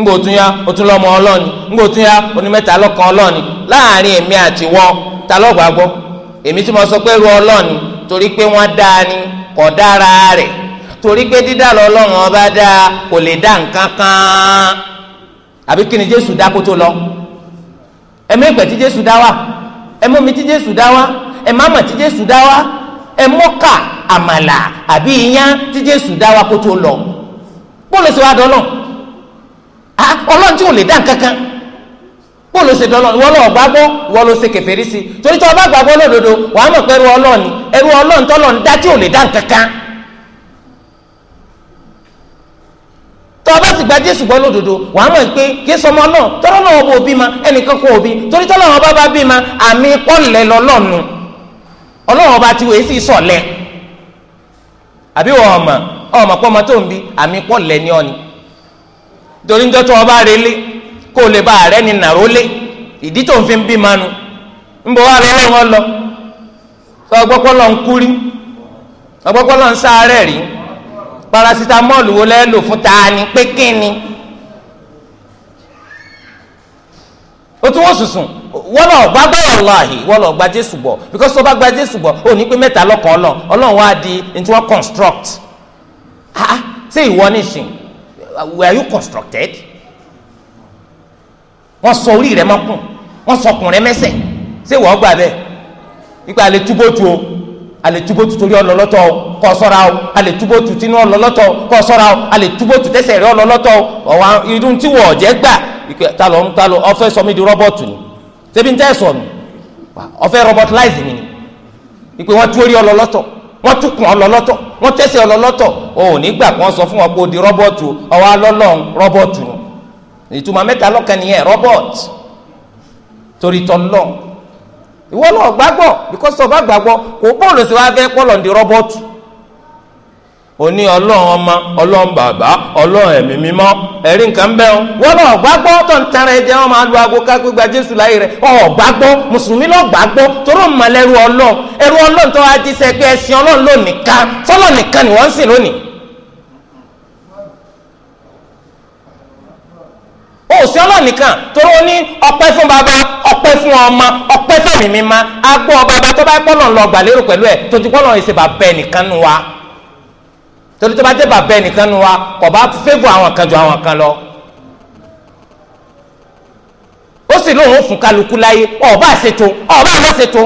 ńgbò tún o tún lọ́mọ ọlọ́ọ̀ni ńgbò tún ya o ní mẹ́ta ọlọ́ọ̀ni láàrin èmi àti wọn ta lọ́ gbọ́ èmi tí mo sọ pé ru ọlọ́ọ̀ni torí pé wọ́n kò dára rẹ̀ torí pé dídá ọba kò lè dá nǹkan kan àbí ẹ̀mú ìpẹ́ tí jésù dá wa ẹ̀mú omi tí jésù dá wa ẹ̀mú àmà tí jésù dá wa ẹ̀mú ọkà àmàlà àbí iyán tí jésù dá wa kó tó lọ bóòlù sí wa dọ́nà ọlọ́run tí ò lè dá nǹkankan bóòlù sí dọ́nà ìwọ lọ́wọ́ gbàgbọ́ ìwọ ló ṣe kèfèrí sí torí tí wọ́n bá gbàgbọ́ lódodo wàá mọ̀ pé ẹrú ọlọ́run ẹrú ọlọ́run tọ́lọ́run dá tí ò lè dá nǹkankan tó o bá gba jésù gbọ́ lódodo wàá mọ̀ pé kí sọmọ náà náà ma ẹnìkan torí ọba bá bí ma àmì ọlọ́run ọba ti wèé sí sọ̀lẹ̀ àbí ọmọ ọmọ pọ́ ọmọ tó ni ọ́ni torí ọba kó o lè ni nàró ma nu ń bọ̀ wá lọ́wọ́ lọ sọ ọgbọ́pọ́ parasitamọ́ọ̀lù wo lẹ́ẹ̀ lò fún taani pé kíni o tún wọ́n sùsùn wọ́n lọ bá gbọ́ wàláhì wọ́n lọ gba jésù bọ̀ because tó bá gba jésù bọ̀ ò ní pé mẹ́ta lọ́kàn ọlọ́ ọlọ́run wá di ní tí construct Ha? ṣé ìwọ nìsín were you constructed wọ́n sọ orí rẹ mọ́kùn wọ́n sọkùn rẹ mẹ́sẹ̀ ṣé ìwọ gbà bẹ́ẹ̀ ipa lè túbọ̀ tu o alẹtubótu torí ọlọlọtọ kọ ṣọ́ra o alẹtubótu tinú ọlọlọtọ kọ ṣọ́ra o alẹtubótu tẹsẹ̀ rẹ̀ ọlọlọtọ ọwọ irun tí wọ ọjẹ gbà ìpè talọ talọ ọfẹ sọmi di rọbọtù ni ṣebí n tẹ sọ mi ọfẹ rọbọtìláìsì mi ni ìpè wọn torí ọlọlọtọ wọn tún kùn ọlọlọtọ wọn tẹsẹ̀ ọlọlọtọ o ò ní gbà kó sọ fún ọ pé o di rọbọtù ọwọ alọlọrun rọbọtù ni ìtumọ̀ mẹ́ta lọ́kàn nìyẹn rọbọtù torí tọ́lọ́ọ̀ ìwọ lọ gbàgbọ́ because ọba gbàgbọ́ kò bọ́ọ̀lù sí wa fẹ́ pọ́lọ̀ ní rọ́bọ́ọ̀tù oní ọlọ́run ọmọ ọlọ́run bàbá ọlọ́run ẹ̀mí mímọ́ ẹ̀rí nǹkan o wọ́n lọ gbàgbọ́ tó ń tara ẹ̀jẹ̀ wọn máa aago kágbé gba jésù láyé rẹ̀ ọ̀ gbàgbọ́ mùsùlùmí lọ gbàgbọ́ ń ẹrú ó sì ọlọ́run nìkan torí ó ní ọpẹ́ fún bàbá ọpẹ́ fún ọmọ ọpẹ́ fẹ̀mí mímá agbó ọba bá tó bá pọ́nà lọ gbà lérò pẹ̀lú ẹ̀ tó ti pọ́nà ìṣe bàbá ẹnìkan nu wa torí tó bá jẹ́ bàbá ẹnìkan nu wa kò bá fẹ́fù àwọn kan ju àwọn kan lọ. ó sì lóun ó fún kálukú láyé ọba àṣetò ọba àmọ́ṣetò.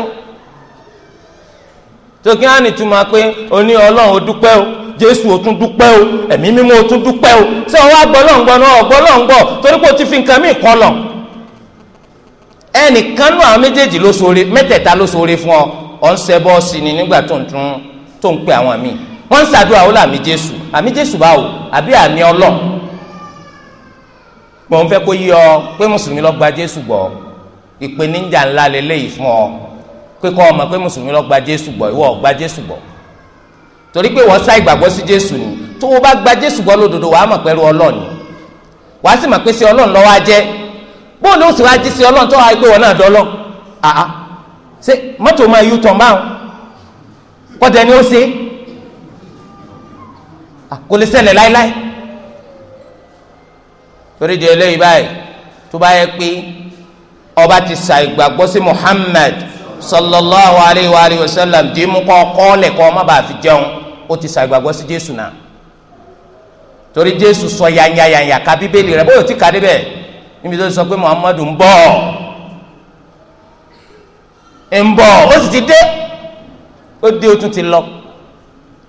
tó kí wọ́n á nìtumọ̀ pé oní ọlọ́run ó dúpẹ́ o jésù ò tún dúpẹ́ o ẹ̀mí mímọ́ ò tún dúpẹ́ o ṣé wọn wá gbọ́lọ́ǹgbọ́ náà ọ̀gbọ́lọ́ǹgbọ́ torí pé o ti fi nǹkan míì kọ́ lọ. ẹnìkan náà àwọn méjèèjì ló ṣoore mẹ́tẹ̀ẹ̀ta ló ṣoore fún ọ ọ ń ṣe bọ́ọ̀sì ni nígbà tó ń tún tó ń pe àwọn míì wọ́n ń ṣàdúrà ó làmì jésù àmì jésù báwo àbí àmì ọlọ́ mo pé kọ́ ọ mọ̀ pé mùsùlùmí lọ gba jésù gbọ́ ìwọ gba jésù gbọ́ torí pé wọ́n sá ìgbàgbọ́ sí jésù ni tó o bá gba jésù gbọ́ lódodo wàá mọ̀ pẹ̀lú ọlọ́ọ̀ni wàá sì mọ̀ pé sí ọlọ́ọ̀n lọ́wọ́ ajẹ́ bóun ló sì wá jí sí ọlọ́ọ̀n tó wá gbé wọn náà dọ́lọ́ àá ṣe mọ́tò máa yú tàn báwọn kọ́tẹ́ ni ó ṣe kò lè ṣẹlẹ̀ láéláé torí di eléyìí báyìí tó bá yẹ pé ọba ti sa ìgbàgbọ́ sí muhammad sallallahu alayhi wa sallam dìímú kọ́ kọ́ lẹ̀ kọ́ má bàa fi jẹun ó ti ṣàìgbàgbọ́ sí jésù náà torí jésù sọ yanyanyanya ka bíbélì rẹ̀ bóyá ó ti kà débẹ̀ níbi tó ti sọ pé muhammadu ń bọ̀ ń bọ̀ ó sì ti dé ó dé ó tún ti lọ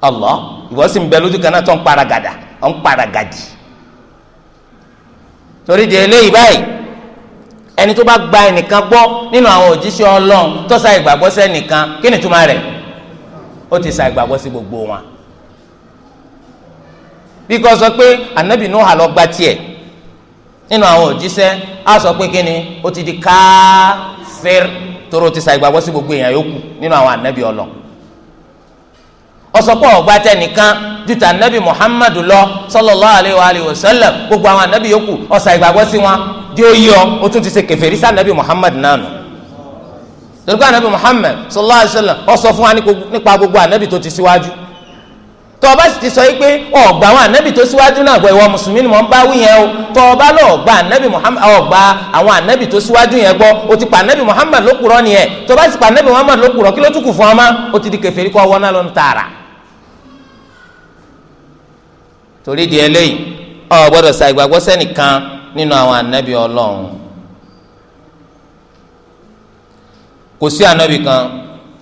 Allah ìwọ sì ń bẹ lójú kan náà tó ń para gàdà ó ń para gàdì torí di eléyìí báyìí ẹni tó bá gba ẹnìkan gbọ́ nínú àwọn òjíṣẹ́ ọlọ́run tó sá ìgbàgbọ́ kí ni túmọ̀ rẹ̀ ó ti sa ìgbàgbọ́ sí gbogbo wọn bí kò sọ pé anabi nuha lọ gba tiẹ̀ nínú àwọn òjíṣẹ́ á sọ pé kí ni ó ti di káfíìr tóró ti sa ìgbàgbọ́ sí gbogbo èèyàn yòókù nínú àwọn anabi ọlọ ọsọpọ ọgbà tẹnìkan ju ta anabi muhammadu lọ sallallahu alayhi wa alayhi wa sallam gbogbo àwọn anabi yòókù ó sa ìgbàgbọ́ sí wọn di ó yí ọ ó tún ti ṣe kèfèrí sí anabi muhammadu náà nù torí pé anabi muhammed sallallahu alayhi wa sallam ó sọ fún wa nípa gbogbo anabi tó ti síwájú tó o bá sì ti sọ yìí pé ọgbà àwọn anabi tó síwájú náà gbọ́ ìwọ mùsùlùmí ni mò ń bá wí yẹn o tó o bá lọ ọgbà anabi muhammed ọgbà àwọn anabi tó síwájú yẹn gbọ́ o ti pa anabi muhammed ló kúrọ nìyẹn tó o bá sì pa anabi muhammed ló kúrọ kí ló tún kù fún ọ o ti di kèfèrí kọ wọn náà lọ ń tààrà. torí di eléyìí o gbọ́dọ̀ ṣàìgbàgbọ́ sẹ́nìkan nínú àwọn anabi Ọlọ́run kò sí anabi kan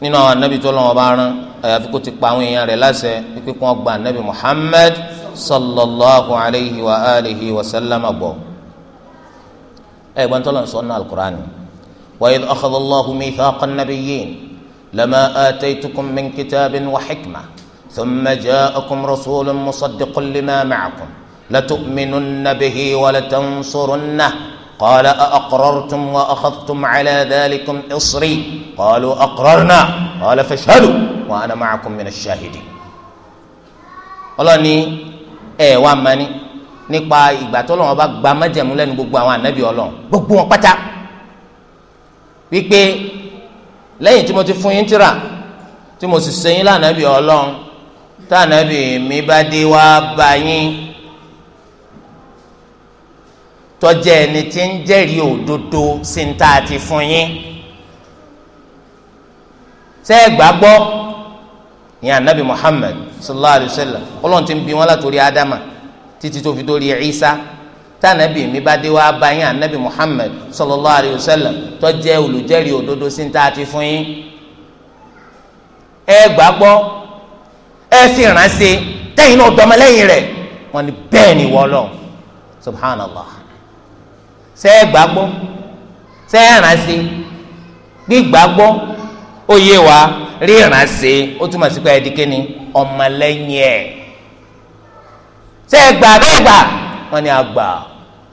nínú àwọn anabi tó lọ́wọ́ bá rán àyàfi kó ti pa àwọn èèyàn rẹ̀ láṣẹ pípé kí wọ́n gba anabi Muhammad sallallahu alayhi wa alihi wa sallam gbọ́. ẹ gbọ́n tó lọ́n sọ ọ́nà alukur'an wa idh akhadha Allahu mithaqa an-nabiyyin lama ataytukum min kitabin wa hikma thumma ja'akum rasulun musaddiqun lima ma'akum latu'minunna bihi wa latansurunnahu. قال أأقررتم وأخذتم على ذلكم إصري قالوا أقررنا قال فاشهدوا وأنا معكم من الشاهدين ọlọ́ni ẹ wá mani nípa ìgbà tó lọ́wọ́ bá gba májẹ̀mú lẹ́nu gbogbo àwọn ànábì ọlọ́run gbogbo wọn pátá wípé lẹ́yìn tí mo ti fún yín tírà tí mo sì ṣe yín lánàbì ọlọ́run tánàbì mi bá dé wá bá yín tọjẹ ẹni tí ń jẹ́rìí òdodo sí ń tá a fún yín ṣé ẹ gbàgbọ́ ìyẹn anabi muhammed sallallahu alayhi wa sallam ọlọ́run ti ń bi wọn látòrí ádámà títí tó fi dórí ìsá tànàbì mi bá dé wá bá yín anabi muhammed sallallahu alayhi wa sallam tọjẹ olùjẹ́rìí òdodo sí ń tá a ti fún yín ẹ gbàgbọ́ ẹ sì ránṣẹ́ tẹ̀yin náà dọmọlẹ́yìn rẹ̀ wọ́n ní bẹ́ẹ̀ ni wọ́n subhanallah sẹ́ẹ̀ gbàgbọ́ sẹ́ẹ̀ ránṣẹ́ gbígbàgbọ́ ó yé wa ríránṣẹ́ ó túmọ̀ sí pé ẹ di kíni ọmọlẹ́yìn ẹ̀ sẹ́ẹ̀ gbà bẹ́ẹ̀ gbà wọ́n ní àgbà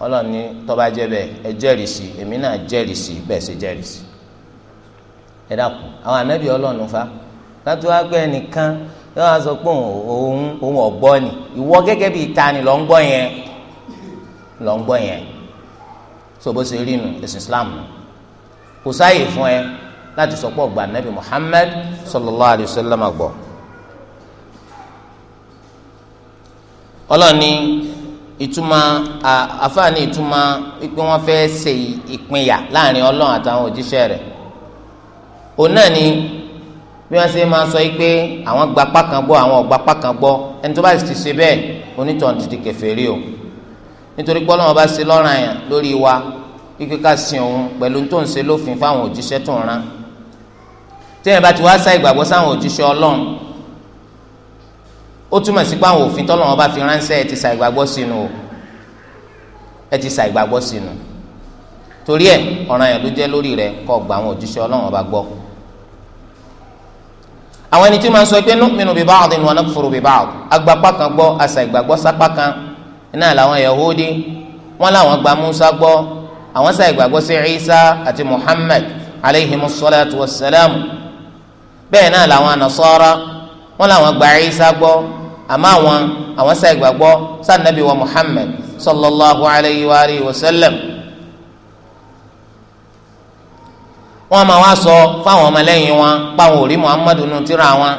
ọlọ́ọ̀ni tó bá jẹ́ bẹ́ẹ̀ ẹ jẹ́rìí sí èmi náà jẹ́rìí sí bẹ́ẹ̀ ṣe jẹ́rìí sí ẹ dàpọ̀ àwọn ànábì ọlọ́ọ̀nù fa kátó wá gbé ẹnìkan yóò wá sọ pé òun òun ọ̀gbọ́ ni ìwọ gẹ́gẹ́ bíi ta ni lọ́ ń gbọ́ yẹn lọ́ ń gbọ́ yẹn so bó ṣe rí nu ẹ̀sìn islam kò sáàyè fún ẹ láti sọ pé nabi muhammad sallallahu alayhi wa sallam àgbọ̀. ọlọ́ni ìtumọ̀ àfààní ìtumọ̀ pípé wọ́n fẹ́ ṣe ìpínyà láàrin ọlọ́run àtàwọn òjíṣẹ́ rẹ̀ òun náà ni bí wọ́n ṣe máa sọ yìí pé àwọn gba pákan gbọ́ àwọn ọ̀gbà pákan gbọ́ ẹni tó bá ti ṣe bẹ́ẹ̀ onítọ̀hún ti di kèfèrí o nítorí pé ọlọ́wọ́n bá ṣe lọ́ràn yẹn lórí wa kíkẹ́ ká sin òun pẹ̀lú tó ń ṣe lófin fáwọn òjíṣẹ́ tó ń rán tẹ́yìn bá ti wá sá ìgbàgbọ́ sáwọn òjíṣẹ́ ọlọ́run ó túmọ̀ sí pé àwọn òfin tọ́lọ́wọ́n bá fi ránṣẹ́ ẹ ti sa ìgbàgbọ́ sínú o ẹ ti sa ìgbàgbọ́ sínú torí ẹ ọ̀ràn yẹn ló jẹ́ lórí rẹ kó gba àwọn òjíṣẹ́ ọlọ́run bá gbọ́ àwọn ẹni tí wọ́n máa ń sọ pé nu'minu bi ba'din wa nakfuru bi ba'd agbapá kan gbọ́ asa ìgbàgbọ́ sápá kan iná làwọn yahudi wọn làwọn gba musa gbọ́ àwọn sáà ìgbàgbọ́ sí isa àti muhammad aleyhimu salatu wa salam bẹ́ẹ̀ náà làwọn nasara wọn làwọn gba isa gbọ́ àmọ́ àwọn àwọn sáà ìgbàgbọ́ sànàbí wa muhammad sallallahu alayhi wa alihi wa sallam wọn máa wá sọ fáwọn ọmọlẹ́yìn wọn pàwọn òrí muhammadu nù tíra wọn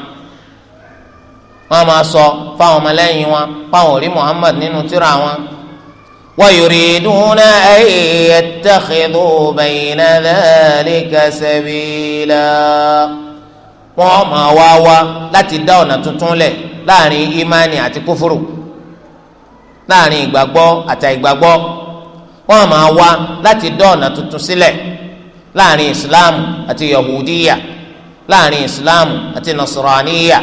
wọ́n máa sọ fáwọn ọmọlẹ́yìn wọn fáwọn orí Muhammad nínú tírà wọn. ويريدون أن يتخذوا بين ذلك سبيلا wọ́n máa wá wá láti dá ọ̀nà tuntun lẹ̀ láàrin imani àti kúfúrú láàrin ìgbàgbọ́ àti àìgbàgbọ́ wọ́n máa wá láti dá ọ̀nà tuntun sílẹ̀ láàrin islam àti yahudiya láàrin islam àti nasraniya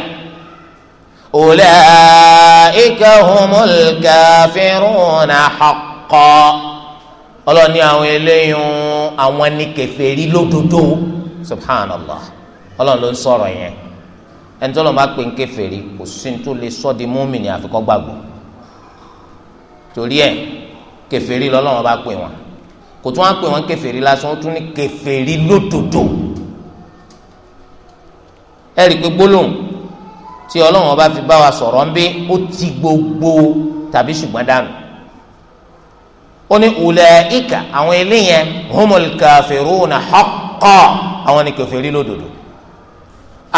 ulaika humul kafiruna haqqa ọlọ́ni àwọn eléyìí àwọn ni kèfèrí lódodo subhanallah ọlọ́run ló ń sọ̀rọ̀ yẹn ẹni tó lọ́n bá pè ń kèfèrí kò sí tó lè sọ́ di múmìnì àfi kó gbàgbọ́ torí ẹ̀ kèfèrí lọ́lọ́run bá pè wọ́n kò tún wá pè wọ́n kèfèrí lásán ó tún ní kèfèrí lódodo ẹ rí i pé gbólóhùn tí ọlọ́run ọba fi bá wa sọ̀rọ̀ ń bí ó ti gbogbo tàbí ṣùgbọ́n dànù ó ní ulaika àwọn eléyẹn humul kafiruna haqqa àwọn ni kèfèrí lódodo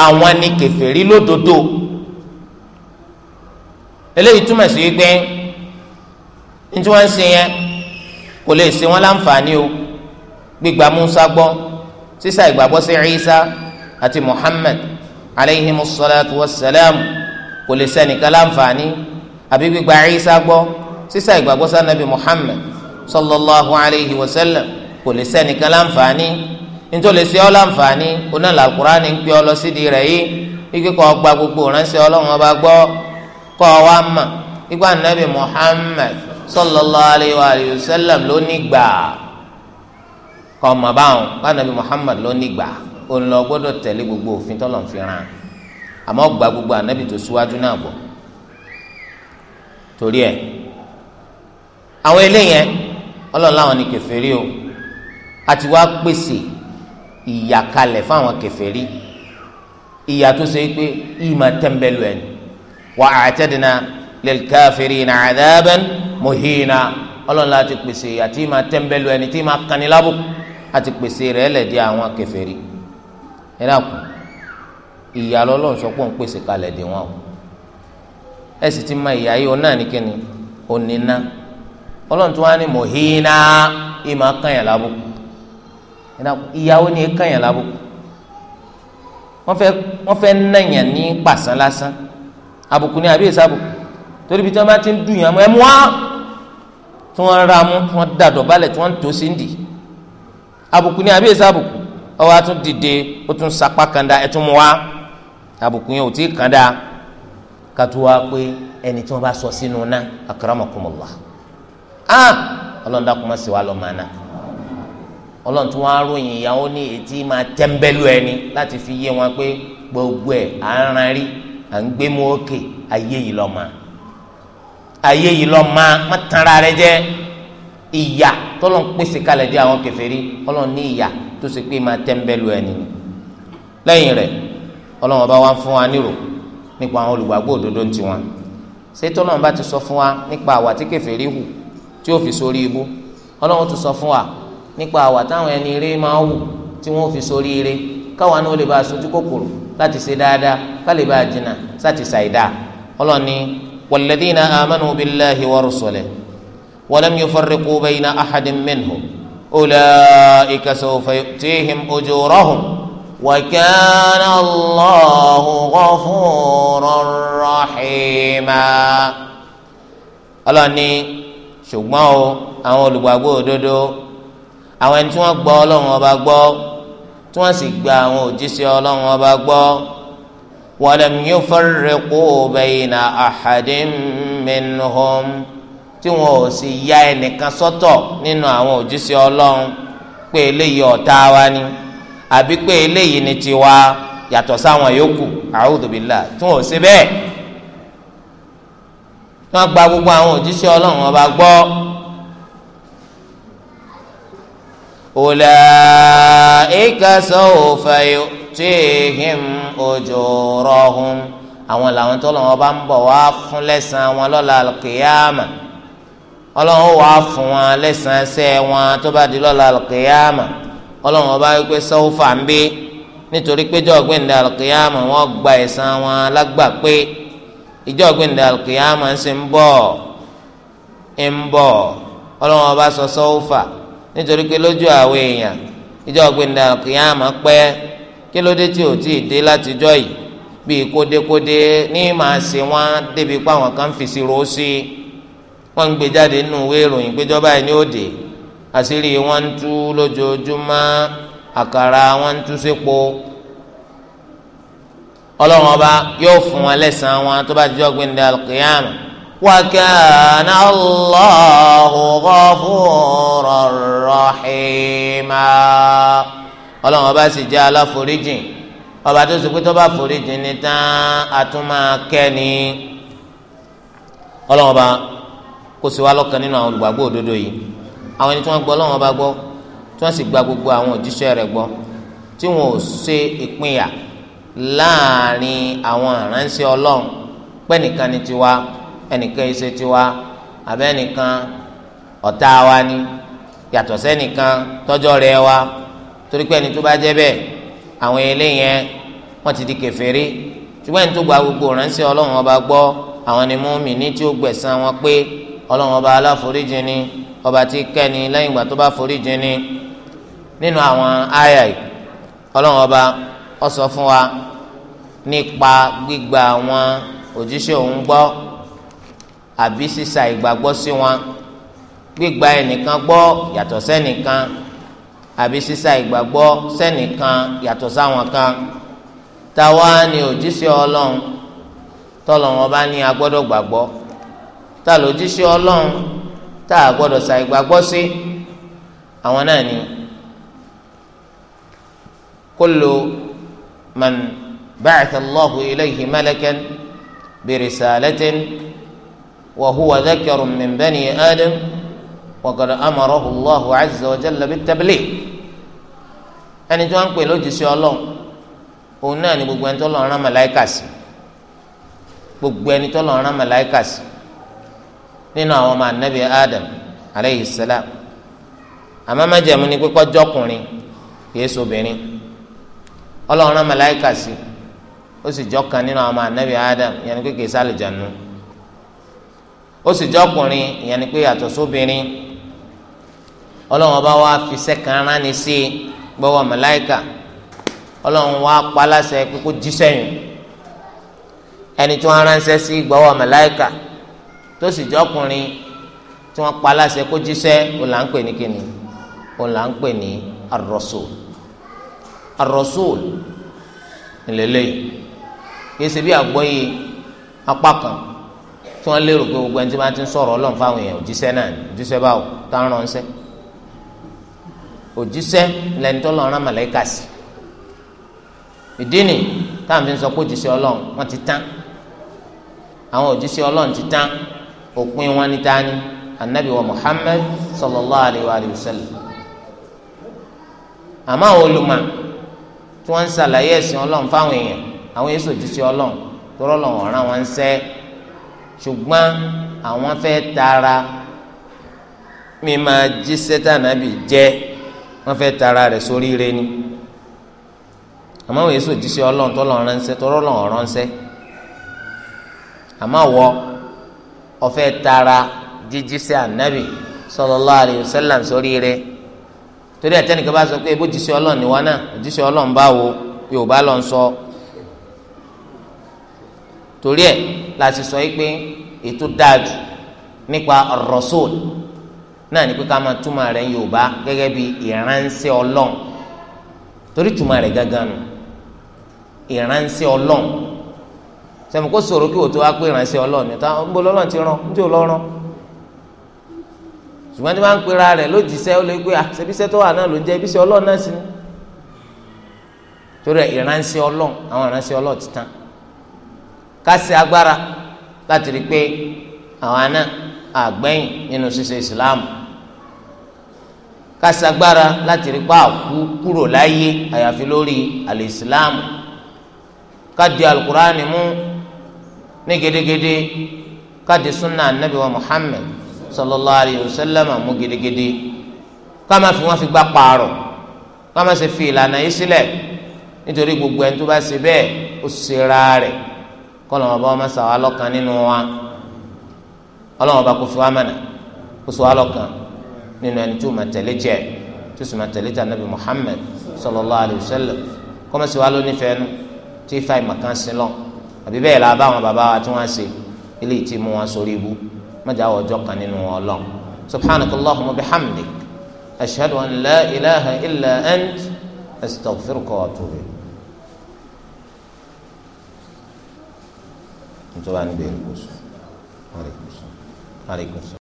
àwọn ni kèfèrí lódodo eléyìí túmọ̀ sí pé ní tí wọ́n ń ṣe yẹn kò lè ṣe wọ́n láǹfààní o gbígba Musa gbọ́ sísá ìgbàgbọ́ sí Isa àti Muhammad aleyhi musalatu wa salam kò lè sẹ́nìkan láǹfààní àbí gbígba Ìsá gbọ́ sísá ìgbàgbọ́ sànàbí Muhammad sallallahu alayhi wa sallam kò lè sẹ́nìkan láǹfààní nítorí sí ọ láǹfààní oná làkúránì ń pè ọ lọ sídìí rẹ̀ yìí ike kọ́ gba gbogbo ránṣẹ́ ọlọ́run ọba gbọ́ kọ́ ọ wá mà igba nàbì Muhammad sallallahu alayhi wa sallam ló gbà kọ́ mà báwọn kọ́ nàbì Muhammad ló gbà òun lọ gbọ́dọ̀ tẹ̀lé gbogbo òfin tọ́lọ̀ ń fi ràn án àmọ́ gba gbogbo ànábì tó síwájú náà bọ̀ torí ẹ̀ àwọn eléyẹn ọlọ́run láwọn ní kèfèrí o àti wá pèsè ìyà kalẹ̀ fáwọn kèfèrí ìyà tó ṣe pé ìmọ̀ tẹ́ḿbẹ́lú ẹni wà á tẹ́dínà lilkafirina adhaban muhina ọlọ́run láti pèsè ìyà tí ìmọ̀ ẹni tí ìmọ̀ kanilábùkù àti pèsè rẹ̀ lẹ̀ àwọn kèfèrí ẹ dàkú ìyà lọ́lọ́run sọ pé òun pèsè kalẹ̀ dè wọn o ẹ sì ti ma ìyà yìí òun náà ní kíni òun níná ọlọ́run tó wá ní mọ̀hínà ìmọ̀ kànyàn lábùkù ẹ dàkú ìyàwó ni kànyàn lábùkù wọ́n fẹ́ wọ́n fẹ́ nàyàn ní pàṣán lásán àbùkù ni àbí èsì àbùkù torí bí tí wọ́n bá ti ń dùn yàn mọ́ ẹ mú wá tí wọ́n ra mú wọ́n dàdọ̀ balẹ̀ tí wọ́n tó sí àbùkù ni àbí èsì àbùkù ọwọ́ atún dìde ó tún sapá kanda ẹ tún mu wá àbùkù yẹn ò tí kanda kàtó wá pé ẹni tí wọ́n bá sọ sínú ná akramakumullah ah ọlọ́run dákun má ṣe wá lọ́ọ́ máa ná ọlọ́run tí wọ́n á ròyìn ìyàwó ní ètí máa tẹ́ńbẹ́lú ẹni láti fi yé wọn pé gbogbo ẹ̀ à ń ran rí à ń gbé mú òkè ayé yìí lọ́ọ́ máa ayé yìí lọ́ọ́ máa má tanra rẹ jẹ́ ìyà tọ́lọ́n pèsè kalẹ̀ dé àwọn kèfèrí ọlọ́run ní ìyà tó ṣe pé máa tẹ́ńbẹ́lú ẹni ni lẹ́yìn rẹ̀ ọlọ́run ọba wa fún wa nírò nípa àwọn olùgbàgbọ́ òdodo ti wọn ṣètò ọlọ́run bá ti sọ fún wa nípa àwa tí kèfèrí hù tí ó fi sórí ibú ọlọ́run ti sọ fún wa nípa àwa táwọn ẹni eré máa hù tí wọ́n fi sórí eré káwa náà lè bá sojú kòkòrò láti ṣe dáadáa ká lè bá jìnnà sáti ṣàìdá ọlọ́run ni walladhina amanu billahi wa rusulihi wa lam yufarriqu bayna ahadin minhum أولئك سوف يؤتيهم أجورهم وكان الله غفورا رحيما ألا ṣùgbọ́n شو àwọn olùgbàgbọ́ òdodo àwọn ẹni tí wọ́n gbọ́ ọlọ́run ọba gbọ́ tí wọ́n sì gba àwọn òjíṣẹ́ ọlọ́run ọba gbọ́ walam yufarriqu bayna ahadin minhum tí wọn ò sì ya ẹnìkan sọ́tọ̀ nínú àwọn òjíṣẹ́ Ọlọ́run pé eléyìí ọ̀tá wa ni àbí pé eléyìí ni tiwa yàtọ̀ sáwọn yòókù a'udhu billah tí wọn ò ṣe bẹ́ẹ̀ wọn gba gbogbo àwọn òjíṣẹ́ Ọlọ́run wọn bá gbọ́ ulaika sawfa yu'tihim ujurahum àwọn làwọn tó lọ́wọ́ bá ń bọ̀ wá fún lẹ́sàn-án wọn lọ́la al ọlọ́run wàá fún wọn lẹ́sàn-án sẹ́ wọn tó bá di lọ́la alqiyama ọlọ́run ọba wípé sọ́wọ́fà ń bí nítorí pé ìjọ ọ̀gbìndà alqiyama wọ́n gba ẹ̀san wọn lágbà pé ìjọ ọ̀gbìndà alqiyama ń sì ń bọ̀ ń bọ̀ ọlọ́run ọba sọ sọ́wọ́fà nítorí pé lójú àwọn èèyàn ìjọ ọ̀gbìndà pẹ́ kí ló dé tí ò tí ì dé látijọ́ yìí bíi kódekóde ní màá ṣe wọn débi pé àwọn kan fi sí ròó sí i wọ́n ń gbé jáde nínú ìwé ìròyìn péjọba yìí ní òde àṣírí wọn ń tú lójoojúmọ́ àkàrà wọn ń tú sépo ọlọ́run ọba yóò fún wọn lẹ́sàn-án wọn tó bá jọ gbẹ̀ndẹ̀ alqiyam wa kana Allahu ghafuran rahima ọlọ́run ọba sì jẹ́ aláforíjìn ọba tó sọ tó bá foríjìn ní tán a tún máa ọba kó sì wá lọ́kàn nínú àwọn olùgbàgbọ́ òdodo yìí àwọn ẹni tí wọ́n gbọ́ lọ́wọ́ bá gbọ́ tí wọ́n sì gba gbogbo àwọn òjíṣẹ́ rẹ̀ gbọ́ tí wọn ò ṣe ìpínyà láàrin àwọn ìránṣẹ́ ọlọ́run pé ni tiwa ẹnìkan iṣẹ́ tiwa àbẹ́ ẹnìkan ọ̀tá wa ni yàtọ̀ sẹ́nìkan tọ́jọ́ rẹ̀ wa torí pé ẹni tó bá jẹ́ bẹ́ẹ̀ àwọn eléyẹn wọ́n ti di kèfèrí ṣùgbọ́n ẹni tó gba gbogbo ìránṣẹ́ ọlọ́run ọba gbọ́ àwọn ni mùmínì tí ó gbẹ̀san wọn pé ọlọ́run ọba aláforíjì ni ọba tí kẹ́ni lẹ́yìn ìgbà tó bá foríjì ni nínú àwọn àyà yìí ọlọ́run ọba ó sọ fún wa nípa gbígba àwọn òjíṣẹ́ òun gbọ́ àbí sísa ìgbàgbọ́ sí wọn gbígba ẹnìkan gbọ́ yàtọ̀ sẹ́nìkan àbí sísa ìgbàgbọ́ sẹ́nìkan yàtọ̀ sáwọn kan táwa ni òjíṣẹ́ ọlọ́run tọ́lọ́run ọba ní agbọ́dọ̀ gbàgbọ́ tá lójúṣe ọlọ́run tá a gbọ́dọ̀ ṣàìgbàgbọ́ sí àwọn náà ni kullu man ba'atha Allahu ilayhi malakan bi risalatin wa huwa dhakarun min bani adam wa qad amarahu Allahu azza wa jalla bit-tabligh ẹni tí wọ́n ń pè lójúṣe ọlọ́run òun náà ni gbogbo ẹni tí Ọlọ́run rán màláìkà sí gbogbo ẹni tí Ọlọ́run rán màláìkà sí nínú àwọn ọmọ anabi adam aleyhi salam àmọ́ májẹ̀mú ni pípọ́ jọkùnrin kìí sobìnrin ọlọ́run rán màláíkà sí ó sì jọkàn nínú àwọn ọmọ anabi adam ìyẹn ni pé kìí sálìjànú ó sì jọkùnrin ìyẹn ni pé yàtọ̀ sóbìnrin ọlọ́run ọba wa fi sẹ́kàn ránni sí gbọ́wọ́ màláíkà ọlọ́run wa pa láṣẹ pé kó ẹni tí wọ́n ránṣẹ́ sí gbọ́wọ́ màláíkà tó sì jọkùnrin tí wọ́n pa aláṣẹ kó jíṣẹ́ òun là ń pè ní kíni òun là ń pè ní ar-rasul ar-rasul ńlẹ́lẹ́yìn kì í ṣe bí àgbọ́yé apá kan tí wọ́n lérò pé gbogbo ẹni tí wọ́n ti ń sọ̀rọ̀ ọlọ́run fáwọn èèyàn òjíṣẹ́ náà òjíṣẹ́ báwo tá ń ránṣẹ́ òjíṣẹ́ lẹni tó lọ́ọ́ rán màlẹ́kà sí ìdí nì táwọn fi ń sọ pé òjíṣẹ́ ọlọ́run wọ́n ti tán àwọn òjíṣẹ́ ọlọ́run ti tán òpin wọn ní tani anabi wa muhammed sallallahu alayhi wa sallam àmọ́ àwọn olùmọ̀ tí wọ́n ń ṣàlàyé ẹ̀sìn ọlọ́run fáwọn èèyàn àwọn èso tọrọ wọn ọ̀ràn wọn ń sẹ́ ṣùgbọ́n àwọn fẹ́ tara mímọ jíṣẹ́ tànàbì jẹ́ wọ́n fẹ́ tara rẹ̀ sórí ire ni àwọn èso tọrọ wọn ọ̀ràn ń sẹ́ ọfẹ tara jíjí sí anabi sallallahu alayhi wa sallam sórí rẹ̀ torí àtẹnìkan bá sọ pé ebó jíṣẹ́ Ọlọ́run ni wa náà jíṣẹ́ Ọlọ́run báwo Yorùbá lọ sọ torí ẹ̀ láti sọ yìí pé ètò dáadu nípa rọsúl náà ni pé ká máa túmọ̀ rẹ̀ Yorùbá gẹ́gẹ́ bí ìránṣẹ́ Ọlọ́run torí túmọ̀ rẹ̀ gángan nù ìránṣẹ́ Ọlọ́run sẹ́mi kó sọ̀rọ̀ kí wòtó wá pé ìrànṣẹ́ ọlọ́ọ̀ni tá ń bọ́ lọ́lọ́ọ̀ ti rán ń jò lọ́rọ́ ṣùgbọ́n tí wọ́n ń pera rẹ̀ lójijì ó lè gbé àṣebíṣẹ́ ah, tó wà náà ló ń jẹ́ ibiṣẹ́ ọlọ́ọ̀ náà sí ni torí ìránṣẹ́ ọlọ́ọ̀ àwọn ìránṣẹ́ ọlọ́ọ̀ ti tán ká agbára láti rí i pé àwọn náà àgbẹ̀yìn nínú ṣíṣe ìsìláàmù ká ṣe agbára láti rí i pé àkú ní gidigidi káàdì sunna anabi wa muhammed sallallahu alayhi wa sallam mú gidigidi ká má fi wọn fi gbá paarọ̀ ká má ṣe fi ìlànà yìí sílẹ̀ nítorí gbogbo ẹni tó bá ṣe bẹ́ẹ̀ ó ṣera rẹ̀ kọ́ lọ́wọ́ bá wọn má sàwọn alọ́kan nínú wa ọlọ́wọ́ bá kó fi wá mọ̀nà kó sọ alọ́kan nínú ẹni tó mà tẹ̀lé jẹ́ tó sì mà tẹ̀lé tà nabi muhammed sallallahu alayhi wa sallam kọ́mọ̀sí wa ló nífẹ̀ẹ́ nu tí ifá ìmọ̀ kan àbí bẹ́ẹ̀ la bá àwọn bàbá wa tí wọ́n ṣe eléyìí tí mú wọn sórí ibú mọ̀jà wọ ọjọ́ kan nínú wọn lọ. subhanaka allahumma bihamdik ashhadu an la ilaha illa ant astaghfiruka wa atubu ilayk. nítorí wà níbi èrè kùsùn.